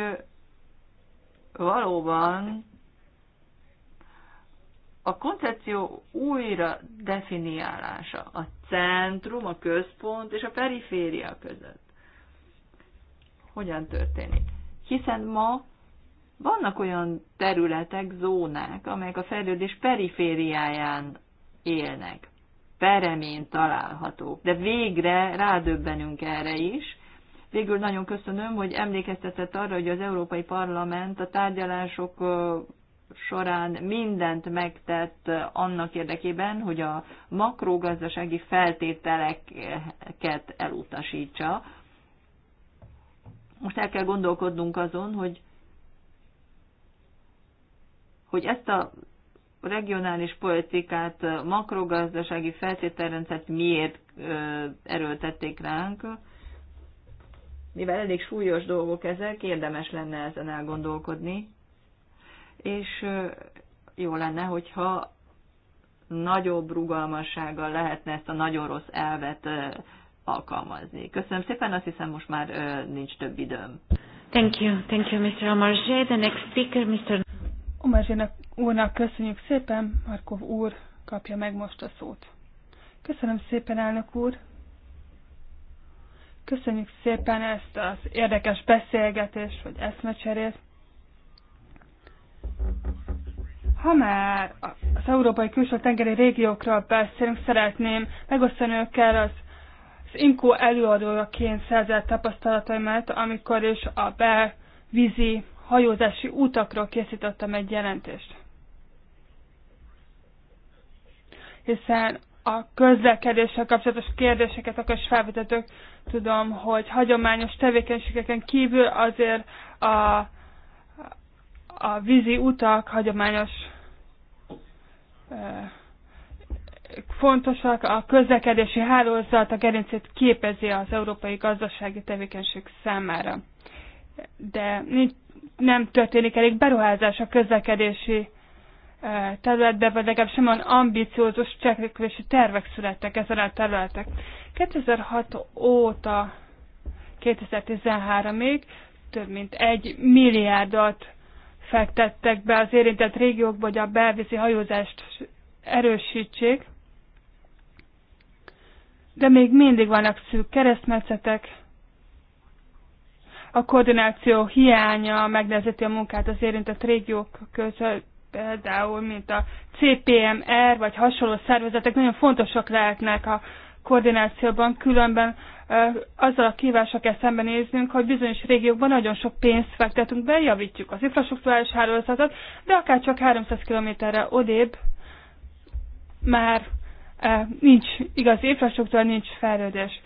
valóban a koncepció újra definiálása a centrum, a központ és a periféria között hogyan történik. Hiszen ma vannak olyan területek, zónák, amelyek a fejlődés perifériáján élnek, peremén találhatók, de végre rádöbbenünk erre is. Végül nagyon köszönöm, hogy emlékeztetett arra, hogy az Európai Parlament a tárgyalások során mindent megtett annak érdekében, hogy a makrogazdasági feltételeket elutasítsa. Most el kell gondolkodnunk azon, hogy, hogy ezt a regionális politikát, makrogazdasági feltételrendszert miért erőltették ránk, mivel elég súlyos dolgok ezek, érdemes lenne ezen elgondolkodni és jó lenne, hogyha nagyobb rugalmassággal lehetne ezt a nagyon rossz elvet alkalmazni. Köszönöm szépen, azt hiszem most már nincs több időm. Thank you, thank you, Mr. Omarzsé. The next speaker, Mr. Omarzsénak úrnak köszönjük szépen, Markov úr kapja meg most a szót. Köszönöm szépen, elnök úr. Köszönjük szépen ezt az érdekes beszélgetést, vagy eszmecserét. Ha már az európai külső tengeri régiókról beszélünk, szeretném megosztani őkkel az, az INKO előadójaként szerzett tapasztalataimat, amikor is a belvízi hajózási utakról készítettem egy jelentést. Hiszen a közlekedéssel kapcsolatos kérdéseket akkor is felvetetők, tudom, hogy hagyományos tevékenységeken kívül azért a a vízi utak hagyományos fontosak, a közlekedési hálózat a gerincét képezi az európai gazdasági tevékenység számára. De nem történik elég beruházás a közlekedési területbe, vagy legalább sem olyan ambiciózus cselekvési tervek születtek ezen a területek. 2006 óta 2013-ig több mint egy milliárdot fektettek be az érintett régiókba, hogy a belvízi hajózást erősítsék. De még mindig vannak szűk keresztmetszetek, a koordináció hiánya megnehezíti a munkát az érintett régiók között, például mint a CPMR vagy hasonló szervezetek nagyon fontosak lehetnek a koordinációban, különben azzal a kívással kell szembenéznünk, hogy bizonyos régiókban nagyon sok pénzt fektetünk be, javítjuk az infrastruktúrális hálózatot, de akár csak 300 km-re odébb már nincs igazi infrastruktúra, nincs fejlődés.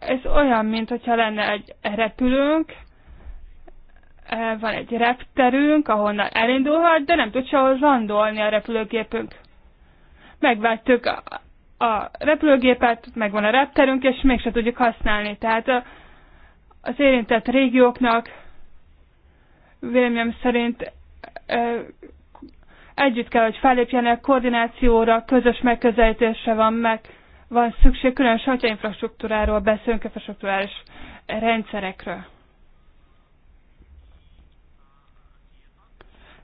Ez olyan, mint hogyha lenne egy repülőnk, van egy repterünk, ahonnan elindulhat, de nem tud sehol landolni a repülőgépünk. Megvettük a repülőgépet, megvan a repterünk, és mégsem tudjuk használni. Tehát az érintett régióknak véleményem szerint együtt kell, hogy fellépjenek, koordinációra, közös megközelítésre van meg, van szükség, külön hogyha infrastruktúráról beszélünk, infrastruktúrális rendszerekről.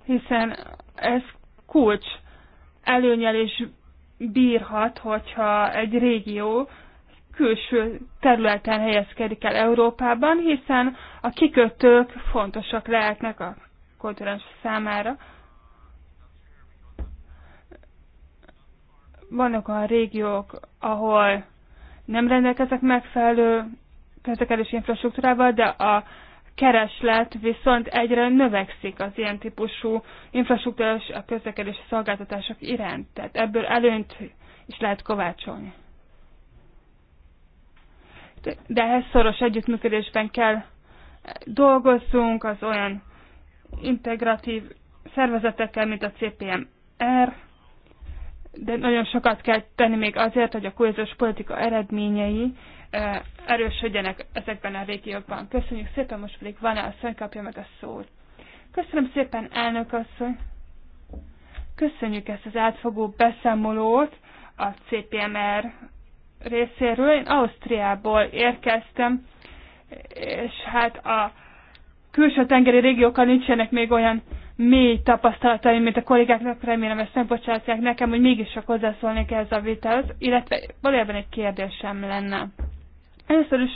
Hiszen ez kulcs előnyel és bírhat, hogyha egy régió külső területen helyezkedik el Európában, hiszen a kikötők fontosak lehetnek a kontinens számára. Vannak olyan régiók, ahol nem rendelkeznek megfelelő közlekedési infrastruktúrával, de a kereslet viszont egyre növekszik az ilyen típusú infrastruktúrás a közlekedési szolgáltatások iránt. Tehát ebből előnyt is lehet kovácsolni. De, de ehhez szoros együttműködésben kell dolgozzunk az olyan integratív szervezetekkel, mint a CPMR, de nagyon sokat kell tenni még azért, hogy a kohéziós politika eredményei erősödjenek ezekben a régiókban. Köszönjük szépen, most pedig van asszony, kapja meg a szót. Köszönöm szépen, elnök asszony. Köszönjük ezt az átfogó beszámolót a CPMR részéről. Én Ausztriából érkeztem, és hát a külső tengeri régiókkal nincsenek még olyan mély tapasztalataim, mint a kollégáknak, remélem ezt megbocsátják nekem, hogy mégis csak hozzászólnék ehhez a vitához, illetve valójában egy kérdésem lenne. Először is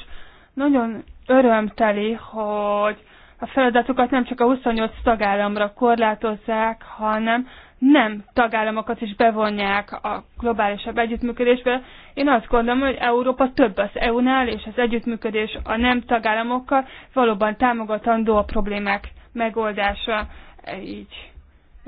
nagyon örömteli, hogy a feladatokat nem csak a 28 tagállamra korlátozzák, hanem nem tagállamokat is bevonják a globálisabb együttműködésbe. Én azt gondolom, hogy Európa több az EU-nál, és az együttműködés a nem tagállamokkal valóban támogatandó a problémák megoldása. Így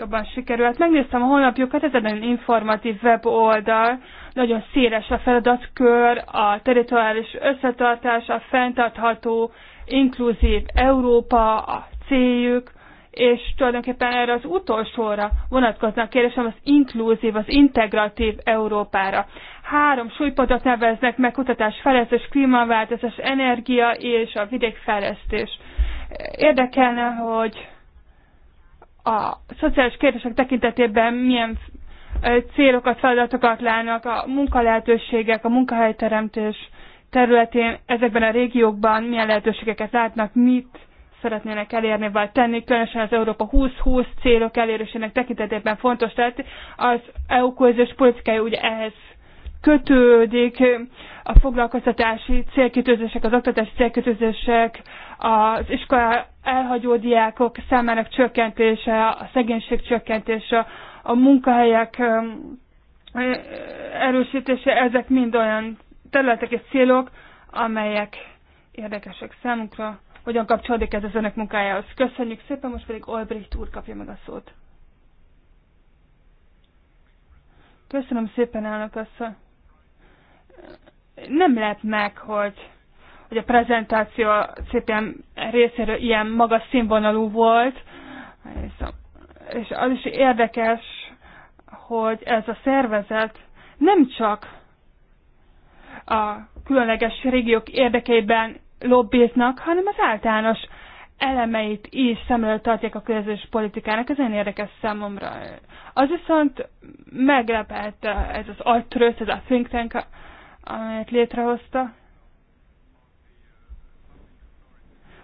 jobban sikerült. Megnéztem a honlapjukat, ez egy nagyon informatív weboldal, nagyon széles a feladatkör, a territoriális összetartás, a fenntartható, inkluzív Európa, a céljuk, és tulajdonképpen erre az utolsóra vonatkoznak kérdésem az inkluzív, az integratív Európára. Három súlypontot neveznek meg, kutatás, fejlesztés, klímaváltozás, energia és a vidékfejlesztés. Érdekelne, hogy a szociális kérdések tekintetében milyen célokat, feladatokat látnak a munkalehetőségek, a munkahelyteremtés területén, ezekben a régiókban milyen lehetőségeket látnak, mit szeretnének elérni vagy tenni, különösen az Európa 2020 célok elérésének tekintetében fontos, tehát az EU kohéziós politikája ugye ehhez kötődik, a foglalkoztatási célkitűzések, az oktatási célkitűzések, az iskola elhagyó diákok számának csökkentése, a szegénység csökkentése, a munkahelyek erősítése, ezek mind olyan területek és célok, amelyek érdekesek számunkra. Hogyan kapcsolódik ez az önök munkájához? Köszönjük szépen, most pedig Olbricht úr kapja meg a szót. Köszönöm szépen, elnök asszony. Nem lehet meg, hogy hogy a prezentáció a részéről ilyen magas színvonalú volt, és az is érdekes, hogy ez a szervezet nem csak a különleges régiók érdekében lobbiznak, hanem az általános elemeit is szem előtt tartják a közös politikának, ez nagyon érdekes számomra. Az viszont meglepett eh, ez az agytrőt, ez a think tank, amelyet létrehozta,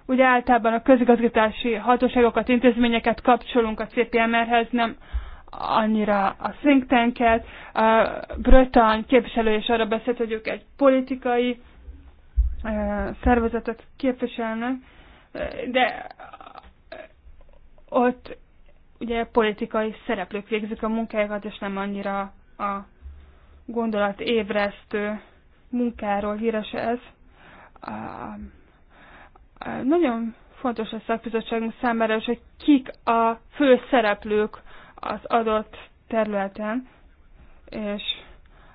Ugye általában a közigazgatási hatóságokat, intézményeket kapcsolunk a CPMR-hez, nem annyira a think tanket. A Brötan képviselő is arra beszélt, hogy ők egy politikai szervezetet képviselnek, de ott ugye politikai szereplők végzik a munkájukat, és nem annyira a gondolat ébresztő munkáról híres ez. Nagyon fontos a szakbizottságunk számára és hogy kik a fő szereplők az adott területen, és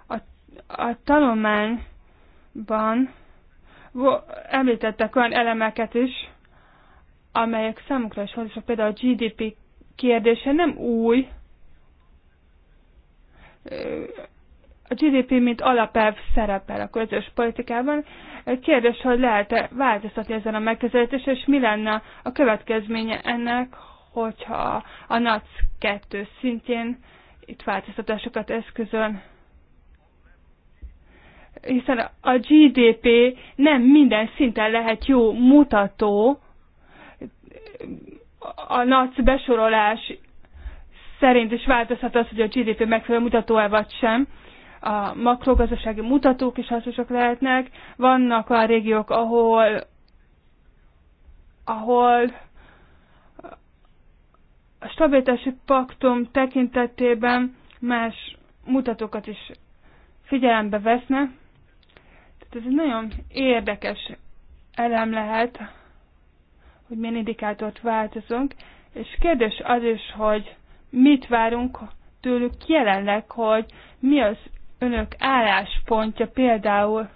a, a tanulmányban említettek olyan elemeket is, amelyek számukra is fontosak, például a GDP kérdése nem új, a GDP mint alapelv szerepel a közös politikában. Kérdés, hogy lehet-e változtatni ezen a megközelítésen, és mi lenne a következménye ennek, hogyha a NAC 2 szintjén itt változtatásokat eszközön hiszen a GDP nem minden szinten lehet jó mutató, a NAC besorolás szerint is változhat az, hogy a GDP megfelelő mutató-e vagy sem a makrogazdasági mutatók is hasznosak lehetnek. Vannak a régiók, ahol ahol a stabilitási paktum tekintetében más mutatókat is figyelembe vesznek. Tehát ez egy nagyon érdekes elem lehet, hogy milyen indikátort változunk. És kérdés az is, hogy mit várunk tőlük jelenleg, hogy mi az önök álláspontja például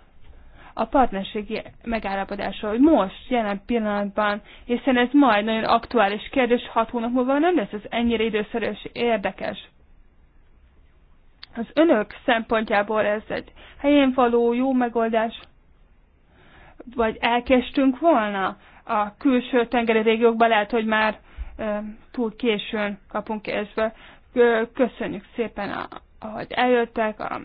a partnerségi megállapodásról, hogy most, jelen pillanatban, hiszen ez majd nagyon aktuális kérdés, hat hónap múlva nem lesz ez ennyire időszerű és érdekes. Az önök szempontjából ez egy helyén való jó megoldás, vagy elkestünk volna a külső tengeri régiókban, lehet, hogy már e, túl későn kapunk kézbe. Köszönjük szépen, a ahogy eljöttek, a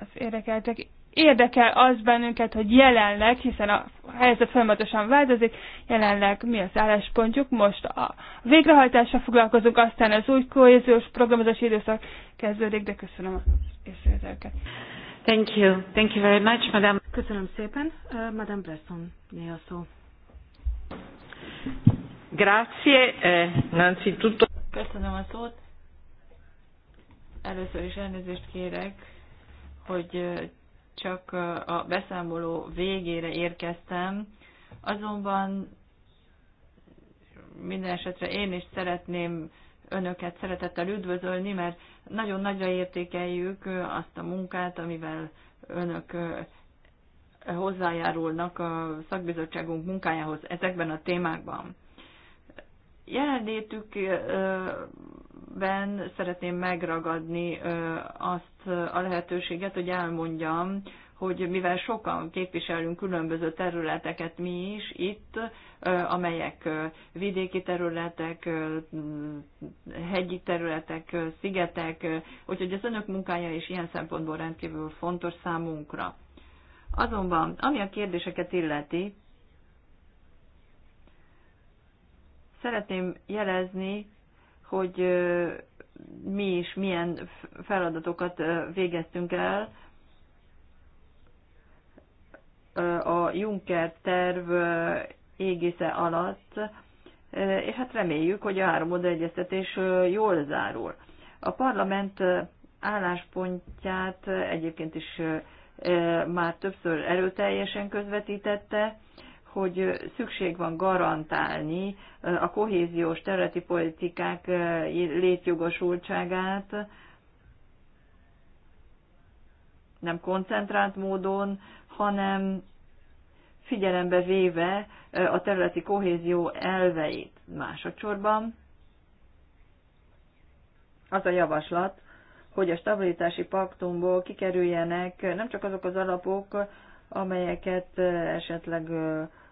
az érdekeltek. Érdekel az bennünket, hogy jelenleg, hiszen a helyzet folyamatosan változik, jelenleg mi az álláspontjuk. Most a végrehajtással foglalkozunk, aztán az új kohéziós programozási időszak kezdődik, de köszönöm a észrevételeket. Thank you. Thank you very much, madam. Köszönöm szépen. Uh, madam Bresson, néha szó. Grazie, eh, tutto. Köszönöm a szót. Először is elnézést kérek hogy csak a beszámoló végére érkeztem, azonban minden esetre én is szeretném önöket szeretettel üdvözölni, mert nagyon nagyra értékeljük azt a munkát, amivel önök hozzájárulnak a szakbizottságunk munkájához ezekben a témákban. Jelenlétük ben szeretném megragadni azt a lehetőséget, hogy elmondjam, hogy mivel sokan képviselünk különböző területeket mi is itt, amelyek vidéki területek, hegyi területek, szigetek, úgyhogy az önök munkája is ilyen szempontból rendkívül fontos számunkra. Azonban, ami a kérdéseket illeti, szeretném jelezni, hogy mi is milyen feladatokat végeztünk el. A Juncker terv égisze alatt, és hát reméljük, hogy a három egyeztetés jól zárul. A parlament álláspontját egyébként is már többször erőteljesen közvetítette, hogy szükség van garantálni a kohéziós területi politikák létjogosultságát, nem koncentrált módon, hanem figyelembe véve a területi kohézió elveit. Másodszorban az a javaslat, hogy a stabilitási paktumból kikerüljenek nem csak azok az alapok, amelyeket esetleg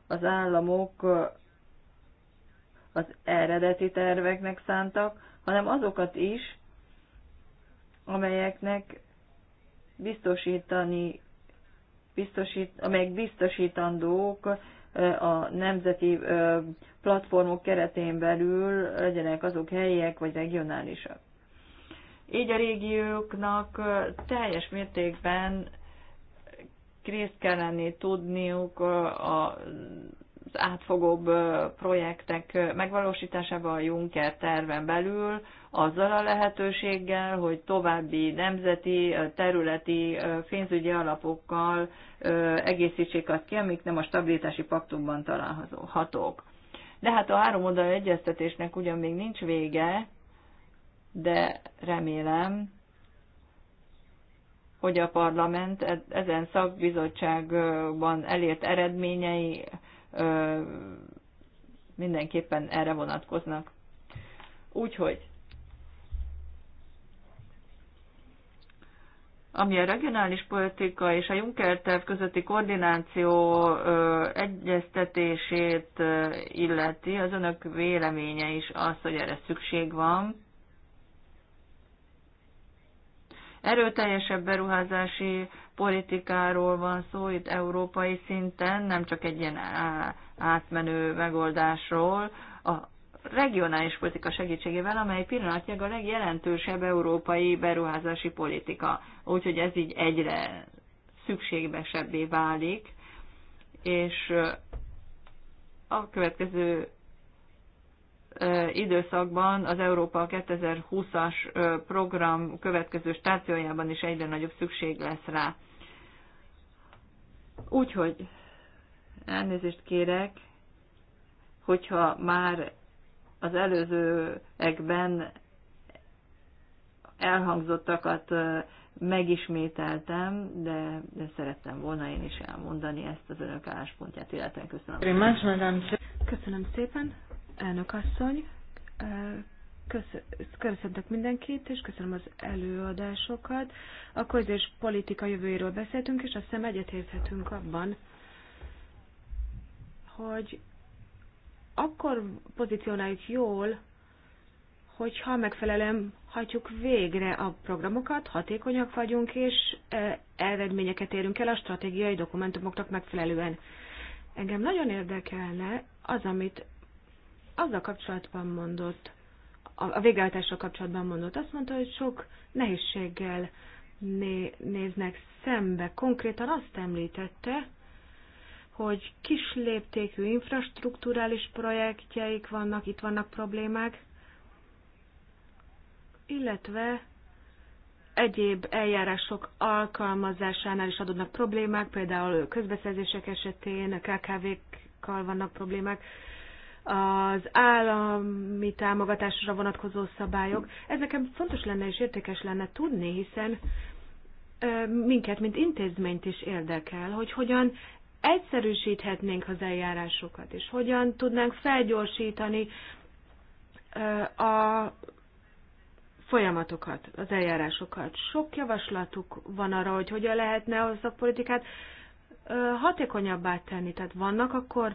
az államok az eredeti terveknek szántak, hanem azokat is, amelyeknek biztosítani, biztosít, amelyek biztosítandók a nemzeti platformok keretén belül legyenek azok helyiek vagy regionálisak. Így a régióknak teljes mértékben részt kell lenni tudniuk az átfogóbb projektek megvalósításával a Juncker terven belül, azzal a lehetőséggel, hogy további nemzeti, területi pénzügyi alapokkal egészítsék azt ki, amik nem a stabilitási paktumban találhatók. De hát a három oldalú egyeztetésnek ugyan még nincs vége, de remélem, hogy a parlament e- ezen szakbizottságban elért eredményei mindenképpen erre vonatkoznak. Úgyhogy, ami a regionális politika és a Juncker terv közötti koordináció egyeztetését illeti, az önök véleménye is az, hogy erre szükség van. erőteljesebb beruházási politikáról van szó itt európai szinten, nem csak egy ilyen átmenő megoldásról, a regionális politika segítségével, amely pillanatnyilag a legjelentősebb európai beruházási politika. Úgyhogy ez így egyre szükségesebbé válik, és a következő időszakban az Európa 2020-as program következő stációjában is egyre nagyobb szükség lesz rá. Úgyhogy elnézést kérek, hogyha már az előzőekben elhangzottakat megismételtem, de, de szerettem volna én is elmondani ezt az önök álláspontját, illetve köszönöm. Köszönöm szépen. Elnök asszony, köszöntök mindenkit, és köszönöm az előadásokat. A közös politika jövőjéről beszéltünk, és azt hiszem egyetérthetünk abban, hogy akkor pozícionáljuk jól, hogyha megfelelően hajtjuk végre a programokat, hatékonyak vagyunk, és eredményeket érünk el a stratégiai dokumentumoknak megfelelően. Engem nagyon érdekelne az, amit azzal kapcsolatban mondott, a végállatással kapcsolatban mondott, azt mondta, hogy sok nehézséggel né- néznek szembe. Konkrétan azt említette, hogy kis léptékű infrastruktúrális projektjeik vannak, itt vannak problémák, illetve egyéb eljárások alkalmazásánál is adódnak problémák, például közbeszerzések esetén, a KKV-kkal vannak problémák, az állami támogatásra vonatkozó szabályok. Ez nekem fontos lenne és értékes lenne tudni, hiszen minket, mint intézményt is érdekel, hogy hogyan egyszerűsíthetnénk az eljárásokat, és hogyan tudnánk felgyorsítani a folyamatokat, az eljárásokat. Sok javaslatuk van arra, hogy hogyan lehetne a szakpolitikát hatékonyabbá tenni. Tehát vannak akkor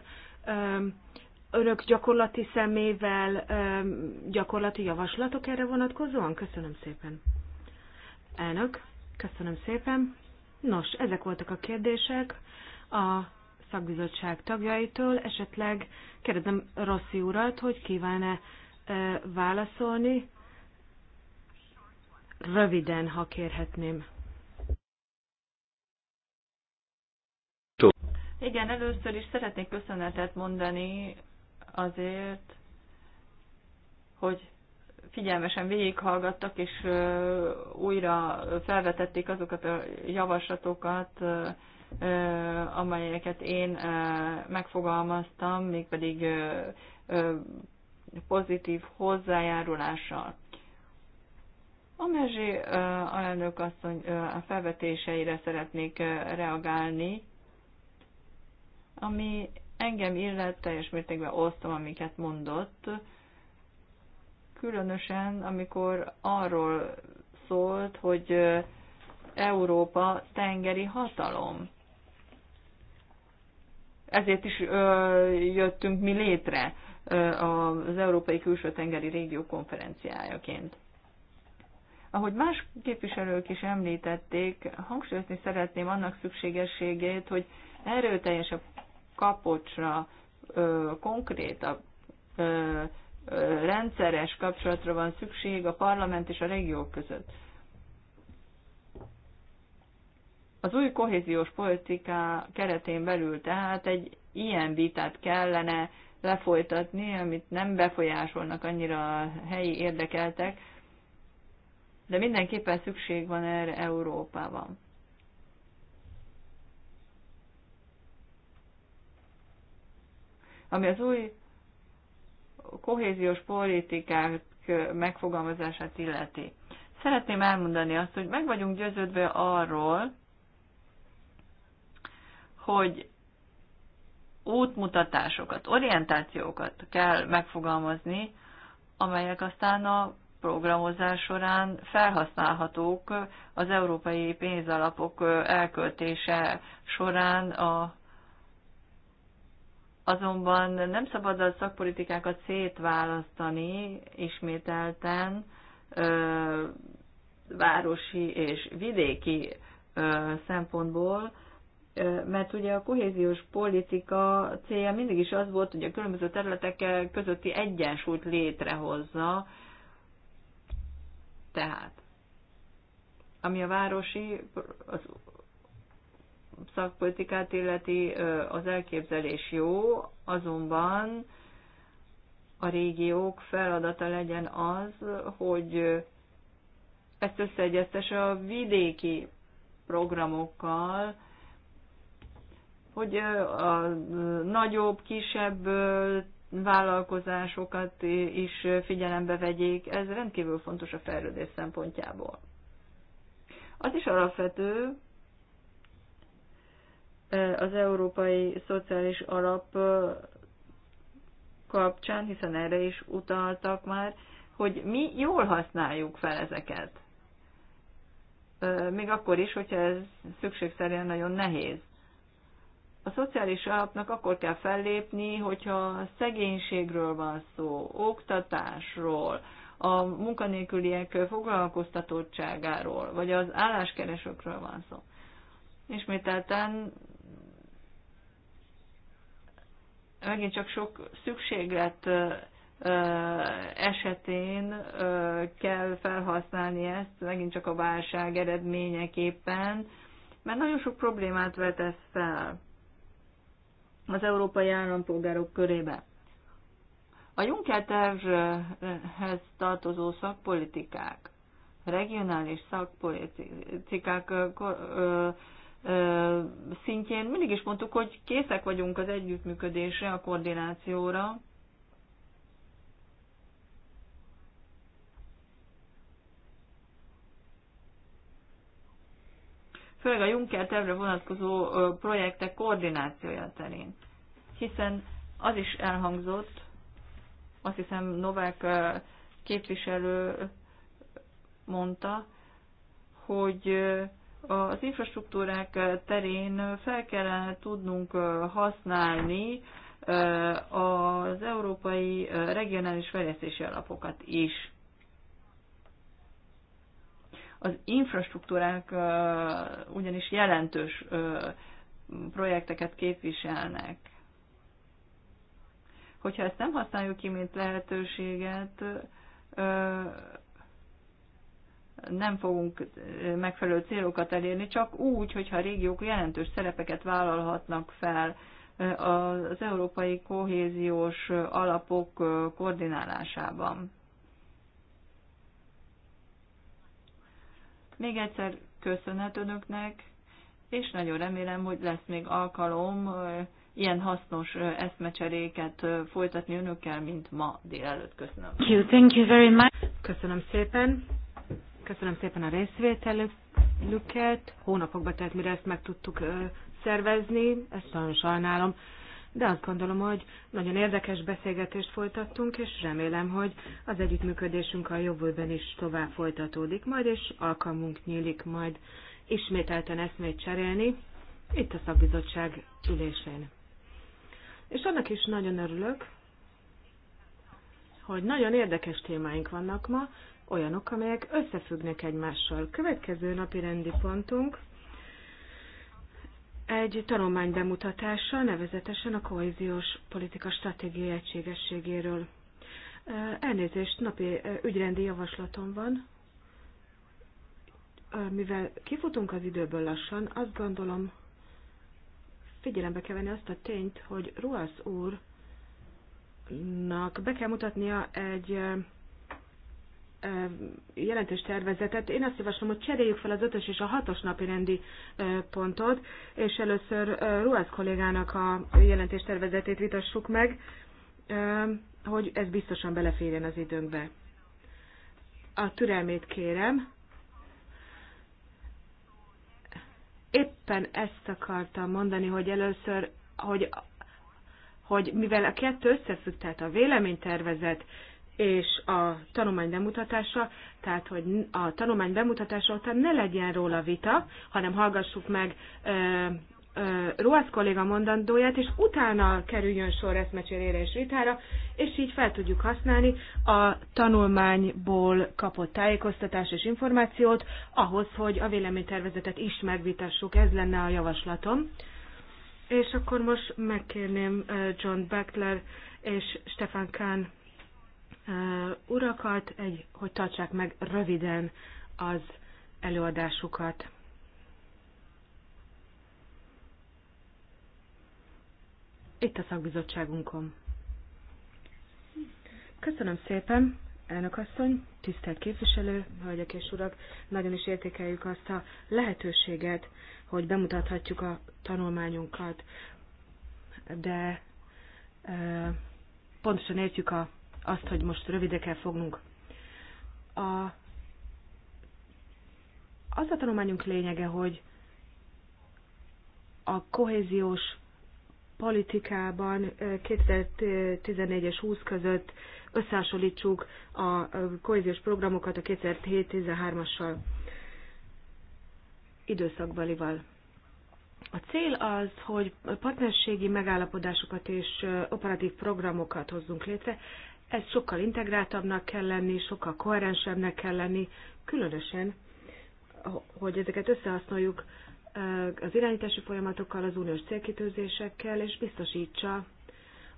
önök gyakorlati szemével gyakorlati javaslatok erre vonatkozóan? Köszönöm szépen. Elnök, köszönöm szépen. Nos, ezek voltak a kérdések a szakbizottság tagjaitól. Esetleg kérdezem Rossi urat, hogy kíván-e válaszolni. Röviden, ha kérhetném. Igen, először is szeretnék köszönetet mondani azért, hogy figyelmesen végighallgattak, és újra felvetették azokat a javaslatokat, amelyeket én megfogalmaztam, mégpedig pozitív hozzájárulással. A Mezsi alelnök asszony a felvetéseire szeretnék reagálni, ami engem illet, teljes mértékben osztom, amiket mondott, különösen amikor arról szólt, hogy Európa tengeri hatalom. Ezért is ö, jöttünk mi létre ö, az Európai Külső Tengeri Régió konferenciájaként. Ahogy más képviselők is említették, hangsúlyozni szeretném annak szükségességét, hogy erőteljesebb kapocsra, konkrétabb, rendszeres kapcsolatra van szükség a parlament és a régiók között. Az új kohéziós politika keretén belül tehát egy ilyen vitát kellene lefolytatni, amit nem befolyásolnak annyira a helyi érdekeltek, de mindenképpen szükség van erre Európában. Ami az új kohéziós politikák megfogalmazását illeti. Szeretném elmondani azt, hogy meg vagyunk győződve arról, hogy útmutatásokat, orientációkat kell megfogalmazni, amelyek aztán a programozás során felhasználhatók az európai pénzalapok elköltése során a Azonban nem szabad a szakpolitikákat szétválasztani ismételten ö, városi és vidéki ö, szempontból, ö, mert ugye a kohéziós politika célja mindig is az volt, hogy a különböző területek közötti egyensúlyt létrehozza. Tehát, ami a városi, az szakpolitikát illeti, az elképzelés jó, azonban a régiók feladata legyen az, hogy ezt összeegyeztesse a vidéki programokkal, hogy a nagyobb, kisebb vállalkozásokat is figyelembe vegyék. Ez rendkívül fontos a fejlődés szempontjából. Az is alapvető, az Európai Szociális Alap kapcsán, hiszen erre is utaltak már, hogy mi jól használjuk fel ezeket. Még akkor is, hogyha ez szükségszerűen nagyon nehéz. A szociális alapnak akkor kell fellépni, hogyha szegénységről van szó, oktatásról, a munkanélküliek foglalkoztatottságáról, vagy az álláskeresőkről van szó. Ismételten megint csak sok szükséglet esetén kell felhasználni ezt, megint csak a válság eredményeképpen, mert nagyon sok problémát vet ez fel az európai állampolgárok körébe. A Juncker tervhez tartozó szakpolitikák, regionális szakpolitikák szintjén mindig is mondtuk, hogy készek vagyunk az együttműködésre, a koordinációra. Főleg a Juncker tervre vonatkozó projektek koordinációja terén. Hiszen az is elhangzott, azt hiszem Novák képviselő mondta, hogy az infrastruktúrák terén fel kellene tudnunk használni az európai regionális fejlesztési alapokat is. Az infrastruktúrák ugyanis jelentős projekteket képviselnek. Hogyha ezt nem használjuk ki, mint lehetőséget, nem fogunk megfelelő célokat elérni, csak úgy, hogyha a régiók jelentős szerepeket vállalhatnak fel az európai kohéziós alapok koordinálásában. Még egyszer köszönet önöknek, és nagyon remélem, hogy lesz még alkalom ilyen hasznos eszmecseréket folytatni önökkel, mint ma délelőtt. Köszönöm. Thank you, thank you very much. Köszönöm szépen. Köszönöm szépen a részvételüket. Hónapokba telt, mire ezt meg tudtuk szervezni, ezt nagyon sajnálom. De azt gondolom, hogy nagyon érdekes beszélgetést folytattunk, és remélem, hogy az együttműködésünk a jövőben is tovább folytatódik majd, és alkalmunk nyílik majd ismételten eszmét cserélni itt a szakbizottság ülésén. És annak is nagyon örülök, hogy nagyon érdekes témáink vannak ma, olyanok, amelyek összefüggnek egymással. Következő napi rendi pontunk egy tanulmány bemutatása, nevezetesen a kohéziós politika stratégiai egységességéről. Elnézést, napi ügyrendi javaslatom van. Mivel kifutunk az időből lassan, azt gondolom, figyelembe kell venni azt a tényt, hogy Ruasz úrnak be kell mutatnia egy jelentős tervezetet. Én azt javaslom, hogy cseréljük fel az ötös és a hatos napi rendi pontot, és először Ruász kollégának a jelentés tervezetét vitassuk meg, hogy ez biztosan beleférjen az időnkbe. A türelmét kérem. Éppen ezt akartam mondani, hogy először, hogy hogy mivel a kettő összefügg, tehát a véleménytervezet és a tanulmány bemutatása, tehát hogy a tanulmány bemutatása után ne legyen róla vita, hanem hallgassuk meg ö, ö, Ruasz kolléga mondandóját, és utána kerüljön sor eszmecserére és vitára, és így fel tudjuk használni a tanulmányból kapott tájékoztatás és információt ahhoz, hogy a véleménytervezetet is megvitassuk. Ez lenne a javaslatom. És akkor most megkérném John Beckler és Stefan Kahn urakat, egy, hogy tartsák meg röviden az előadásukat. Itt a szakbizottságunkon. Köszönöm szépen, elnök asszony, tisztelt képviselő, hölgyek és urak, nagyon is értékeljük azt a lehetőséget, hogy bemutathatjuk a tanulmányunkat, de e, pontosan értjük a azt, hogy most rövide kell fognunk. A, az a tanulmányunk lényege, hogy a kohéziós politikában 2014 és 20 között összehasonlítsuk a kohéziós programokat a 2007-13-assal időszakbalival. A cél az, hogy partnerségi megállapodásokat és operatív programokat hozzunk létre, ez sokkal integráltabbnak kell lenni, sokkal koherensebbnek kell lenni, különösen, hogy ezeket összehasználjuk eh, az irányítási folyamatokkal, az uniós célkitűzésekkel, és biztosítsa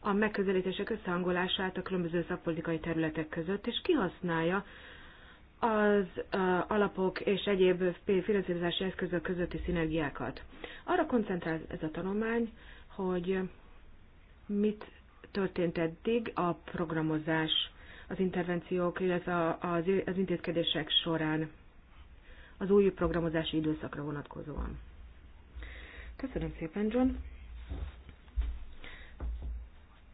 a megközelítések összehangolását a különböző szakpolitikai területek között, és kihasználja az eh, alapok és egyéb finanszírozási eszközök közötti szinergiákat. Arra koncentrál ez a tanulmány, hogy mit történt eddig a programozás, az intervenciók, illetve az, az intézkedések során az új programozási időszakra vonatkozóan. Köszönöm szépen, John.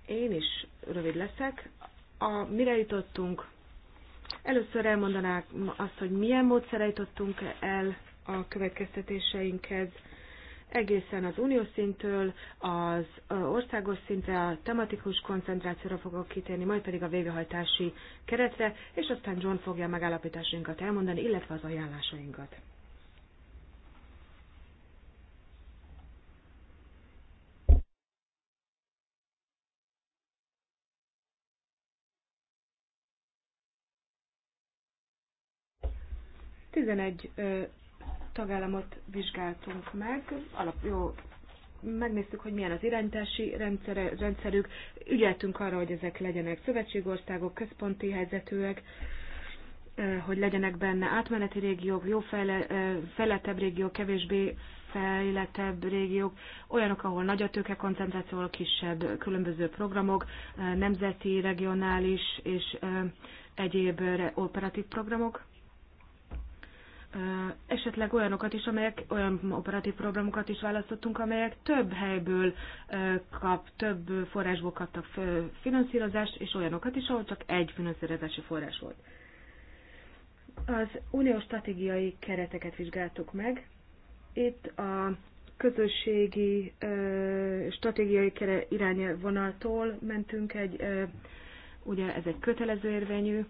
Én is rövid leszek. A, mire jutottunk? Először elmondanák azt, hogy milyen módszere jutottunk el a következtetéseinkhez, egészen az uniós szintől, az országos szintre, a tematikus koncentrációra fogok kitérni, majd pedig a végrehajtási keretre, és aztán John fogja a megállapításainkat elmondani, illetve az ajánlásainkat. Tizenegy tagállamot vizsgáltunk meg, alap, jó, megnéztük, hogy milyen az irányítási rendszere, rendszerük, ügyeltünk arra, hogy ezek legyenek szövetségországok, központi helyzetűek, hogy legyenek benne átmeneti régiók, jó fejle, fejletebb régiók, kevésbé fejletebb régiók, olyanok, ahol nagy a tőke koncentráció, kisebb különböző programok, nemzeti, regionális és egyéb operatív programok esetleg olyanokat is, amelyek olyan operatív programokat is választottunk, amelyek több helyből kap, több forrásból kaptak finanszírozást, és olyanokat is, ahol csak egy finanszírozási forrás volt. Az uniós stratégiai kereteket vizsgáltuk meg. Itt a közösségi stratégiai irányvonaltól mentünk egy, ugye ez egy kötelező érvényű,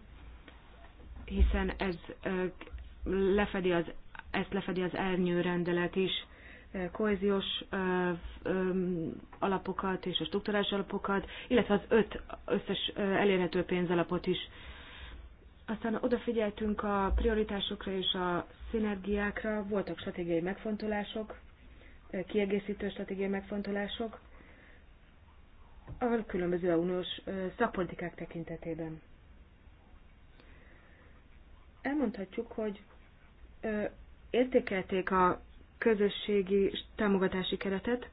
hiszen ez lefedi az, ezt lefedi az ernyő rendelet is, eh, kohéziós eh, alapokat és a struktúrás alapokat, illetve az öt összes eh, elérhető pénzalapot is. Aztán odafigyeltünk a prioritásokra és a szinergiákra, voltak stratégiai megfontolások, kiegészítő stratégiai megfontolások a különböző uniós szakpolitikák tekintetében elmondhatjuk, hogy ö, értékelték a közösségi támogatási keretet,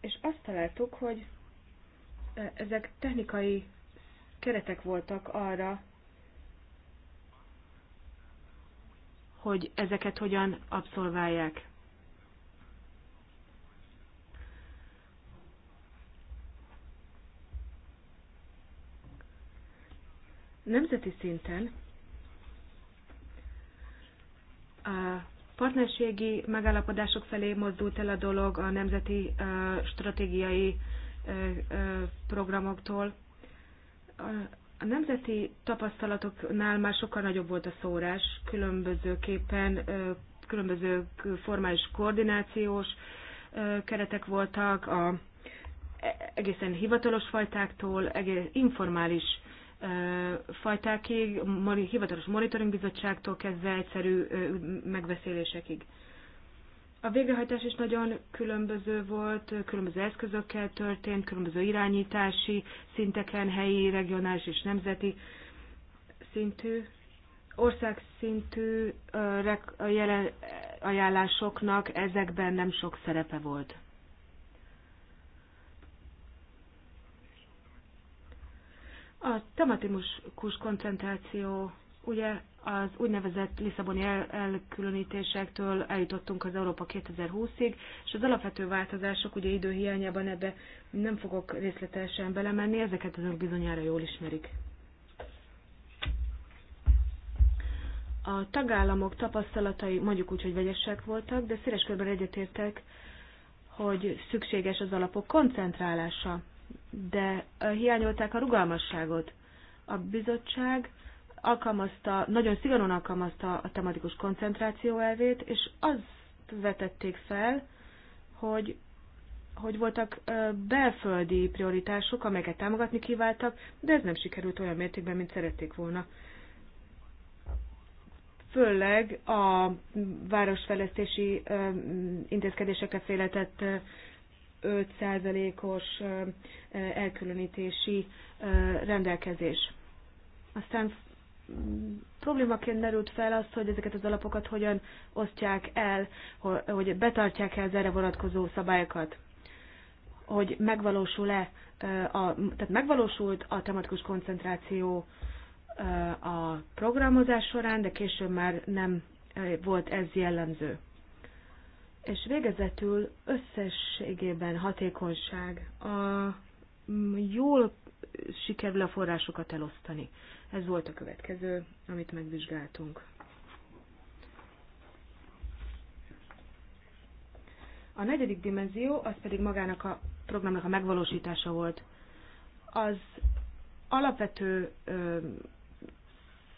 és azt találtuk, hogy ezek technikai keretek voltak arra, hogy ezeket hogyan abszolválják. Nemzeti szinten a partnerségi megállapodások felé mozdult el a dolog a nemzeti stratégiai programoktól. A nemzeti tapasztalatoknál már sokkal nagyobb volt a szórás, különbözőképpen különböző formális koordinációs keretek voltak, a, e, egészen hivatalos fajtáktól, egész informális fajtákig, hivatalos monitoring bizottságtól kezdve egyszerű megbeszélésekig. A végrehajtás is nagyon különböző volt, különböző eszközökkel történt, különböző irányítási szinteken, helyi, regionális és nemzeti szintű, országszintű ajánlásoknak ezekben nem sok szerepe volt. A tematikus koncentráció, ugye az úgynevezett Lisszaboni el- elkülönítésektől eljutottunk az Európa 2020-ig, és az alapvető változások, ugye időhiányában ebbe nem fogok részletesen belemenni, ezeket azok bizonyára jól ismerik. A tagállamok tapasztalatai mondjuk úgy, hogy vegyesek voltak, de széles körben egyetértek, hogy szükséges az alapok koncentrálása de hiányolták a rugalmasságot. A bizottság alkalmazta, nagyon szigorúan alkalmazta a tematikus koncentráció elvét, és azt vetették fel, hogy, hogy voltak belföldi prioritások, amelyeket támogatni kívántak, de ez nem sikerült olyan mértékben, mint szerették volna. Főleg a városfejlesztési intézkedésekre félretett 5%-os elkülönítési rendelkezés. Aztán problémaként merült fel az, hogy ezeket az alapokat hogyan osztják el, hogy betartják-e az erre vonatkozó szabályokat, hogy megvalósul-e, a, tehát megvalósult a tematikus koncentráció a programozás során, de később már nem volt ez jellemző. És végezetül összességében hatékonyság. A mm, jól sikerül a forrásokat elosztani. Ez volt a következő, amit megvizsgáltunk. A negyedik dimenzió, az pedig magának a programnak a megvalósítása volt. Az alapvető ö,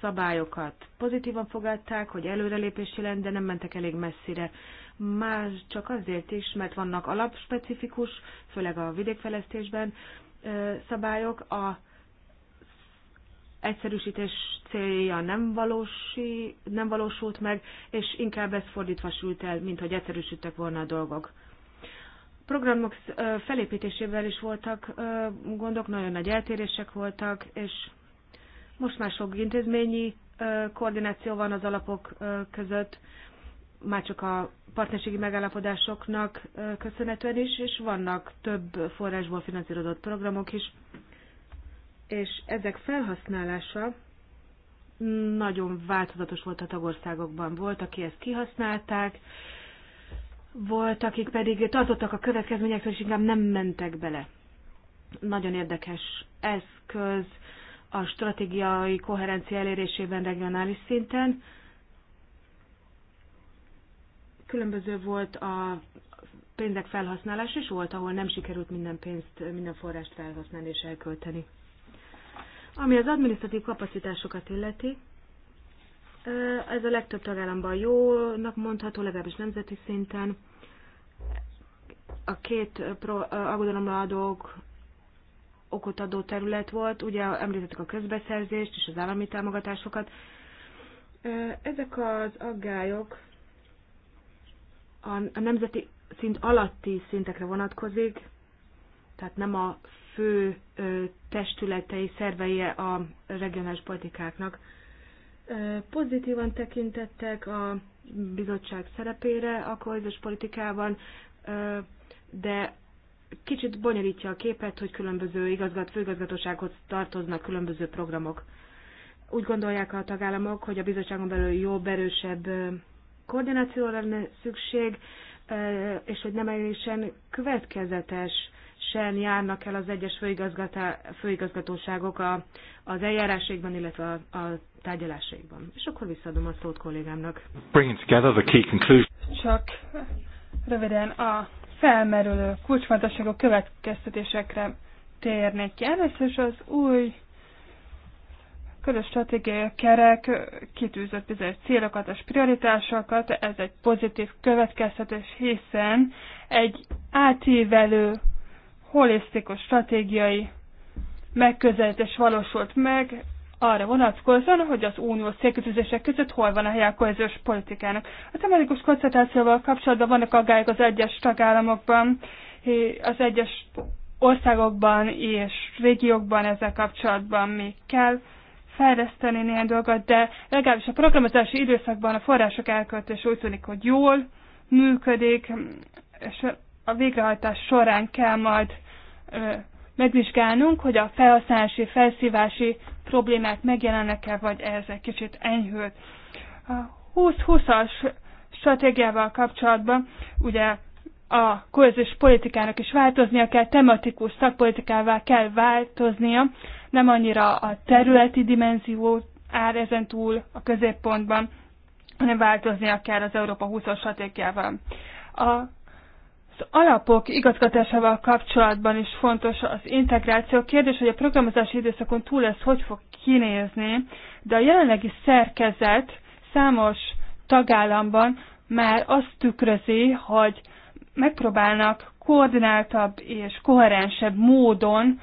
szabályokat pozitívan fogadták, hogy előrelépés jelent, de nem mentek elég messzire már csak azért is, mert vannak alapspecifikus, főleg a vidékfejlesztésben szabályok, a egyszerűsítés célja nem, valósi, nem valósult meg, és inkább ez fordítva sült el, mint hogy egyszerűsítettek volna a dolgok programok felépítésével is voltak gondok, nagyon nagy eltérések voltak, és most már sok intézményi koordináció van az alapok között, már csak a partnerségi megállapodásoknak köszönhetően is, és vannak több forrásból finanszírozott programok is, és ezek felhasználása nagyon változatos volt a tagországokban. Volt, aki ezt kihasználták, volt, akik pedig tartottak a következményektől, és inkább nem mentek bele. Nagyon érdekes eszköz a stratégiai koherencia elérésében regionális szinten, különböző volt a pénzek felhasználása, és volt, ahol nem sikerült minden pénzt, minden forrást felhasználni és elkölteni. Ami az adminisztratív kapacitásokat illeti, ez a legtöbb tagállamban jónak mondható, legalábbis nemzeti szinten. A két aggodalomra adók okot adó terület volt, ugye említettük a közbeszerzést és az állami támogatásokat. Ezek az aggályok a nemzeti szint alatti szintekre vonatkozik, tehát nem a fő testületei, szerveje a regionális politikáknak. Pozitívan tekintettek a bizottság szerepére a kohéziós politikában, de kicsit bonyolítja a képet, hogy különböző igazgat, főigazgatósághoz tartoznak különböző programok. Úgy gondolják a tagállamok, hogy a bizottságon belül jobb, erősebb koordinációra lenne szükség, és hogy nem erősen következetes sen járnak el az egyes főigazgatóságok a, az eljáráségban, illetve a, a tárgyalásaikban. És akkor visszaadom a szót kollégámnak. Bringing together the key Csak röviden a felmerülő kulcsfontosságú következtetésekre térnék ki. Először is az új közös stratégiai kerek kitűzött bizonyos célokat és prioritásokat, ez egy pozitív következtetés, hiszen egy átívelő, holisztikus stratégiai megközelítés valósult meg, arra vonatkozóan, hogy az Unió szélkütőzések között hol van a helye a kohéziós politikának. A tematikus koncentrációval kapcsolatban vannak aggályok az egyes tagállamokban, az egyes országokban és régiókban ezzel kapcsolatban még kell fejleszteni néhány dolgot, de legalábbis a programozási időszakban a források elköltés úgy tűnik, hogy jól működik, és a végrehajtás során kell majd megvizsgálnunk, hogy a felhasználási, felszívási problémák megjelennek-e, vagy ez egy kicsit enyhült. A 20-20-as stratégiával kapcsolatban ugye a kohezős politikának is változnia kell, tematikus szakpolitikává kell változnia, nem annyira a területi dimenzió áll ezen túl a középpontban, hanem változni akár az Európa 20-as stratégiával. A az alapok igazgatásával kapcsolatban is fontos az integráció. Kérdés, hogy a programozási időszakon túl ez hogy fog kinézni, de a jelenlegi szerkezet számos tagállamban már azt tükrözi, hogy megpróbálnak koordináltabb és koherensebb módon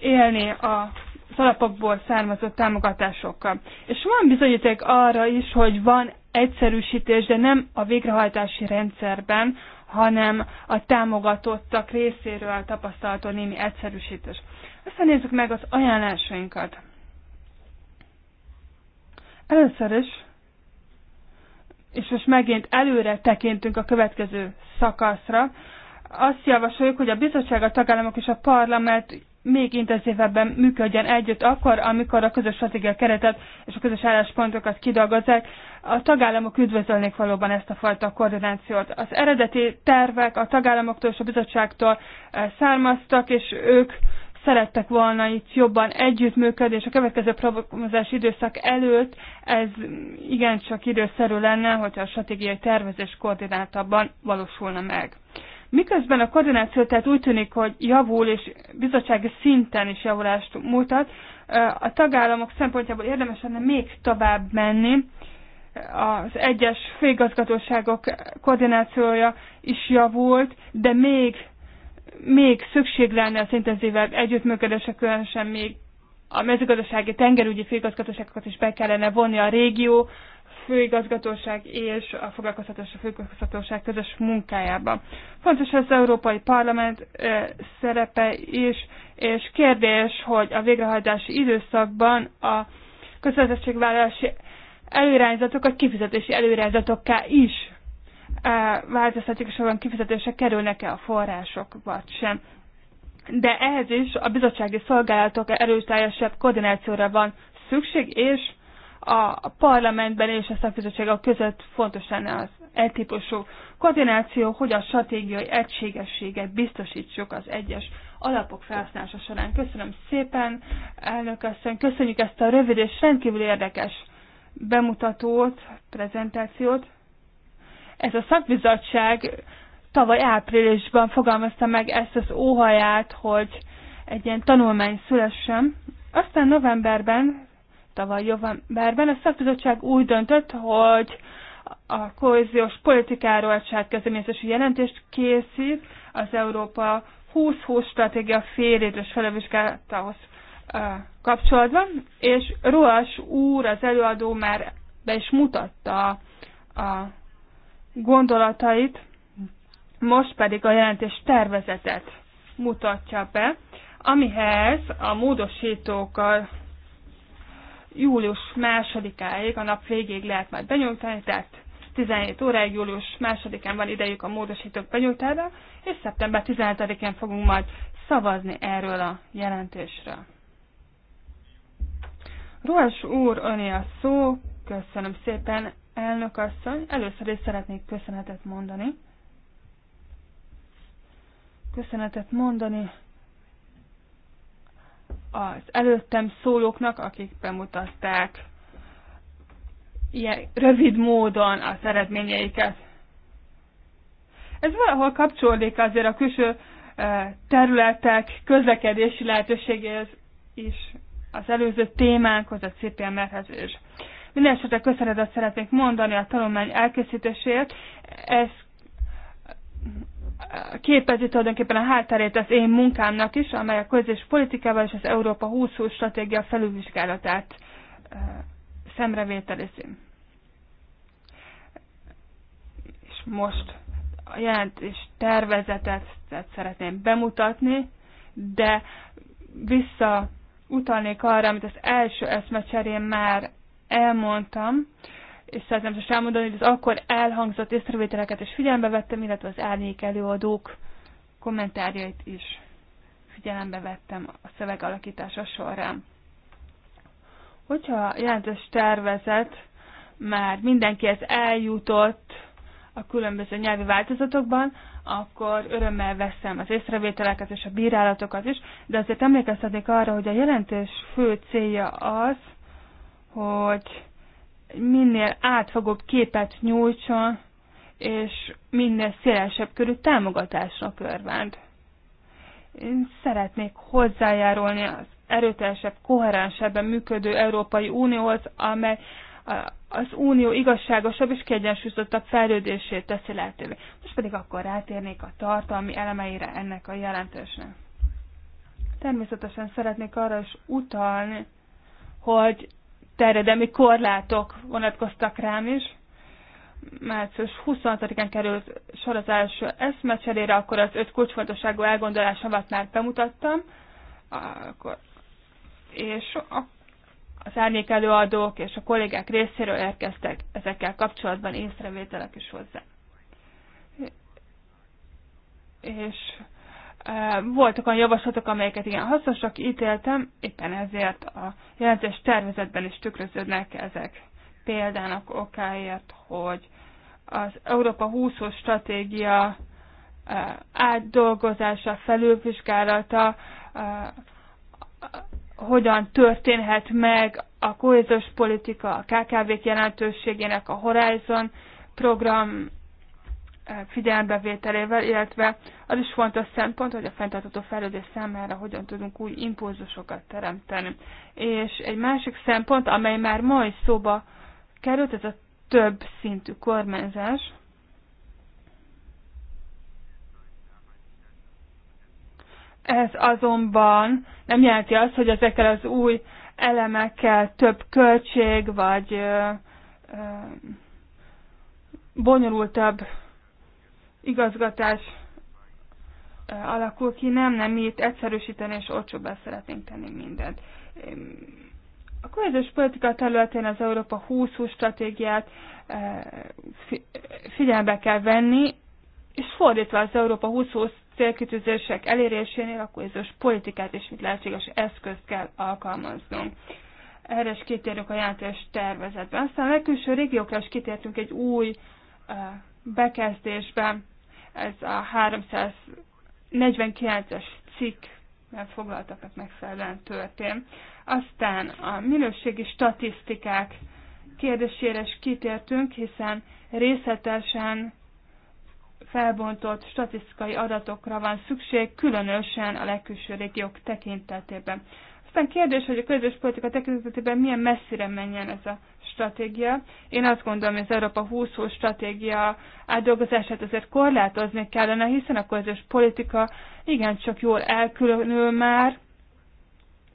élni a alapokból származó támogatásokkal. És van bizonyíték arra is, hogy van egyszerűsítés, de nem a végrehajtási rendszerben, hanem a támogatottak részéről tapasztalható némi egyszerűsítés. Aztán nézzük meg az ajánlásainkat. Először is, és most megint előre tekintünk a következő szakaszra, azt javasoljuk, hogy a bizottság, a tagállamok és a parlament még intenzívebben működjen együtt akkor, amikor a közös stratégia keretet és a közös álláspontokat kidolgozzák. A tagállamok üdvözölnék valóban ezt a fajta koordinációt. Az eredeti tervek a tagállamoktól és a bizottságtól eh, származtak, és ők szerettek volna itt jobban együttműködni, és a következő programozási időszak előtt ez igencsak időszerű lenne, hogyha a stratégiai tervezés koordináltabban valósulna meg. Miközben a koordináció tehát úgy tűnik, hogy javul, és bizottsági szinten is javulást mutat, a tagállamok szempontjából érdemes lenne még tovább menni, az egyes főigazgatóságok koordinációja is javult, de még, még szükség lenne az intenzívebb együttműködésre, különösen még a mezőgazdasági tengerügyi főigazgatóságokat is be kellene vonni a régió főigazgatóság és a foglalkoztatási főigazgatóság közös munkájában. Fontos az Európai Parlament szerepe is, és kérdés, hogy a végrehajtási időszakban a előirányzatok, a kifizetési előirányzatokká is változtatik, és olyan kifizetése kerülnek-e a források, vagy sem. De ehhez is a bizottsági szolgálatok erőteljesebb koordinációra van szükség, és a parlamentben és a szakbizottságok között fontos lenne az eltípusú koordináció, hogy a stratégiai egységességet biztosítsuk az egyes alapok felhasználása során. Köszönöm szépen, elnök asszony, köszönjük ezt a rövid és rendkívül érdekes bemutatót, prezentációt. Ez a szakbizottság tavaly áprilisban fogalmazta meg ezt az óhaját, hogy egy ilyen tanulmány szülessen. Aztán novemberben tavaly novemberben. A szakbizottság úgy döntött, hogy a kohéziós politikáról egy saját kezdeményezési jelentést készít az Európa 2020 stratégia félidős felvizsgálatához kapcsolatban, és Roas úr, az előadó már be is mutatta a gondolatait, most pedig a jelentés tervezetet mutatja be, amihez a módosítókkal július másodikáig, a nap végéig lehet majd benyújtani, tehát 17 óráig július másodikán van idejük a módosítók benyújtára, és szeptember 17-én fogunk majd szavazni erről a jelentésről. Ruhás úr, öné a szó, köszönöm szépen, elnök asszony. Először is szeretnék köszönetet mondani. Köszönetet mondani az előttem szólóknak, akik bemutatták ilyen rövid módon az eredményeiket. Ez valahol kapcsolódik azért a külső e, területek közlekedési lehetőségéhez is az előző témánkhoz, a cpm és is. esetre köszönetet szeretnék mondani a tanulmány elkészítéséért. Ez képezi tulajdonképpen a hátterét az én munkámnak is, amely a közös politikával és az Európa 2020 stratégia felülvizsgálatát szemrevételezi. És most a jelentés tervezetet szeretném bemutatni, de vissza utalnék arra, amit az első eszmecserén már elmondtam, és szeretném most elmondani, hogy az akkor elhangzott észrevételeket is figyelembe vettem, illetve az árnyék előadók kommentárjait is figyelembe vettem a szöveg alakítása során. Hogyha a jelentős tervezet már mindenkihez eljutott a különböző nyelvi változatokban, akkor örömmel veszem az észrevételeket és a bírálatokat is, de azért emlékeztetnék arra, hogy a jelentős fő célja az, hogy minél átfogóbb képet nyújtson, és minél szélesebb körű támogatásra körvend. Én szeretnék hozzájárulni az erőteljesebb, koherensebben működő Európai Unióhoz, amely az unió igazságosabb és kiegyensúlyozottabb fejlődését teszi lehetővé. Most pedig akkor rátérnék a tartalmi elemeire ennek a jelentésnek. Természetesen szeretnék arra is utalni, hogy terjedelmi korlátok vonatkoztak rám is. Március 26-án került sor az első eszmecserére, akkor az öt kulcsfontosságú elgondolásomat már bemutattam. Akkor, és a az árnyék előadók és a kollégák részéről érkeztek ezekkel kapcsolatban észrevételek is hozzá. És voltak olyan javaslatok, amelyeket igen hasznosak ítéltem, éppen ezért a jelentés tervezetben is tükröződnek ezek. Példának okáért, hogy az Európa 20-os stratégia átdolgozása, felülvizsgálata hogyan történhet meg a kohéziós politika, a KKV-k jelentőségének, a Horizon program figyelembevételével, illetve az is fontos szempont, hogy a fenntartható fejlődés számára hogyan tudunk új impulzusokat teremteni. És egy másik szempont, amely már ma is szóba került, ez a több szintű kormányzás. Ez azonban nem jelenti azt, hogy ezekkel az új elemekkel több költség, vagy ö, ö, bonyolultabb igazgatás alakul ki, nem, nem, mi itt egyszerűsíteni és olcsóbbá szeretnénk tenni mindent. A kohéziós politika területén az Európa 20-20 stratégiát figyelembe kell venni, és fordítva az Európa 2020 célkitűzések elérésénél a kohéziós politikát és mint lehetséges eszközt kell alkalmaznunk. Erre is kitérünk a jelentős tervezetben. Aztán a legkülső régiókra is kitértünk egy új bekezdésben ez a 349-es cikk mert foglaltakat megfelelően történ. Aztán a minőségi statisztikák kérdésére is kitértünk, hiszen részletesen felbontott statisztikai adatokra van szükség, különösen a legkülső régiók tekintetében. Aztán kérdés, hogy a közös politika tekintetében milyen messzire menjen ez a stratégia. Én azt gondolom, hogy az Európa 20-20 stratégia átdolgozását azért korlátozni kellene, hiszen a közös politika igencsak jól elkülönül már,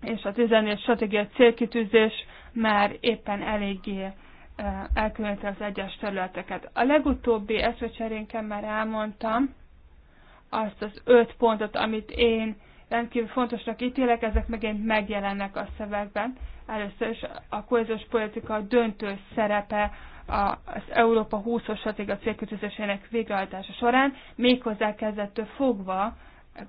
és a 14 stratégia célkitűzés már éppen eléggé eh, elkülönítő az egyes területeket. A legutóbbi eszvecserénken már elmondtam azt az öt pontot, amit én rendkívül fontosnak ítélek, ezek megint megjelennek a szövegben. Először is a kohéziós politika döntő szerepe az Európa 20 os stratégia célkötőzésének végrehajtása során, méghozzá kezdettől fogva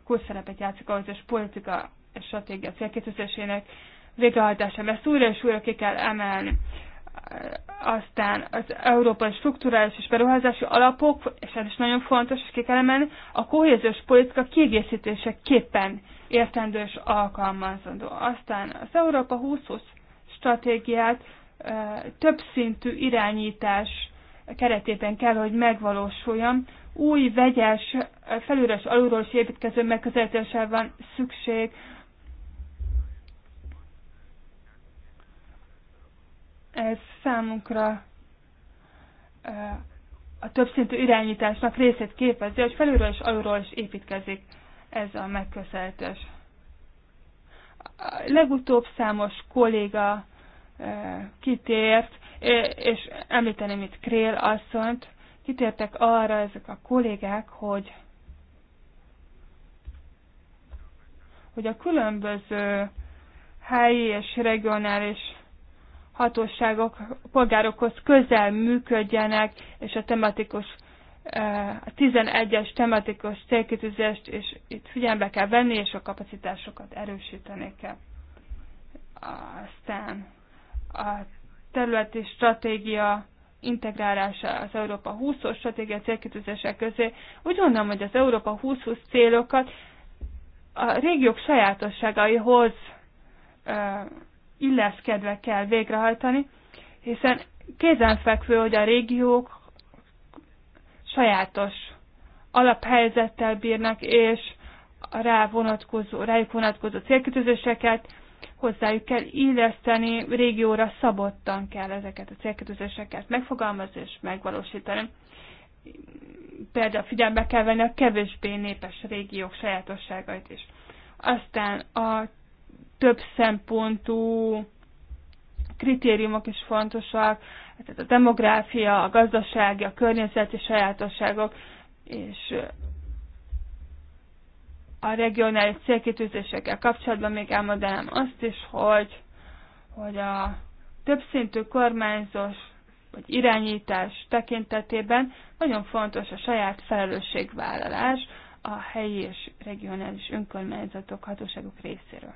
kulcsszerepet játszik a kohéziós politika stratégia célkötőzésének végrehajtásában. Ezt újra és újra ki kell emelni aztán az európai strukturális és beruházási alapok, és ez is nagyon fontos, és ki kell emelni, a kohéziós politika kiegészítéseképpen értendő és alkalmazandó. Aztán az Európa 2020 stratégiát többszintű irányítás keretében kell, hogy megvalósuljon. Új, vegyes, felülről és alulról is építkező megközelítésre van szükség. Ez számunkra a többszintű irányításnak részét képezi, hogy felülről és alulról is építkezik ez a megközelítés. A legutóbb számos kolléga e, kitért, e, és említeném itt Krél asszonyt, kitértek arra ezek a kollégák, hogy hogy a különböző helyi és regionális hatóságok polgárokhoz közel működjenek, és a tematikus a 11-es tematikus célkitűzést, és itt figyelembe kell venni, és a kapacitásokat erősíteni kell. Aztán a területi stratégia integrálása az Európa 20-os stratégia célkitűzések közé. Úgy gondolom, hogy az Európa 2020 20 célokat a régiók sajátosságaihoz illeszkedve kell végrehajtani, hiszen kézenfekvő, hogy a régiók sajátos alaphelyzettel bírnak, és a rá vonatkozó, rájuk vonatkozó célkötözéseket hozzájuk kell illeszteni, régióra szabottan kell ezeket a célkötözéseket megfogalmazni és megvalósítani. Például figyelme kell venni a kevésbé népes régiók sajátosságait is. Aztán a több szempontú kritériumok is fontosak, tehát a demográfia, a gazdasági, a környezeti sajátosságok, és a regionális célkitűzésekkel kapcsolatban még elmondanám azt is, hogy, hogy a többszintű kormányzós vagy irányítás tekintetében nagyon fontos a saját felelősségvállalás a helyi és regionális önkormányzatok hatóságok részéről.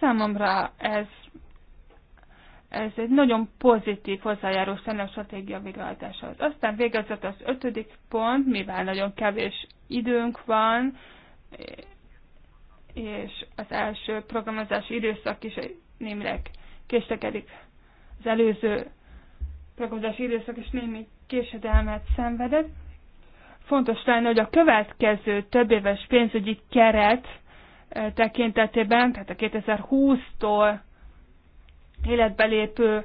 Számomra ez ez egy nagyon pozitív hozzájáró szellem stratégia végrehajtásához. Aztán végezett az ötödik pont, mivel nagyon kevés időnk van, és az első programozási időszak is némileg késlekedik. Az előző programozási időszak is némi késedelmet szenvedett. Fontos lenne, hogy a következő több éves pénzügyi keret eh, tekintetében, tehát a 2020-tól életbe lépő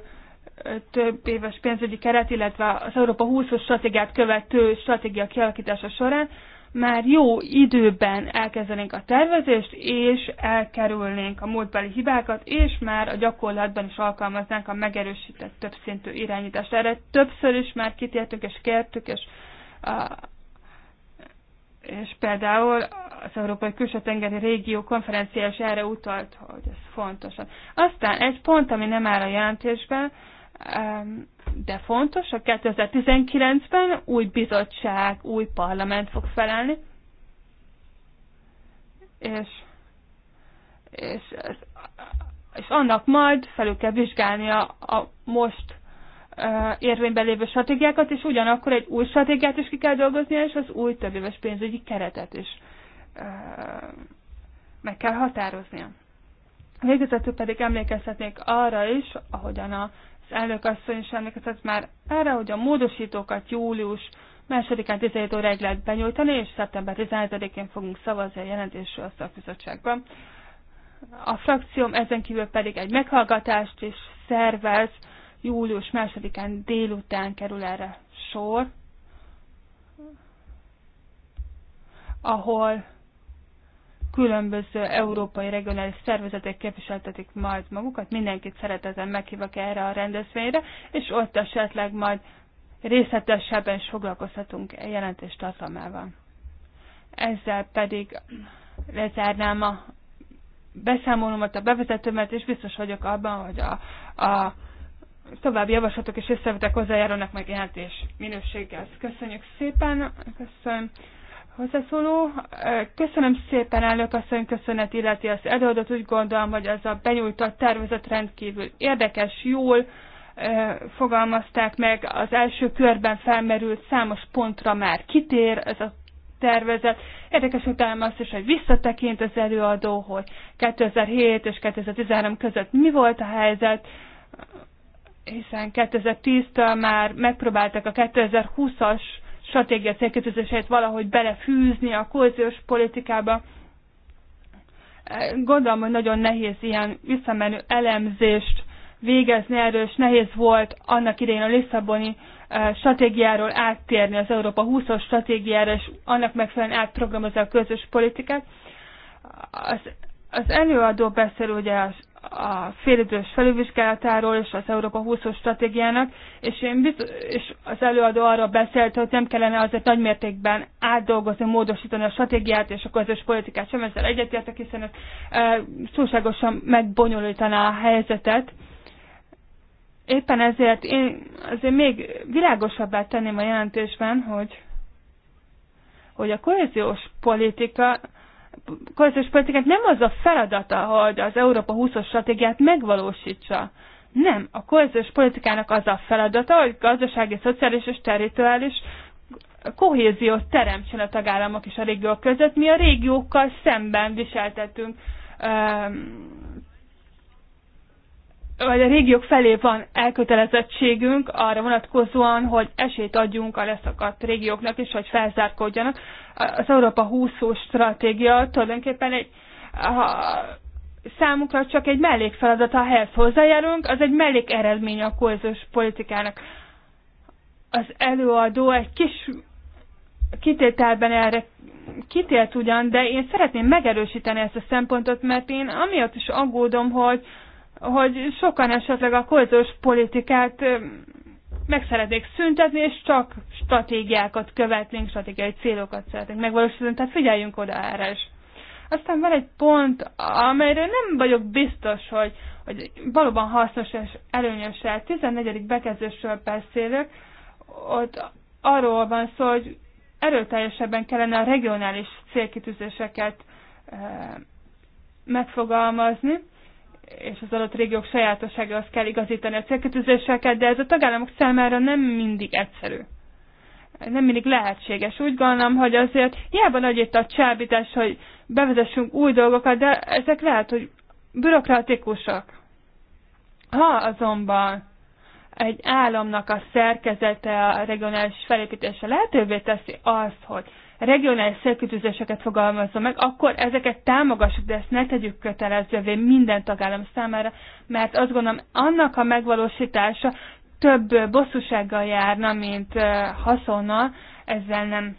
több éves pénzügyi keret, illetve az Európa 20-os stratégiát követő stratégia kialakítása során már jó időben elkezdenénk a tervezést, és elkerülnénk a múltbeli hibákat, és már a gyakorlatban is alkalmaznánk a megerősített többszintű irányítást. Erre többször is már kitértünk és kértük, és és például az Európai Külső-tengeri Régió konferencia is erre utalt, hogy ez fontos. Aztán egy pont, ami nem áll a jelentésben, de fontos, a 2019-ben új bizottság, új parlament fog felelni, és, és, és annak majd felül kell vizsgálnia a most érvényben lévő stratégiákat, és ugyanakkor egy új stratégiát is ki kell dolgozni, és az új többéves pénzügyi keretet is meg kell határoznia. Végezetül pedig emlékeztetnék arra is, ahogyan az elnök asszony is emlékeztet már erre, hogy a módosítókat július másodikán 17 óráig lehet benyújtani, és szeptember 17-én fogunk szavazni a jelentésről a szakbizottságban. A frakcióm ezen kívül pedig egy meghallgatást is szervez július másodikán délután kerül erre sor, ahol különböző európai regionális szervezetek képviseltetik majd magukat, mindenkit szeretetem meghívok erre a rendezvényre, és ott esetleg majd részletesebben is foglalkozhatunk e jelentés tartalmával. Ezzel pedig lezárnám a beszámolómat, a bevezetőmet, és biztos vagyok abban, hogy a, a további javaslatok és összevetek hozzájárulnak meg jelentés minőséggel. Köszönjük szépen, köszönöm hozzászóló. Köszönöm szépen, elnök asszony, köszönet illeti az előadót. Úgy gondolom, hogy ez a benyújtott tervezet rendkívül érdekes, jól fogalmazták meg. Az első körben felmerült számos pontra már kitér ez a tervezet. Érdekes utána azt is, hogy visszatekint az előadó, hogy 2007 és 2013 között mi volt a helyzet hiszen 2010-től már megpróbáltak a 2020-as stratégia célkitűzéseit valahogy belefűzni a kohéziós politikába. Gondolom, hogy nagyon nehéz ilyen visszamenő elemzést végezni erről, és nehéz volt annak idején a Lisszaboni eh, stratégiáról áttérni az Európa 20-as stratégiára, és annak megfelelően átprogramozni a közös politikát. Az, az előadó beszél ugye az a félidős felülvizsgálatáról és az Európa 20 stratégiának, és, én biztos, és az előadó arról beszélt, hogy nem kellene azért nagymértékben átdolgozni, módosítani a stratégiát és a közös politikát sem, ezzel egyetértek, hiszen ez e, túlságosan megbonyolítaná a helyzetet. Éppen ezért én azért még világosabbá tenném a jelentésben, hogy, hogy a kohéziós politika koalíciós politikát nem az a feladata, hogy az Európa 20-as stratégiát megvalósítsa. Nem, a koalíciós politikának az a feladata, hogy gazdasági, szociális és territoriális kohéziót teremtsen a tagállamok és a régiók között. Mi a régiókkal szemben viseltetünk vagy a régiók felé van elkötelezettségünk arra vonatkozóan, hogy esélyt adjunk a leszakadt régióknak is, hogy felzárkodjanak. Az Európa 20 stratégia tulajdonképpen egy ha számukra csak egy mellékfeladat, ha ehhez hozzájárunk, az egy mellék eredmény a kohéziós politikának. Az előadó egy kis kitételben erre kitért ugyan, de én szeretném megerősíteni ezt a szempontot, mert én amiatt is aggódom, hogy hogy sokan esetleg a kohéziós politikát meg szeretnék szüntetni, és csak stratégiákat követnénk, stratégiai célokat szeretnénk megvalósítani, tehát figyeljünk oda erre is. Aztán van egy pont, amelyre nem vagyok biztos, hogy, hogy valóban hasznos és előnyös el. 14. bekezdésről beszélök, ott arról van szó, hogy erőteljesebben kellene a regionális célkitűzéseket e, megfogalmazni, és az adott régiók sajátossága az kell igazítani a célkötőzéseket, de ez a tagállamok számára nem mindig egyszerű. Nem mindig lehetséges. Úgy gondolom, hogy azért hiába nagy itt a csábítás, hogy bevezessünk új dolgokat, de ezek lehet, hogy bürokratikusak. Ha azonban egy államnak a szerkezete, a regionális felépítése lehetővé teszi azt, hogy regionális célkitűzéseket fogalmazza meg, akkor ezeket támogassuk, de ezt ne tegyük kötelezővé minden tagállam számára, mert azt gondolom, annak a megvalósítása több bosszúsággal járna, mint haszonnal, ezzel nem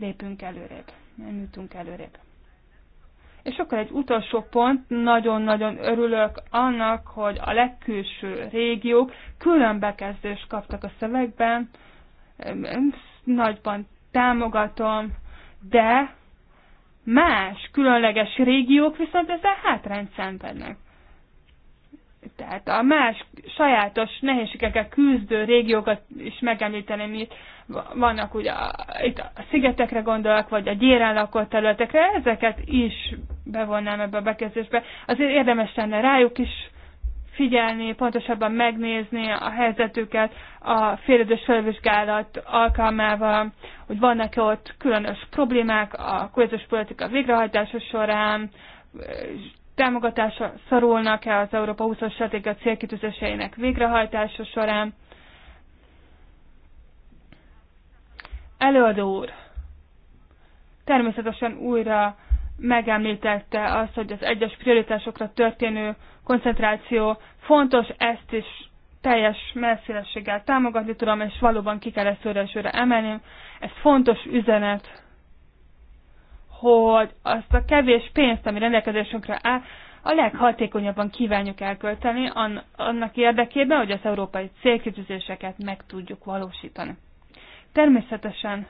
lépünk előrébb, nem jutunk előrébb. És akkor egy utolsó pont, nagyon-nagyon örülök annak, hogy a legkülső régiók külön bekezdést kaptak a szövegben, nagyban támogatom, de más különleges régiók viszont ezzel hátrányt szenvednek. Tehát a más sajátos nehézségekkel küzdő régiókat is megemlíteném itt. Vannak ugye a, itt a szigetekre gondolok, vagy a gyéren lakott területekre, ezeket is bevonnám ebbe a bekezdésbe. Azért érdemes lenne rájuk is figyelni, pontosabban megnézni a helyzetüket a félidős felvizsgálat alkalmával, hogy vannak-e ott különös problémák a közös politika végrehajtása során, támogatása szorulnak-e az Európa 20-as stratégia célkitűzéseinek végrehajtása során. Előadó úr, természetesen újra megemlítette azt, hogy az egyes prioritásokra történő koncentráció fontos, ezt is teljes messzélességgel támogatni tudom, és valóban ki kell ezt őre emelni. Ez fontos üzenet, hogy azt a kevés pénzt, ami rendelkezésünkre áll, a leghatékonyabban kívánjuk elkölteni annak érdekében, hogy az európai célkitűzéseket meg tudjuk valósítani. Természetesen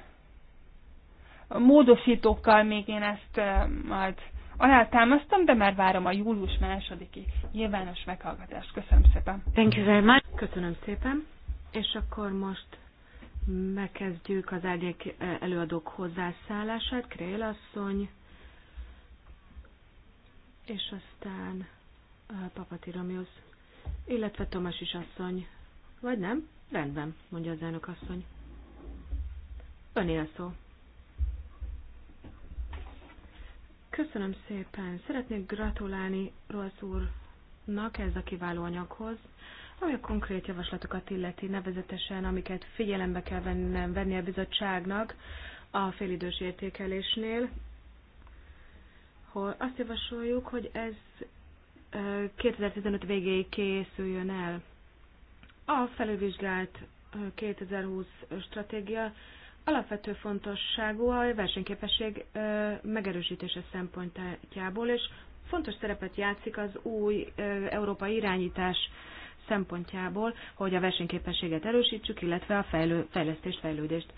a módosítókkal még én ezt eh, majd alátámasztom, de már várom a július másodiki nyilvános meghallgatást. Köszönöm szépen. Thank you very much. Köszönöm szépen. És akkor most megkezdjük az árnyék előadók hozzászállását. Krél asszony, és aztán uh, Papatiramius, illetve Tomas is asszony. Vagy nem? Rendben, mondja az elnök asszony. Önél szó. Köszönöm szépen. Szeretnék gratulálni Rolsz úrnak ez a kiváló anyaghoz, ami a konkrét javaslatokat illeti, nevezetesen, amiket figyelembe kell vennem, venni a bizottságnak a félidős értékelésnél. Hol azt javasoljuk, hogy ez 2015 végéig készüljön el. A felülvizsgált 2020 stratégia alapvető fontosságú a versenyképesség megerősítése szempontjából, és fontos szerepet játszik az új európai irányítás szempontjából, hogy a versenyképességet erősítsük, illetve a fejlő, fejlesztést, fejlődést.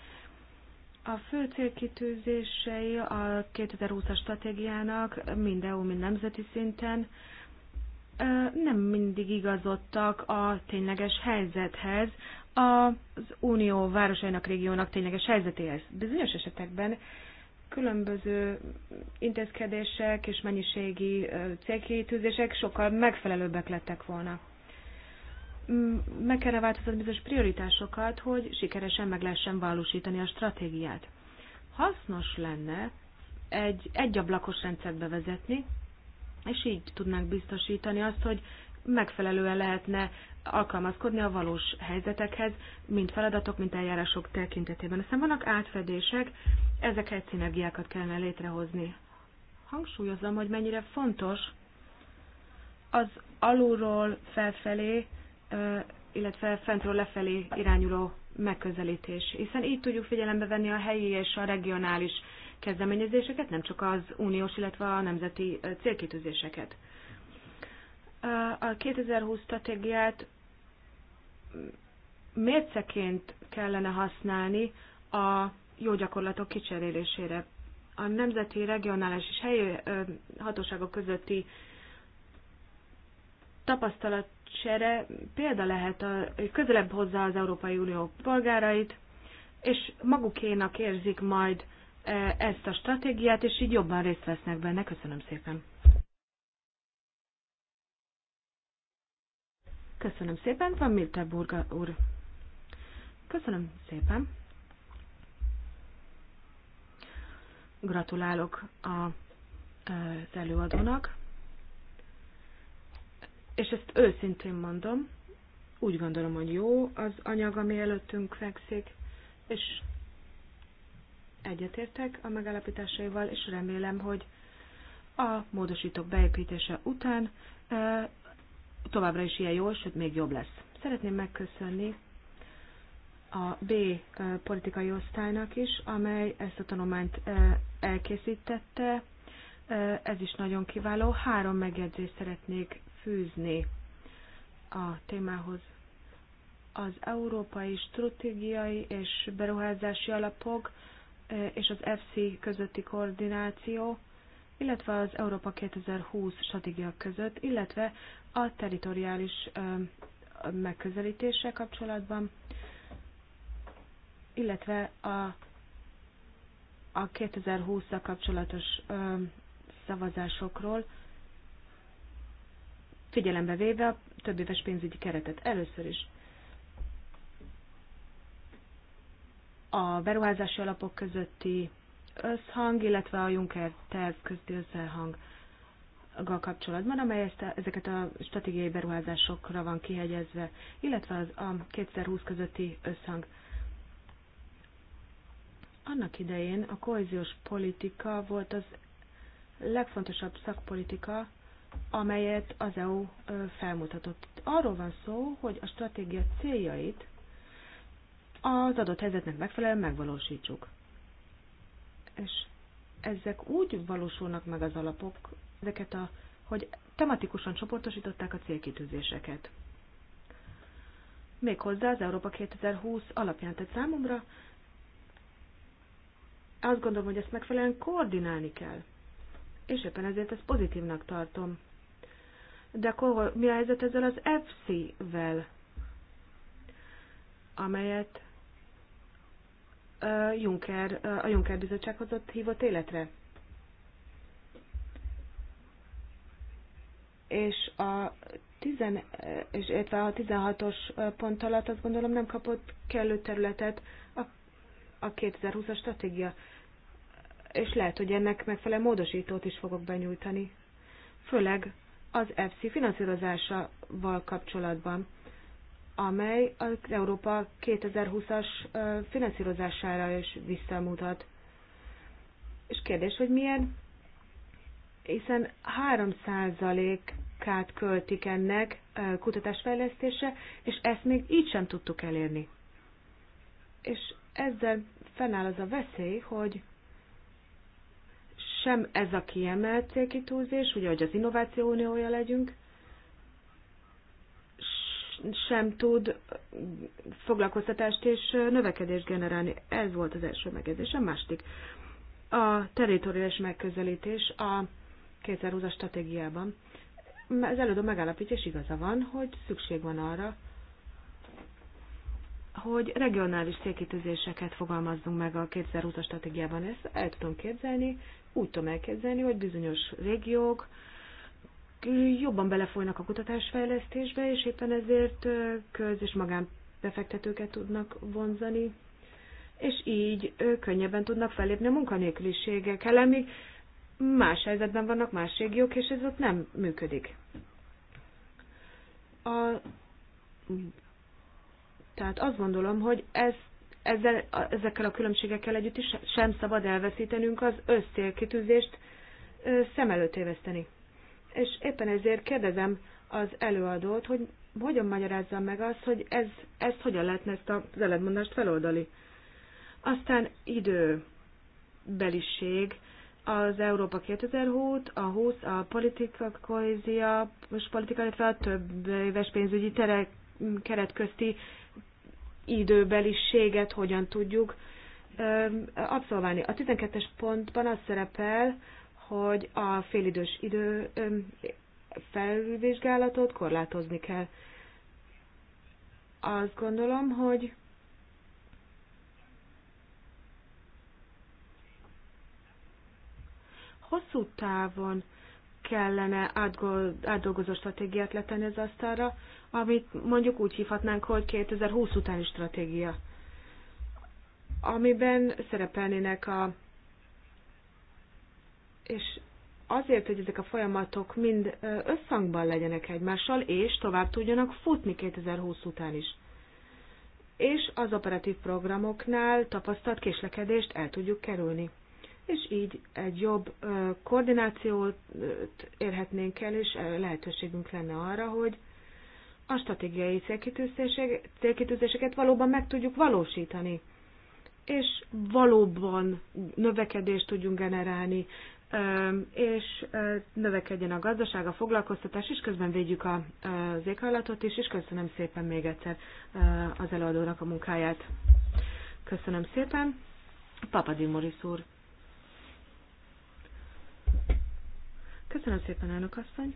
A fő célkitűzései a 2020-as stratégiának mind EU, mind nemzeti szinten nem mindig igazodtak a tényleges helyzethez, az unió városainak, régiónak tényleges helyzetéhez. Bizonyos esetekben különböző intézkedések és mennyiségi célkitűzések sokkal megfelelőbbek lettek volna. Meg kellene változtatni bizonyos prioritásokat, hogy sikeresen meg lehessen valósítani a stratégiát. Hasznos lenne egy egyablakos rendszert bevezetni, és így tudnánk biztosítani azt, hogy megfelelően lehetne alkalmazkodni a valós helyzetekhez, mint feladatok, mint eljárások tekintetében. Aztán vannak átfedések, ezeket szinergiákat kellene létrehozni. Hangsúlyozom, hogy mennyire fontos az alulról felfelé, illetve fentről lefelé irányuló megközelítés, hiszen így tudjuk figyelembe venni a helyi és a regionális kezdeményezéseket, nem csak az uniós, illetve a nemzeti célkitűzéseket a 2020 stratégiát mérceként kellene használni a jó gyakorlatok kicserélésére. A nemzeti, regionális és helyi hatóságok közötti tapasztalatsere példa lehet, a, közelebb hozza az Európai Unió polgárait, és magukénak érzik majd e, ezt a stratégiát, és így jobban részt vesznek benne. Köszönöm szépen. Köszönöm szépen, van Milteburga úr. Köszönöm szépen. Gratulálok a, az előadónak. És ezt őszintén mondom, úgy gondolom, hogy jó az anyag, ami előttünk fekszik, és egyetértek a megállapításaival, és remélem, hogy a módosítók beépítése után továbbra is ilyen jó, sőt még jobb lesz. Szeretném megköszönni a B politikai osztálynak is, amely ezt a tanulmányt elkészítette. Ez is nagyon kiváló. Három megjegyzést szeretnék fűzni a témához. Az európai stratégiai és beruházási alapok és az FC közötti koordináció illetve az Európa 2020 stratégia között, illetve a teritoriális megközelítéssel kapcsolatban, illetve a, a 2020-szal kapcsolatos ö, szavazásokról, figyelembe véve a több éves pénzügyi keretet először is. A beruházási alapok közötti összhang, illetve a Juncker terv közti összehang kapcsolatban, amely ezt, ezeket a stratégiai beruházásokra van kihegyezve, illetve az a 2020 közötti összhang. Annak idején a kohéziós politika volt az legfontosabb szakpolitika, amelyet az EU felmutatott. Arról van szó, hogy a stratégia céljait az adott helyzetnek megfelelően megvalósítsuk és ezek úgy valósulnak meg az alapok, ezeket a, hogy tematikusan csoportosították a célkitűzéseket. Méghozzá az Európa 2020 alapján tett számomra, azt gondolom, hogy ezt megfelelően koordinálni kell. És éppen ezért ezt pozitívnak tartom. De akkor mi a helyzet ezzel az FC-vel, amelyet Juncker, a Juncker bizottsághoz ott hívott életre. És a, 10, és illetve a 16-os pont alatt azt gondolom nem kapott kellő területet a, a 2020-as stratégia. És lehet, hogy ennek megfelelő módosítót is fogok benyújtani. Főleg az FC finanszírozásával kapcsolatban amely az Európa 2020-as finanszírozására is visszamutat. És kérdés, hogy milyen, hiszen 3%-át költik ennek kutatásfejlesztése, és ezt még így sem tudtuk elérni. És ezzel fennáll az a veszély, hogy sem ez a kiemelt célkitúzés, ugye, hogy az innováció uniója legyünk, sem tud foglalkoztatást és növekedést generálni. Ez volt az első megjegyzés. A második. A teritoriális megközelítés a 2020-as stratégiában. Az előadó megállapítás igaza van, hogy szükség van arra, hogy regionális célkitűzéseket fogalmazzunk meg a 2020-as stratégiában. Ezt el tudom képzelni, úgy tudom elképzelni, hogy bizonyos régiók, jobban belefolynak a kutatásfejlesztésbe, és éppen ezért köz- és magánbefektetőket tudnak vonzani, és így könnyebben tudnak felépni a munkanélküliségek ellen, míg más helyzetben vannak más régiók, és ez ott nem működik. A, tehát azt gondolom, hogy ez, ezzel, ezekkel a különbségekkel együtt is sem szabad elveszítenünk az összélkitűzést szem előtt éveszteni és éppen ezért kérdezem az előadót, hogy hogyan magyarázza meg azt, hogy ez, ezt hogyan lehetne ezt az ellentmondást feloldali. Aztán időbeliség, az Európa 2020, a 20, a politika kohézia, most politika, illetve a több éves pénzügyi terek, keret közti időbeliséget hogyan tudjuk abszolválni. A 12-es pontban az szerepel, hogy a félidős idő felvizsgálatot korlátozni kell. Azt gondolom, hogy hosszú távon kellene átdolgozó stratégiát letenni az asztalra, amit mondjuk úgy hívhatnánk, hogy 2020 utáni stratégia, amiben szerepelnének a és azért, hogy ezek a folyamatok mind összhangban legyenek egymással, és tovább tudjanak futni 2020 után is. És az operatív programoknál tapasztalt késlekedést el tudjuk kerülni. És így egy jobb koordinációt érhetnénk el, és lehetőségünk lenne arra, hogy a stratégiai célkitűzéseket valóban meg tudjuk valósítani és valóban növekedést tudjunk generálni, és növekedjen a gazdaság, a foglalkoztatás, és közben védjük az éghajlatot is, és köszönöm szépen még egyszer az előadónak a munkáját. Köszönöm szépen. Papadimoris úr. Köszönöm szépen, elnök asszony.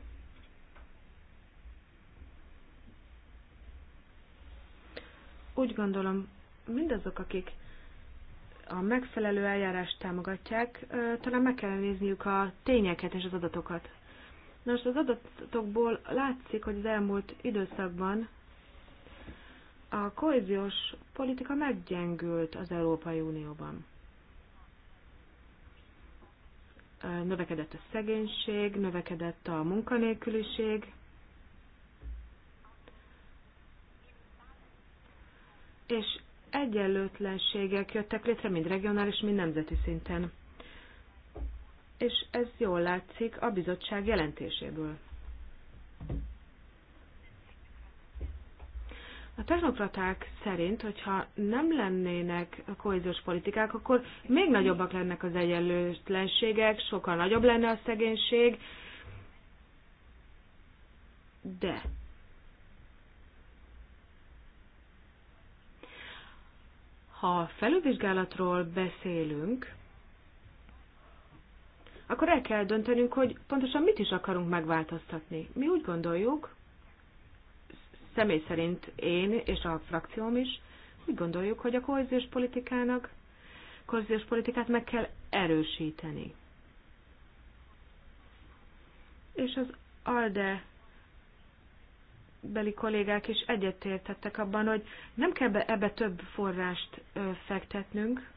Úgy gondolom, mindazok, akik a megfelelő eljárást támogatják, talán meg kell nézniük a tényeket és az adatokat. Nos, most az adatokból látszik, hogy az elmúlt időszakban a kohéziós politika meggyengült az Európai Unióban. Növekedett a szegénység, növekedett a munkanélküliség, és egyenlőtlenségek jöttek létre mind regionális, mind nemzeti szinten. És ez jól látszik a bizottság jelentéséből. A technokraták szerint, hogyha nem lennének a kohéziós politikák, akkor még nagyobbak lennek az egyenlőtlenségek, sokkal nagyobb lenne a szegénység, de Ha felülvizsgálatról beszélünk, akkor el kell döntenünk, hogy pontosan mit is akarunk megváltoztatni. Mi úgy gondoljuk, személy szerint én és a frakcióm is, úgy gondoljuk, hogy a kohéziós politikának, kohéziós politikát meg kell erősíteni. És az ALDE beli kollégák is egyetértettek abban, hogy nem kell be ebbe több forrást fektetnünk,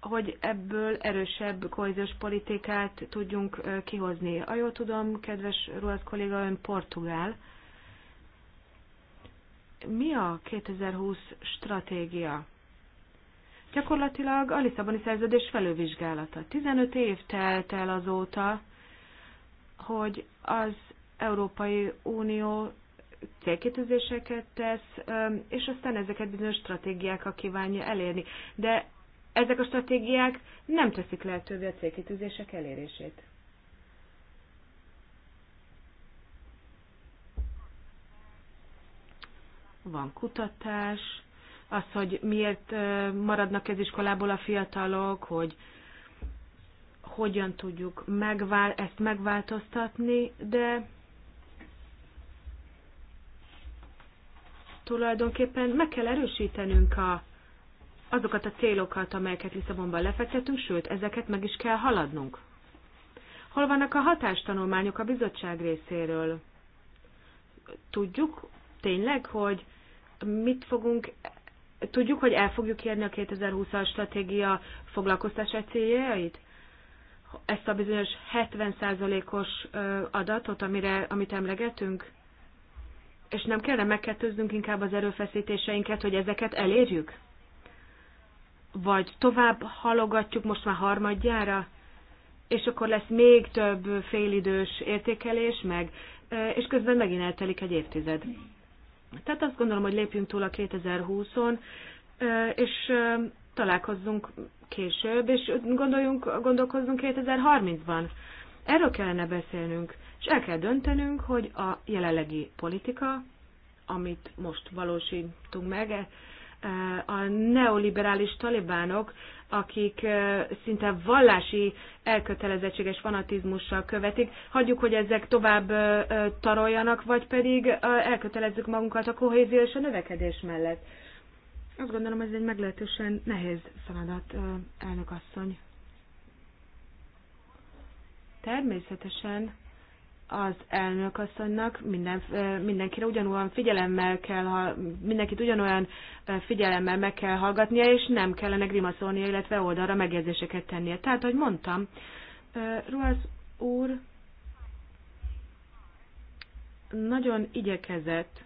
hogy ebből erősebb kohéziós politikát tudjunk kihozni. A jól tudom, kedves Ruhat kolléga, ön portugál. Mi a 2020 stratégia? Gyakorlatilag a Lisszaboni szerződés felővizsgálata. 15 év telt el azóta, hogy az Európai Unió célkitűzéseket tesz, és aztán ezeket bizonyos stratégiákkal kívánja elérni. De ezek a stratégiák nem teszik lehetővé a célkitűzések elérését. Van kutatás, az, hogy miért maradnak ez iskolából a fiatalok, hogy hogyan tudjuk megvál, ezt megváltoztatni, de tulajdonképpen meg kell erősítenünk a, azokat a célokat, amelyeket Lisszabonban lefektetünk, sőt, ezeket meg is kell haladnunk. Hol vannak a hatástanulmányok a bizottság részéről? Tudjuk tényleg, hogy mit fogunk, tudjuk, hogy el fogjuk érni a 2020-as stratégia foglalkoztatása céljait? Ezt a bizonyos 70%-os adatot, amire, amit emlegetünk? és nem kellene megkettőznünk inkább az erőfeszítéseinket, hogy ezeket elérjük? Vagy tovább halogatjuk most már harmadjára, és akkor lesz még több félidős értékelés meg, és közben megint eltelik egy évtized. Tehát azt gondolom, hogy lépjünk túl a 2020-on, és találkozzunk később, és gondoljunk, gondolkozzunk 2030-ban. Erről kellene beszélnünk, el kell döntenünk, hogy a jelenlegi politika, amit most valósítunk meg, e, a neoliberális talibánok, akik e, szinte vallási elkötelezettséges fanatizmussal követik, hagyjuk, hogy ezek tovább e, taroljanak, vagy pedig elkötelezzük magunkat a kohézió és a növekedés mellett. Azt gondolom, ez egy meglehetősen nehéz feladat, elnök asszony. Természetesen az asszonynak minden, mindenkire ugyanolyan figyelemmel kell, mindenkit ugyanolyan figyelemmel meg kell hallgatnia, és nem kellene grimaszolnia, illetve oldalra megjegyzéseket tennie. Tehát, ahogy mondtam, Ruasz úr nagyon igyekezett,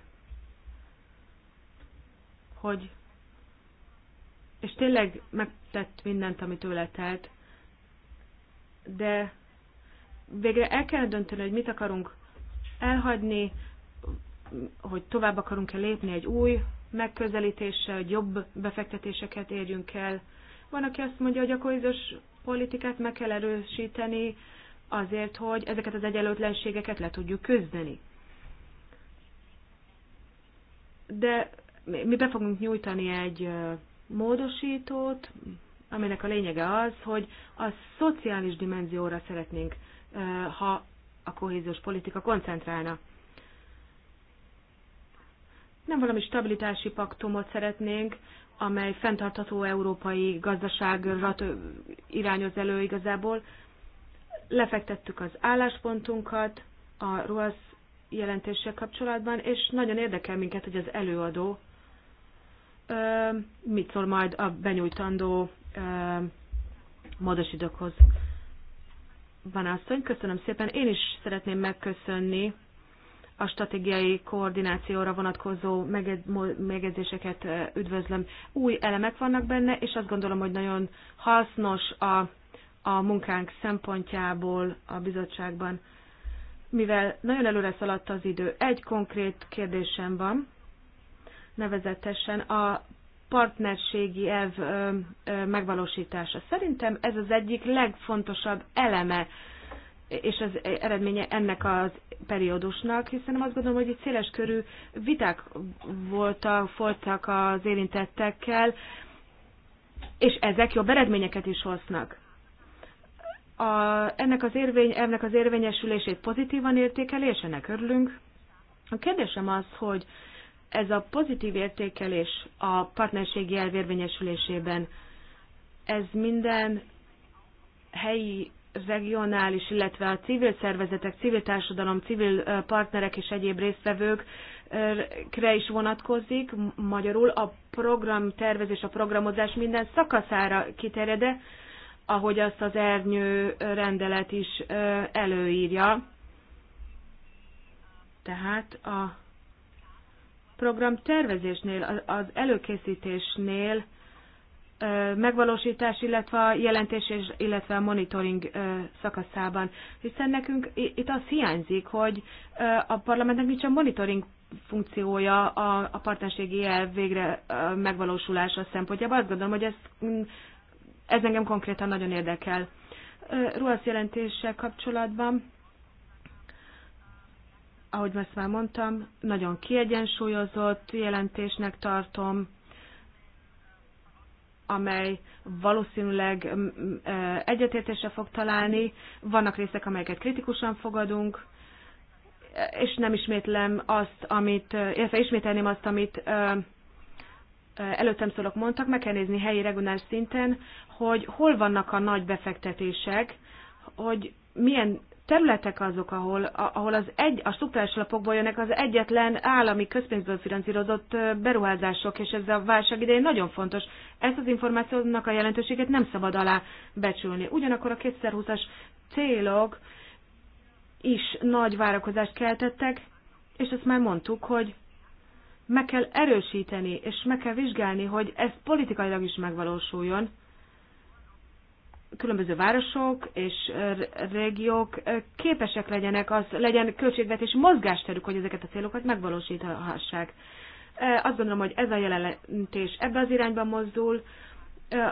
hogy és tényleg megtett mindent, amit tőle telt, de végre el kell dönteni, hogy mit akarunk elhagyni, hogy tovább akarunk-e lépni egy új megközelítéssel, hogy jobb befektetéseket érjünk el. Van, aki azt mondja, hogy a kohéziós politikát meg kell erősíteni azért, hogy ezeket az egyenlőtlenségeket le tudjuk küzdeni. De mi be fogunk nyújtani egy módosítót, aminek a lényege az, hogy a szociális dimenzióra szeretnénk ha a kohéziós politika koncentrálna. Nem valami stabilitási paktumot szeretnénk, amely fenntartható európai gazdaságra irányoz elő igazából. Lefektettük az álláspontunkat a ROASZ jelentéssel kapcsolatban, és nagyon érdekel minket, hogy az előadó mit szól majd a benyújtandó módosítókhoz. Van asszony, köszönöm szépen. Én is szeretném megköszönni a stratégiai koordinációra vonatkozó megjegyzéseket üdvözlöm. Új elemek vannak benne, és azt gondolom, hogy nagyon hasznos a, a munkánk szempontjából a bizottságban. Mivel nagyon előre szaladt az idő, egy konkrét kérdésem van, nevezetesen a partnerségi elv megvalósítása. Szerintem ez az egyik legfontosabb eleme és az eredménye ennek az periódusnak, hiszen azt gondolom, hogy itt széles körű viták voltak, folytak az érintettekkel, és ezek jobb eredményeket is hoznak. A, ennek, az érvény, ennek az érvényesülését pozitívan értékelésenek örülünk. A kérdésem az, hogy ez a pozitív értékelés a partnerségi elvérvényesülésében, ez minden helyi, regionális, illetve a civil szervezetek, civil társadalom, civil partnerek és egyéb résztvevőkre is vonatkozik. Magyarul a program tervezés, a programozás minden szakaszára kiterjede, ahogy azt az ernyő rendelet is előírja. Tehát a program tervezésnél, az előkészítésnél megvalósítás, illetve a jelentés, illetve a monitoring szakaszában. Hiszen nekünk itt az hiányzik, hogy a parlamentnek nincs a monitoring funkciója a, partnerségi elv végre megvalósulása szempontjából. Azt gondolom, hogy ez, mm, ez engem konkrétan nagyon érdekel. Ruhasz jelentéssel kapcsolatban ahogy ezt már mondtam, nagyon kiegyensúlyozott jelentésnek tartom, amely valószínűleg mm, mm, eh, egyetértésre fog találni. Vannak részek, amelyeket kritikusan fogadunk, eh, és nem ismétlem azt, amit, eh, illetve ismételném azt, amit előttem szólok mondtak, meg kell nézni helyi regionális szinten, hogy hol vannak a nagy befektetések, hogy milyen területek azok, ahol, ahol az egy, a struktúrás alapokból jönnek az egyetlen állami közpénzből finanszírozott beruházások, és ez a válság idején nagyon fontos. Ezt az információnak a jelentőséget nem szabad alá becsülni. Ugyanakkor a 2020-as célok is nagy várakozást keltettek, és ezt már mondtuk, hogy meg kell erősíteni, és meg kell vizsgálni, hogy ez politikailag is megvalósuljon, különböző városok és régiók képesek legyenek, az legyen költségvetési mozgásterük, hogy ezeket a célokat megvalósíthassák. Azt gondolom, hogy ez a jelentés ebbe az irányba mozdul,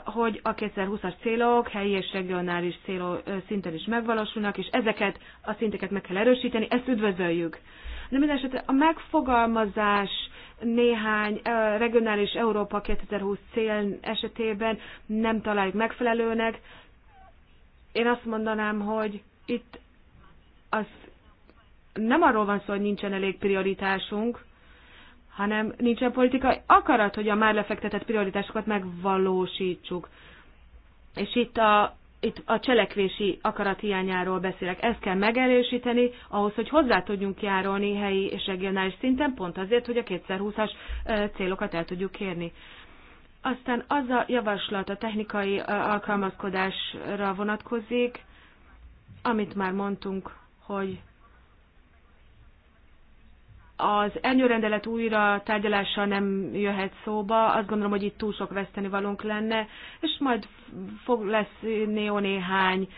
hogy a 2020-as célok helyi és regionális célok szinten is megvalósulnak, és ezeket a szinteket meg kell erősíteni, ezt üdvözöljük. De minden esetre a megfogalmazás néhány regionális Európa 2020 cél esetében nem találjuk megfelelőnek, én azt mondanám, hogy itt az nem arról van szó, hogy nincsen elég prioritásunk, hanem nincsen politikai akarat, hogy a már lefektetett prioritásokat megvalósítsuk. És itt a, itt a cselekvési akarat hiányáról beszélek. Ezt kell megerősíteni ahhoz, hogy hozzá tudjunk járulni helyi és regionális szinten, pont azért, hogy a 2020-as célokat el tudjuk kérni. Aztán az a javaslat a technikai alkalmazkodásra vonatkozik, amit már mondtunk, hogy az elnyőrendelet újra tárgyalással nem jöhet szóba, azt gondolom, hogy itt túl sok veszteni valunk lenne, és majd fog lesz néó néhány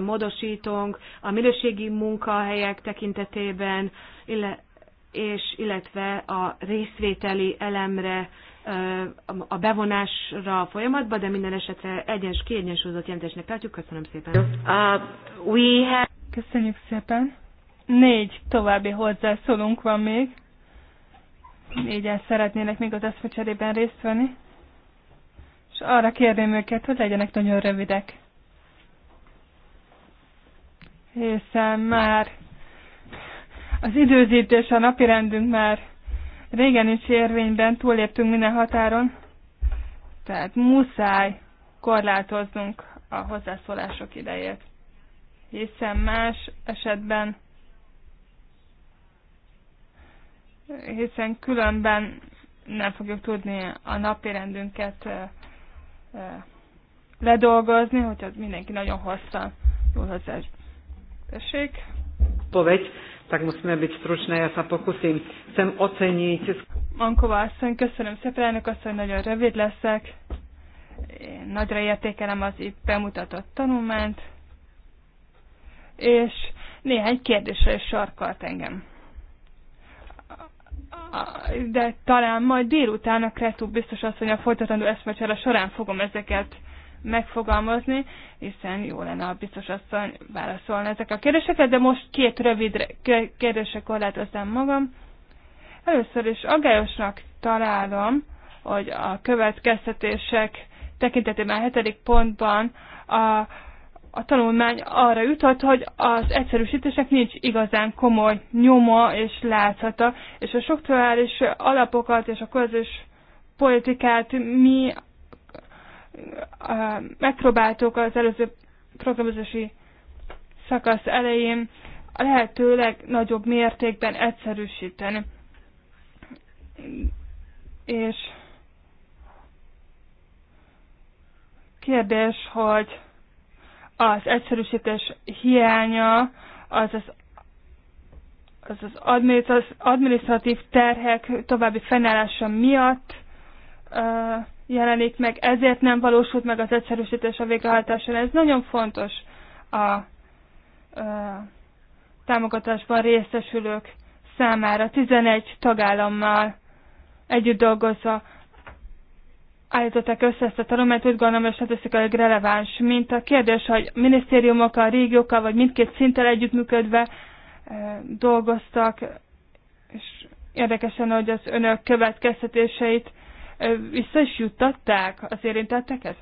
módosítónk a minőségi munkahelyek tekintetében, illetve és illetve a részvételi elemre a bevonásra a folyamatba, de minden esetre egyens kiegyensúlyozott jelentésnek tartjuk. Köszönöm szépen. Uh, we have... Köszönjük szépen. Négy további hozzászólunk van még. Négyen szeretnének még az eszmecserében részt venni. És arra kérném őket, hogy legyenek nagyon rövidek. Hiszen már az időzítés a napirendünk már régen is érvényben, túléptünk minden határon, tehát muszáj korlátoznunk a hozzászólások idejét. Hiszen más esetben, hiszen különben nem fogjuk tudni a napi rendünket ledolgozni, hogyha mindenki nagyon hosszan jól hozzá. Tessék! Povedz, tak musíme byť stručné, ja sa pokusím. Chcem oceniť... Mankova asszony, köszönöm szépen, elnök asszony, nagyon rövid leszek. Én nagyra értékelem az itt bemutatott tanulmányt, és néhány kérdésre is sarkalt engem. De talán majd délután a Kretú biztos asszony a folytatandó eszmecsere során fogom ezeket megfogalmazni, hiszen jó lenne, ha biztos asszony válaszolna ezek a kérdéseket, de most két rövid kérdésre korlátoztam magam. Először is aggályosnak találom, hogy a következtetések tekintetében a hetedik pontban a, a tanulmány arra jutott, hogy az egyszerűsítésnek nincs igazán komoly nyoma és látszata, és a struktúrális alapokat és a közös politikát mi megpróbáltuk az előző programozási szakasz elején a lehető legnagyobb mértékben egyszerűsíteni. És kérdés, hogy az egyszerűsítés hiánya az az az az adminisztratív terhek további fennállása miatt jelenik meg, ezért nem valósult meg az egyszerűsítés a végrehajtáson. Ez nagyon fontos a, a támogatásban részesülők számára. 11 tagállammal együtt dolgozva állították össze ezt a tanulmányt, úgy gondolom, és statisztikailag releváns. Mint a kérdés, hogy minisztériumokkal, régiókkal, vagy mindkét szinten együttműködve e, dolgoztak, és érdekesen, hogy az önök következtetéseit vissza is juttatták az érintetteket.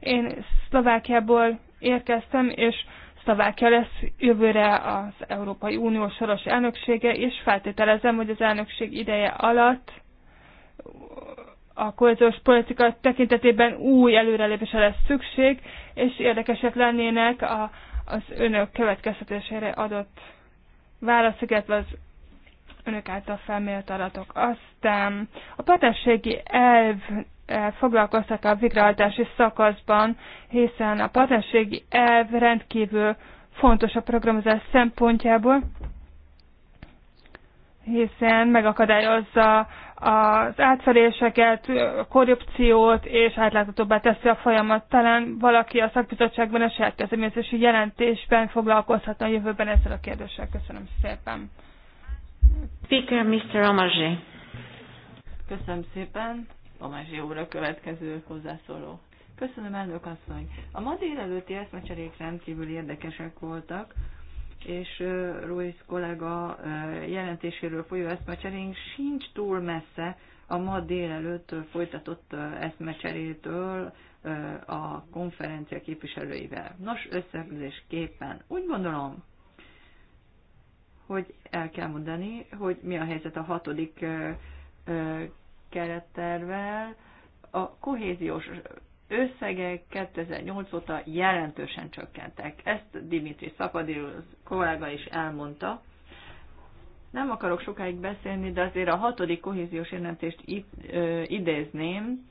Én Szlovákiából érkeztem, és Szlovákia lesz jövőre az Európai Unió soros elnöksége, és feltételezem, hogy az elnökség ideje alatt a kohéziós politika tekintetében új előrelépésre lesz szükség, és érdekesek lennének a, az önök következtetésére adott válaszokat illetve az önök által felmélt adatok. Aztán a partnerségi elv eh, foglalkoztak a végrehajtási szakaszban, hiszen a partnerségi elv rendkívül fontos a programozás szempontjából, hiszen megakadályozza az átfeléseket, korrupciót, és átláthatóbbá teszi a folyamat. Talán valaki a szakbizottságban a saját kezdeményezési jelentésben foglalkozhatna a jövőben ezzel a kérdéssel. Köszönöm szépen. Speaker Mr. Omazsé. Köszönöm szépen. Omazsé úr a következő hozzászóló. Köszönöm, elnök asszony. A ma délelőtti eszmecserék rendkívül érdekesek voltak, és Ruiz kollega jelentéséről folyó eszmecserénk sincs túl messze a ma délelőtt folytatott eszmecserétől a konferencia képviselőivel. Nos, összegzésképpen úgy gondolom, hogy el kell mondani, hogy mi a helyzet a hatodik kerettervel. A kohéziós összegek 2008 óta jelentősen csökkentek. Ezt Dimitri Szapadil kollega is elmondta. Nem akarok sokáig beszélni, de azért a hatodik kohéziós jelentést idézném.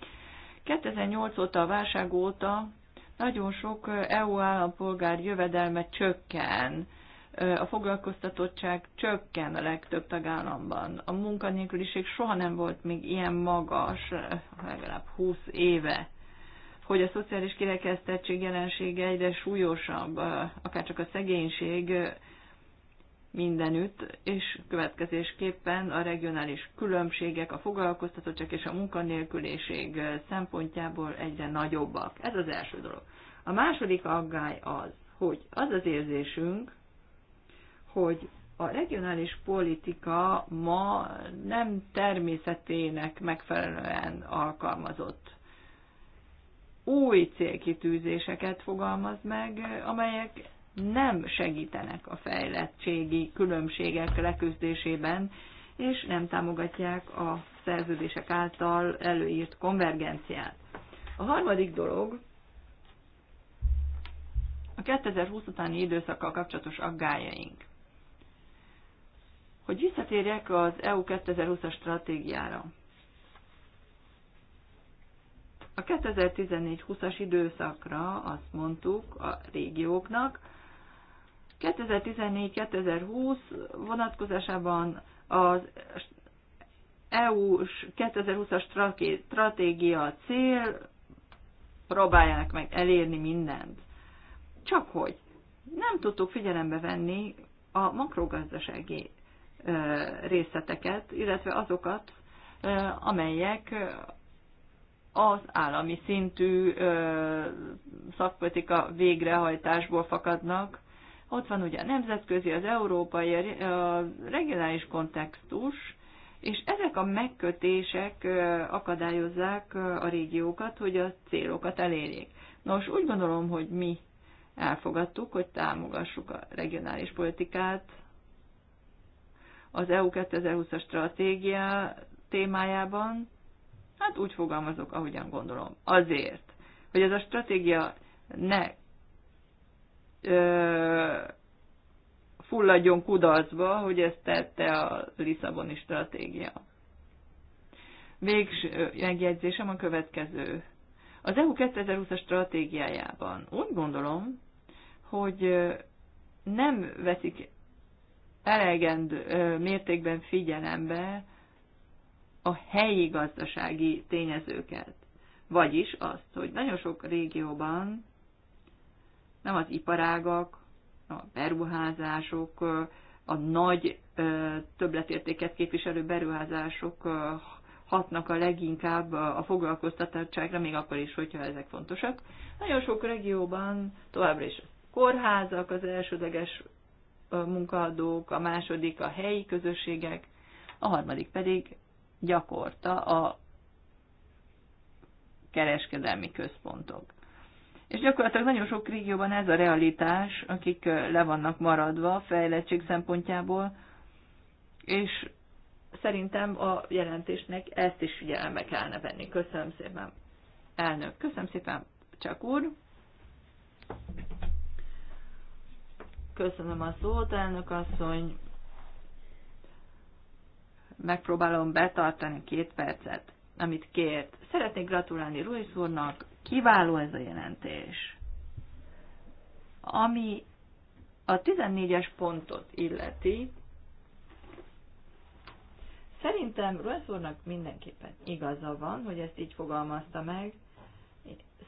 2008 óta, a válság óta nagyon sok EU állampolgár jövedelme csökken a foglalkoztatottság csökken a legtöbb tagállamban. A munkanélküliség soha nem volt még ilyen magas, legalább 20 éve. Hogy a szociális kirekesztettség jelensége egyre súlyosabb, akárcsak a szegénység mindenütt, és következésképpen a regionális különbségek, a foglalkoztatottság és a munkanélküliség szempontjából egyre nagyobbak. Ez az első dolog. A második aggály az, hogy az az érzésünk, hogy a regionális politika ma nem természetének megfelelően alkalmazott. Új célkitűzéseket fogalmaz meg, amelyek nem segítenek a fejlettségi különbségek leküzdésében, és nem támogatják a szerződések által előírt konvergenciát. A harmadik dolog a 2020 utáni időszakkal kapcsolatos aggájaink hogy visszatérjek az EU 2020-as stratégiára. A 2014-20-as időszakra azt mondtuk a régióknak, 2014-2020 vonatkozásában az eu 2020-as stratégia cél, próbálják meg elérni mindent. Csak hogy nem tudtuk figyelembe venni a makrogazdasági részleteket, illetve azokat, amelyek az állami szintű szakpolitika végrehajtásból fakadnak. Ott van ugye a nemzetközi, az európai, a regionális kontextus, és ezek a megkötések akadályozzák a régiókat, hogy a célokat elérjék. Nos, úgy gondolom, hogy mi elfogadtuk, hogy támogassuk a regionális politikát az EU 2020-as stratégia témájában, hát úgy fogalmazok, ahogyan gondolom. Azért, hogy ez a stratégia ne ö, fulladjon kudarcba, hogy ezt tette a Lisszaboni stratégia. Végső megjegyzésem a következő. Az EU 2020-as stratégiájában úgy gondolom, hogy nem veszik elegend mértékben figyelembe a helyi gazdasági tényezőket. Vagyis azt, hogy nagyon sok régióban nem az iparágak, a beruházások, a nagy többletértéket képviselő beruházások hatnak a leginkább a foglalkoztatottságra, még akkor is, hogyha ezek fontosak. Nagyon sok régióban továbbra is kórházak az elsődleges munkaadók, a második a helyi közösségek, a harmadik pedig gyakorta a kereskedelmi központok. És gyakorlatilag nagyon sok régióban ez a realitás, akik le vannak maradva fejlettség szempontjából, és szerintem a jelentésnek ezt is figyelembe kellene venni. Köszönöm szépen, elnök. Köszönöm szépen, csak úr. Köszönöm a szót, elnök asszony. Megpróbálom betartani két percet, amit kért. Szeretnék gratulálni Ruiz úrnak, kiváló ez a jelentés. Ami a 14-es pontot illeti, szerintem Ruiz úrnak mindenképpen igaza van, hogy ezt így fogalmazta meg.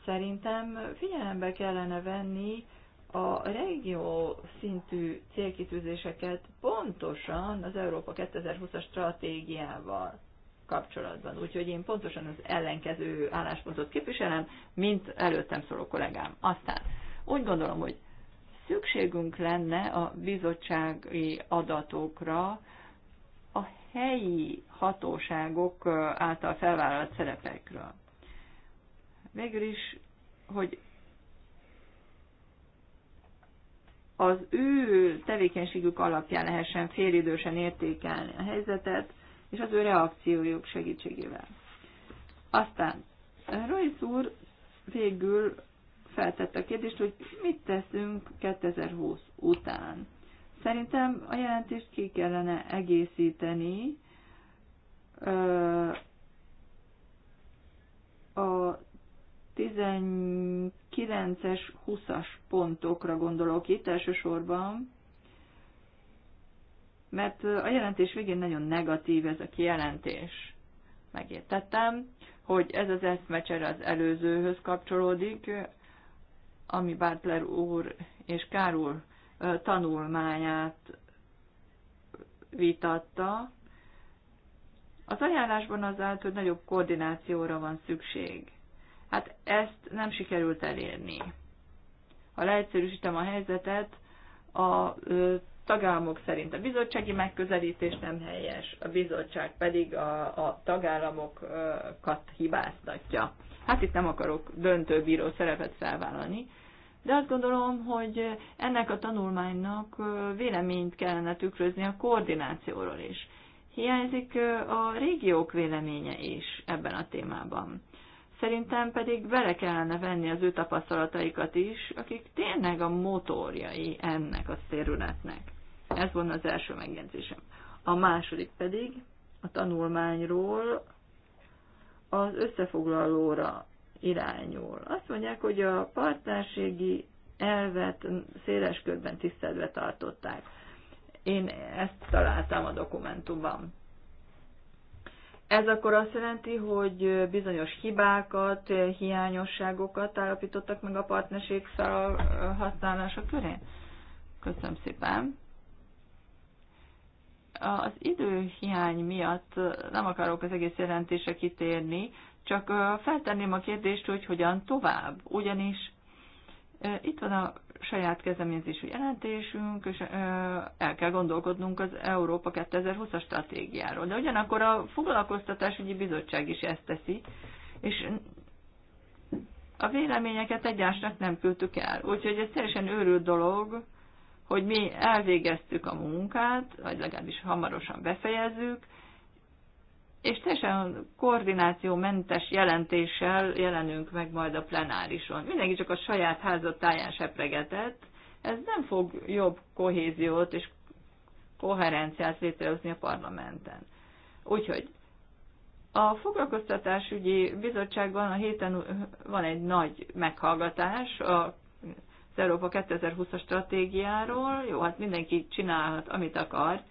Szerintem figyelembe kellene venni, a regió szintű célkitűzéseket pontosan az Európa 2020-as stratégiával kapcsolatban. Úgyhogy én pontosan az ellenkező álláspontot képviselem, mint előttem szóló kollégám. Aztán úgy gondolom, hogy szükségünk lenne a bizottsági adatokra a helyi hatóságok által felvállalt szerepekről. Végül is, hogy az ő tevékenységük alapján lehessen félidősen értékelni a helyzetet, és az ő reakciójuk segítségével. Aztán Royce úr végül feltette a kérdést, hogy mit teszünk 2020 után. Szerintem a jelentést ki kellene egészíteni a 19-es, 20-as pontokra gondolok itt elsősorban, mert a jelentés végén nagyon negatív ez a kijelentés. Megértettem, hogy ez az eszmecsere az előzőhöz kapcsolódik, ami Butler úr és Kárul tanulmányát vitatta. Az ajánlásban az állt, hogy nagyobb koordinációra van szükség. Hát ezt nem sikerült elérni. Ha leegyszerűsítem a helyzetet, a tagállamok szerint a bizottsági megközelítés nem helyes, a bizottság pedig a, a tagállamokat hibáztatja. Hát itt nem akarok döntőbíró szerepet felvállalni, de azt gondolom, hogy ennek a tanulmánynak véleményt kellene tükrözni a koordinációról is. Hiányzik a régiók véleménye is ebben a témában. Szerintem pedig vele kellene venni az ő tapasztalataikat is, akik tényleg a motorjai ennek a szérületnek. Ez volna az első megjegyzésem. A második pedig a tanulmányról az összefoglalóra irányul. Azt mondják, hogy a partnerségi elvet széles körben tiszteletbe tartották. Én ezt találtam a dokumentumban. Ez akkor azt jelenti, hogy bizonyos hibákat, hiányosságokat állapítottak meg a partnerség felhasználása körén? Köszönöm szépen. Az időhiány miatt nem akarok az egész jelentése kitérni, csak feltenném a kérdést, hogy hogyan tovább. Ugyanis itt van a saját kezdeményezésű jelentésünk, és el kell gondolkodnunk az Európa 2020-as stratégiáról. De ugyanakkor a foglalkoztatásügyi bizottság is ezt teszi, és a véleményeket egyásnak nem küldtük el. Úgyhogy ez teljesen őrült dolog, hogy mi elvégeztük a munkát, vagy legalábbis hamarosan befejezzük, és teljesen koordinációmentes jelentéssel jelenünk meg majd a plenárison. Mindenki csak a saját táján sepregetett, ez nem fog jobb kohéziót és koherenciát létrehozni a parlamenten. Úgyhogy a foglalkoztatásügyi bizottságban a héten van egy nagy meghallgatás a az Európa 2020-as stratégiáról. Jó, hát mindenki csinálhat, amit akar,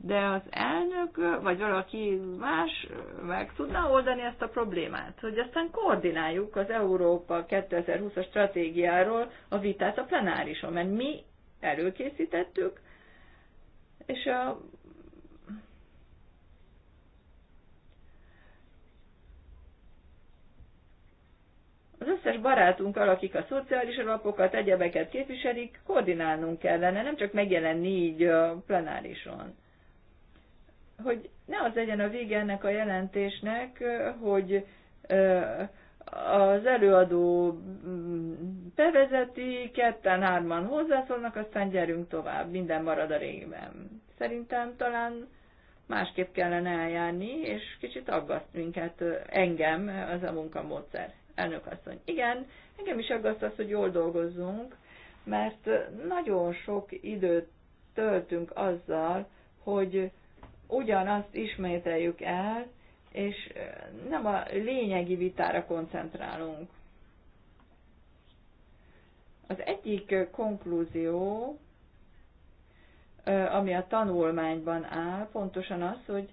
de az elnök, vagy valaki más meg tudna oldani ezt a problémát, hogy aztán koordináljuk az Európa 2020-as stratégiáról a vitát a plenárison, mert mi előkészítettük, és a Az összes barátunkkal, akik a szociális alapokat, egyebeket képviselik, koordinálnunk kellene, nem csak megjelenni így a plenárison hogy ne az legyen a vége ennek a jelentésnek, hogy az előadó mm, bevezeti, ketten, hárman hozzászólnak, aztán gyerünk tovább, minden marad a régben. Szerintem talán másképp kellene eljárni, és kicsit aggaszt minket, engem az a munkamódszer. Elnök asszony, igen, engem is aggaszt az, hogy jól dolgozzunk, mert nagyon sok időt töltünk azzal, hogy ugyanazt ismételjük el, és nem a lényegi vitára koncentrálunk. Az egyik konklúzió, ami a tanulmányban áll, pontosan az, hogy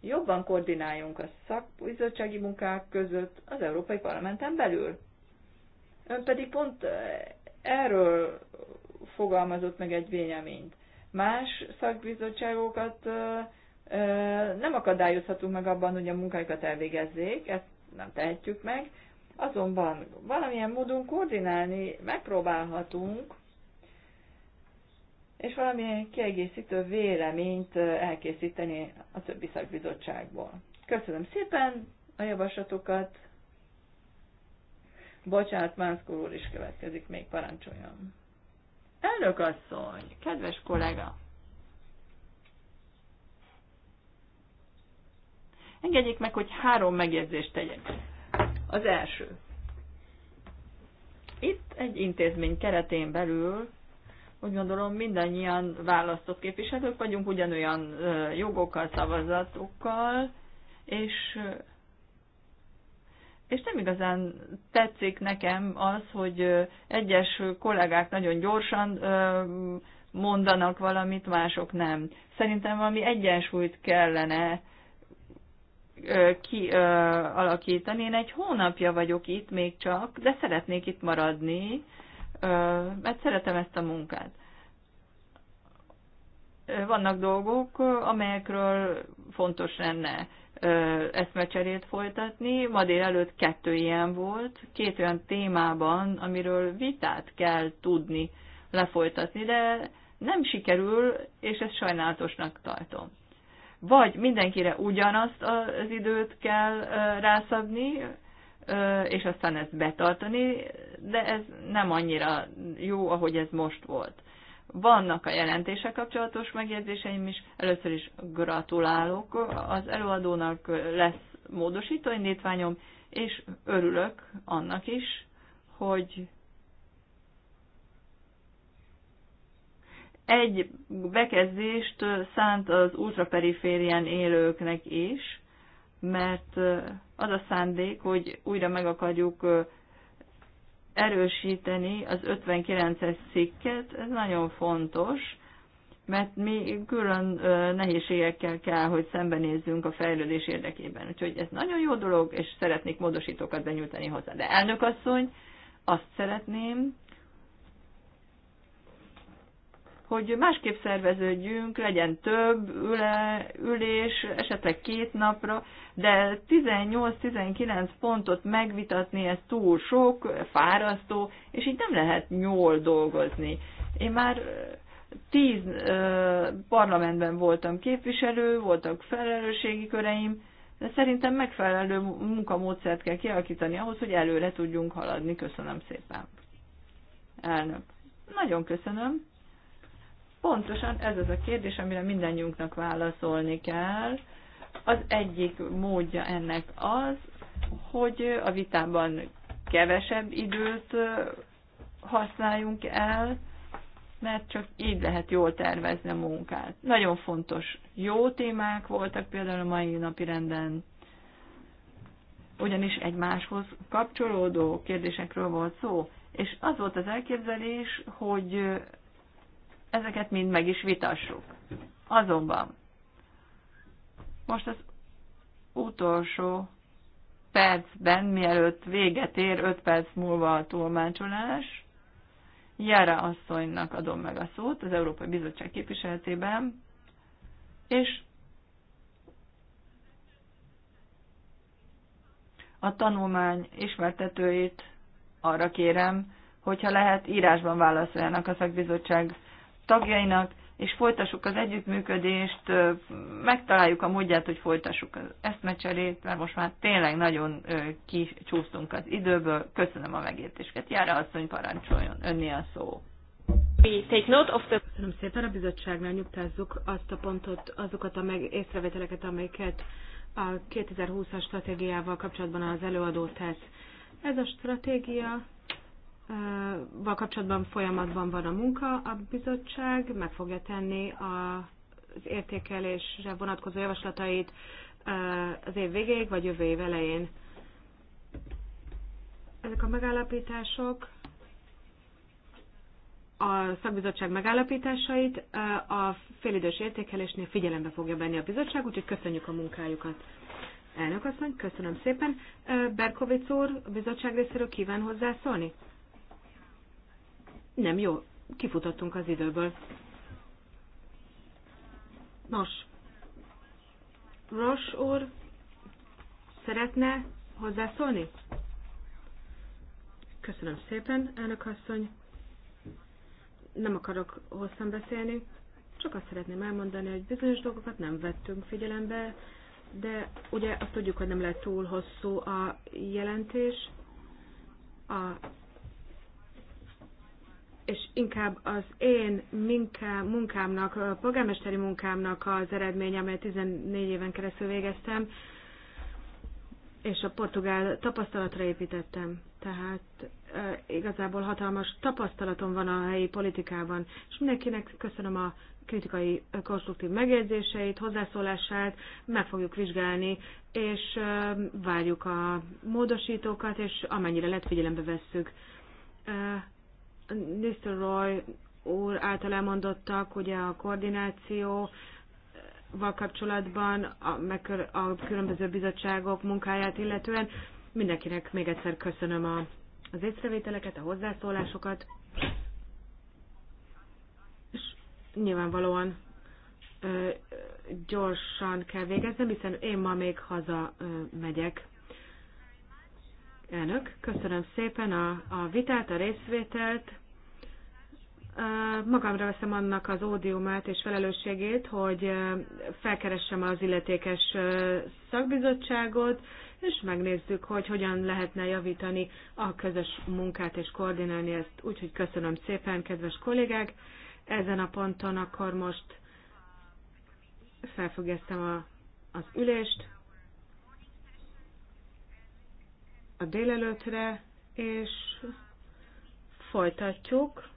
jobban koordináljunk a szakbizottsági munkák között az Európai Parlamenten belül. Ön pedig pont erről fogalmazott meg egy véleményt. Más szakbizottságokat nem akadályozhatunk meg abban, hogy a munkáikat elvégezzék, ezt nem tehetjük meg, azonban valamilyen módon koordinálni megpróbálhatunk, és valamilyen kiegészítő véleményt elkészíteni a többi szakbizottságból. Köszönöm szépen a javaslatokat. Bocsánat, Mászkó úr is következik, még parancsoljon. Elnök asszony, kedves kollega! Engedjék meg, hogy három megjegyzést tegyek. Az első. Itt egy intézmény keretén belül úgy gondolom mindannyian választott képviselők vagyunk, ugyanolyan jogokkal, szavazatokkal és és nem igazán tetszik nekem az, hogy egyes kollégák nagyon gyorsan mondanak valamit, mások nem. Szerintem valami egyensúlyt kellene kialakítani. Én egy hónapja vagyok itt még csak, de szeretnék itt maradni, mert szeretem ezt a munkát. Vannak dolgok, amelyekről fontos lenne eszmecserét folytatni. Ma délelőtt kettő ilyen volt, két olyan témában, amiről vitát kell tudni lefolytatni, de nem sikerül, és ezt sajnálatosnak tartom. Vagy mindenkire ugyanazt az időt kell rászabni, és aztán ezt betartani, de ez nem annyira jó, ahogy ez most volt. Vannak a jelentése kapcsolatos megjegyzéseim is. Először is gratulálok. Az előadónak lesz módosító indítványom, és örülök annak is, hogy egy bekezdést szánt az ultraperiférián élőknek is, mert az a szándék, hogy újra meg akarjuk erősíteni az 59-es cikket, ez nagyon fontos, mert mi külön nehézségekkel kell, hogy szembenézzünk a fejlődés érdekében. Úgyhogy ez nagyon jó dolog, és szeretnék módosítókat benyújtani hozzá. De elnök asszony, azt szeretném, hogy másképp szerveződjünk, legyen több üle, ülés, esetleg két napra, de 18-19 pontot megvitatni, ez túl sok, fárasztó, és így nem lehet nyol dolgozni. Én már tíz ö, parlamentben voltam képviselő, voltak felelősségi köreim, de szerintem megfelelő munkamódszert kell kialakítani ahhoz, hogy előre tudjunk haladni. Köszönöm szépen. Elnök. Nagyon köszönöm. Pontosan ez az a kérdés, amire mindannyiunknak válaszolni kell. Az egyik módja ennek az, hogy a vitában kevesebb időt használjunk el, mert csak így lehet jól tervezni a munkát. Nagyon fontos jó témák voltak például a mai napi renden, ugyanis egymáshoz kapcsolódó kérdésekről volt szó, és az volt az elképzelés, hogy ezeket mind meg is vitassuk. Azonban most az utolsó percben, mielőtt véget ér, 5 perc múlva a tolmácsolás, Jára asszonynak adom meg a szót az Európai Bizottság képviseletében, és a tanulmány ismertetőit arra kérem, hogyha lehet, írásban válaszoljanak a szakbizottság tagjainak, és folytassuk az együttműködést, megtaláljuk a módját, hogy folytassuk az eszmecserét, mert most már tényleg nagyon kicsúsztunk az időből. Köszönöm a megértésket. Jára asszony parancsoljon, önni a szó. Köszönöm szépen a bizottságnál nyugtázzuk azt a pontot, azokat a meg észrevételeket, amelyeket a 2020-as stratégiával kapcsolatban az előadó tesz. Ez a stratégia val kapcsolatban folyamatban van a munka, a bizottság meg fogja tenni az értékelésre vonatkozó javaslatait az év végéig, vagy jövő év elején. Ezek a megállapítások a szakbizottság megállapításait a félidős értékelésnél figyelembe fogja venni a bizottság, úgyhogy köszönjük a munkájukat. Elnök asszony, köszönöm szépen. Berkovic úr, a bizottság részéről kíván hozzászólni? Nem, jó, kifutottunk az időből. Nos, Ross, úr szeretne hozzászólni? Köszönöm szépen, elnök asszony. Nem akarok hosszan beszélni, csak azt szeretném elmondani, hogy bizonyos dolgokat nem vettünk figyelembe, de ugye azt tudjuk, hogy nem lehet túl hosszú a jelentés. A és inkább az én minká, munkámnak, a polgármesteri munkámnak az eredménye, amelyet 14 éven keresztül végeztem, és a portugál tapasztalatra építettem. Tehát e, igazából hatalmas tapasztalatom van a helyi politikában, és mindenkinek köszönöm a kritikai, konstruktív megjegyzéseit, hozzászólását, meg fogjuk vizsgálni, és e, várjuk a módosítókat, és amennyire lett figyelembe vesszük. E, Roy úr által elmondottak, ugye a koordináció, val kapcsolatban, a, meg a különböző bizottságok munkáját illetően. Mindenkinek még egyszer köszönöm a, az észrevételeket, a hozzászólásokat, és nyilvánvalóan ö, gyorsan kell végeznem, hiszen én ma még haza ö, megyek. Elnök, köszönöm szépen a, a vitát, a részvételt. Magamra veszem annak az ódiumát és felelősségét, hogy felkeressem az illetékes szakbizottságot, és megnézzük, hogy hogyan lehetne javítani a közös munkát és koordinálni ezt. Úgyhogy köszönöm szépen, kedves kollégák! Ezen a ponton akkor most felfüggesztem a, az ülést. a délelőtre, és folytatjuk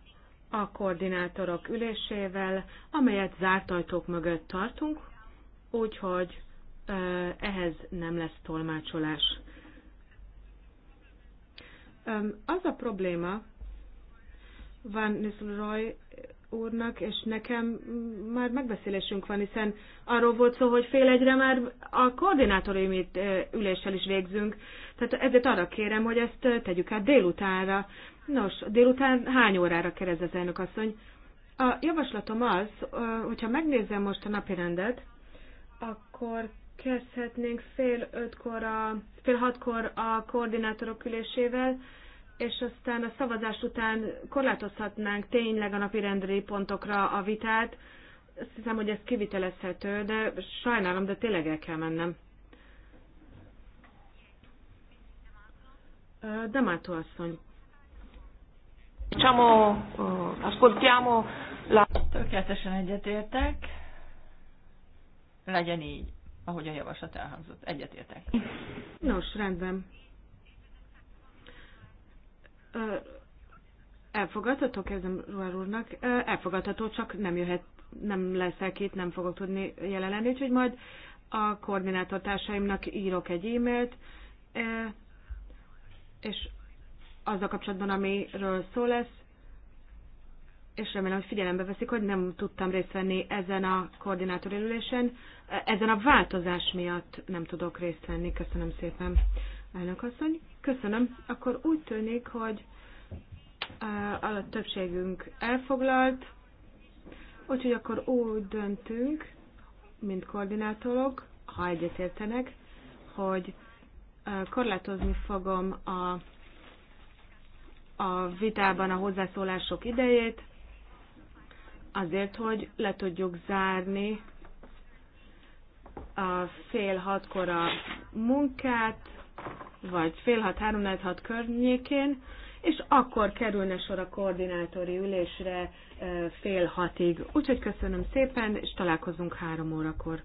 a koordinátorok ülésével, amelyet zárt ajtók mögött tartunk, úgyhogy ehhez nem lesz tolmácsolás. Az a probléma Van Nistelrooy úrnak, és nekem már megbeszélésünk van, hiszen arról volt szó, hogy fél egyre már a koordinátori üléssel is végzünk, tehát ezért arra kérem, hogy ezt tegyük át délutánra. Nos, délután hány órára kérdez az elnök asszony? A javaslatom az, hogyha megnézem most a napirendet, akkor kezdhetnénk fél ötkor, a, fél hatkor a koordinátorok ülésével, és aztán a szavazás után korlátozhatnánk tényleg a napi rendeli pontokra a vitát. Azt hiszem, hogy ez kivitelezhető, de sajnálom, de tényleg el kell mennem. Damato asszony. Csamo, eh, ascoltiamo la... Tökéletesen egyetértek. Legyen így, ahogy a javaslat elhangzott. Egyetértek. Nos, rendben. Elfogadható, kezdem Ruár úrnak. Elfogadható, csak nem jöhet, nem leszek itt, nem fogok tudni jelen lenni, úgyhogy majd a koordinátortársaimnak írok egy e-mailt, és azzal kapcsolatban, amiről szó lesz, és remélem, hogy figyelembe veszik, hogy nem tudtam részt venni ezen a ülésen Ezen a változás miatt nem tudok részt venni. Köszönöm szépen, elnök asszony. Köszönöm. Akkor úgy tűnik, hogy eh, a többségünk elfoglalt, úgyhogy akkor úgy döntünk, mint koordinátorok, ha egyetértenek, hogy korlátozni fogom a, a vitában a hozzászólások idejét, azért, hogy le tudjuk zárni a fél hatkor a munkát, vagy fél hat, három, hat környékén, és akkor kerülne sor a koordinátori ülésre fél hatig. Úgyhogy köszönöm szépen, és találkozunk három órakor.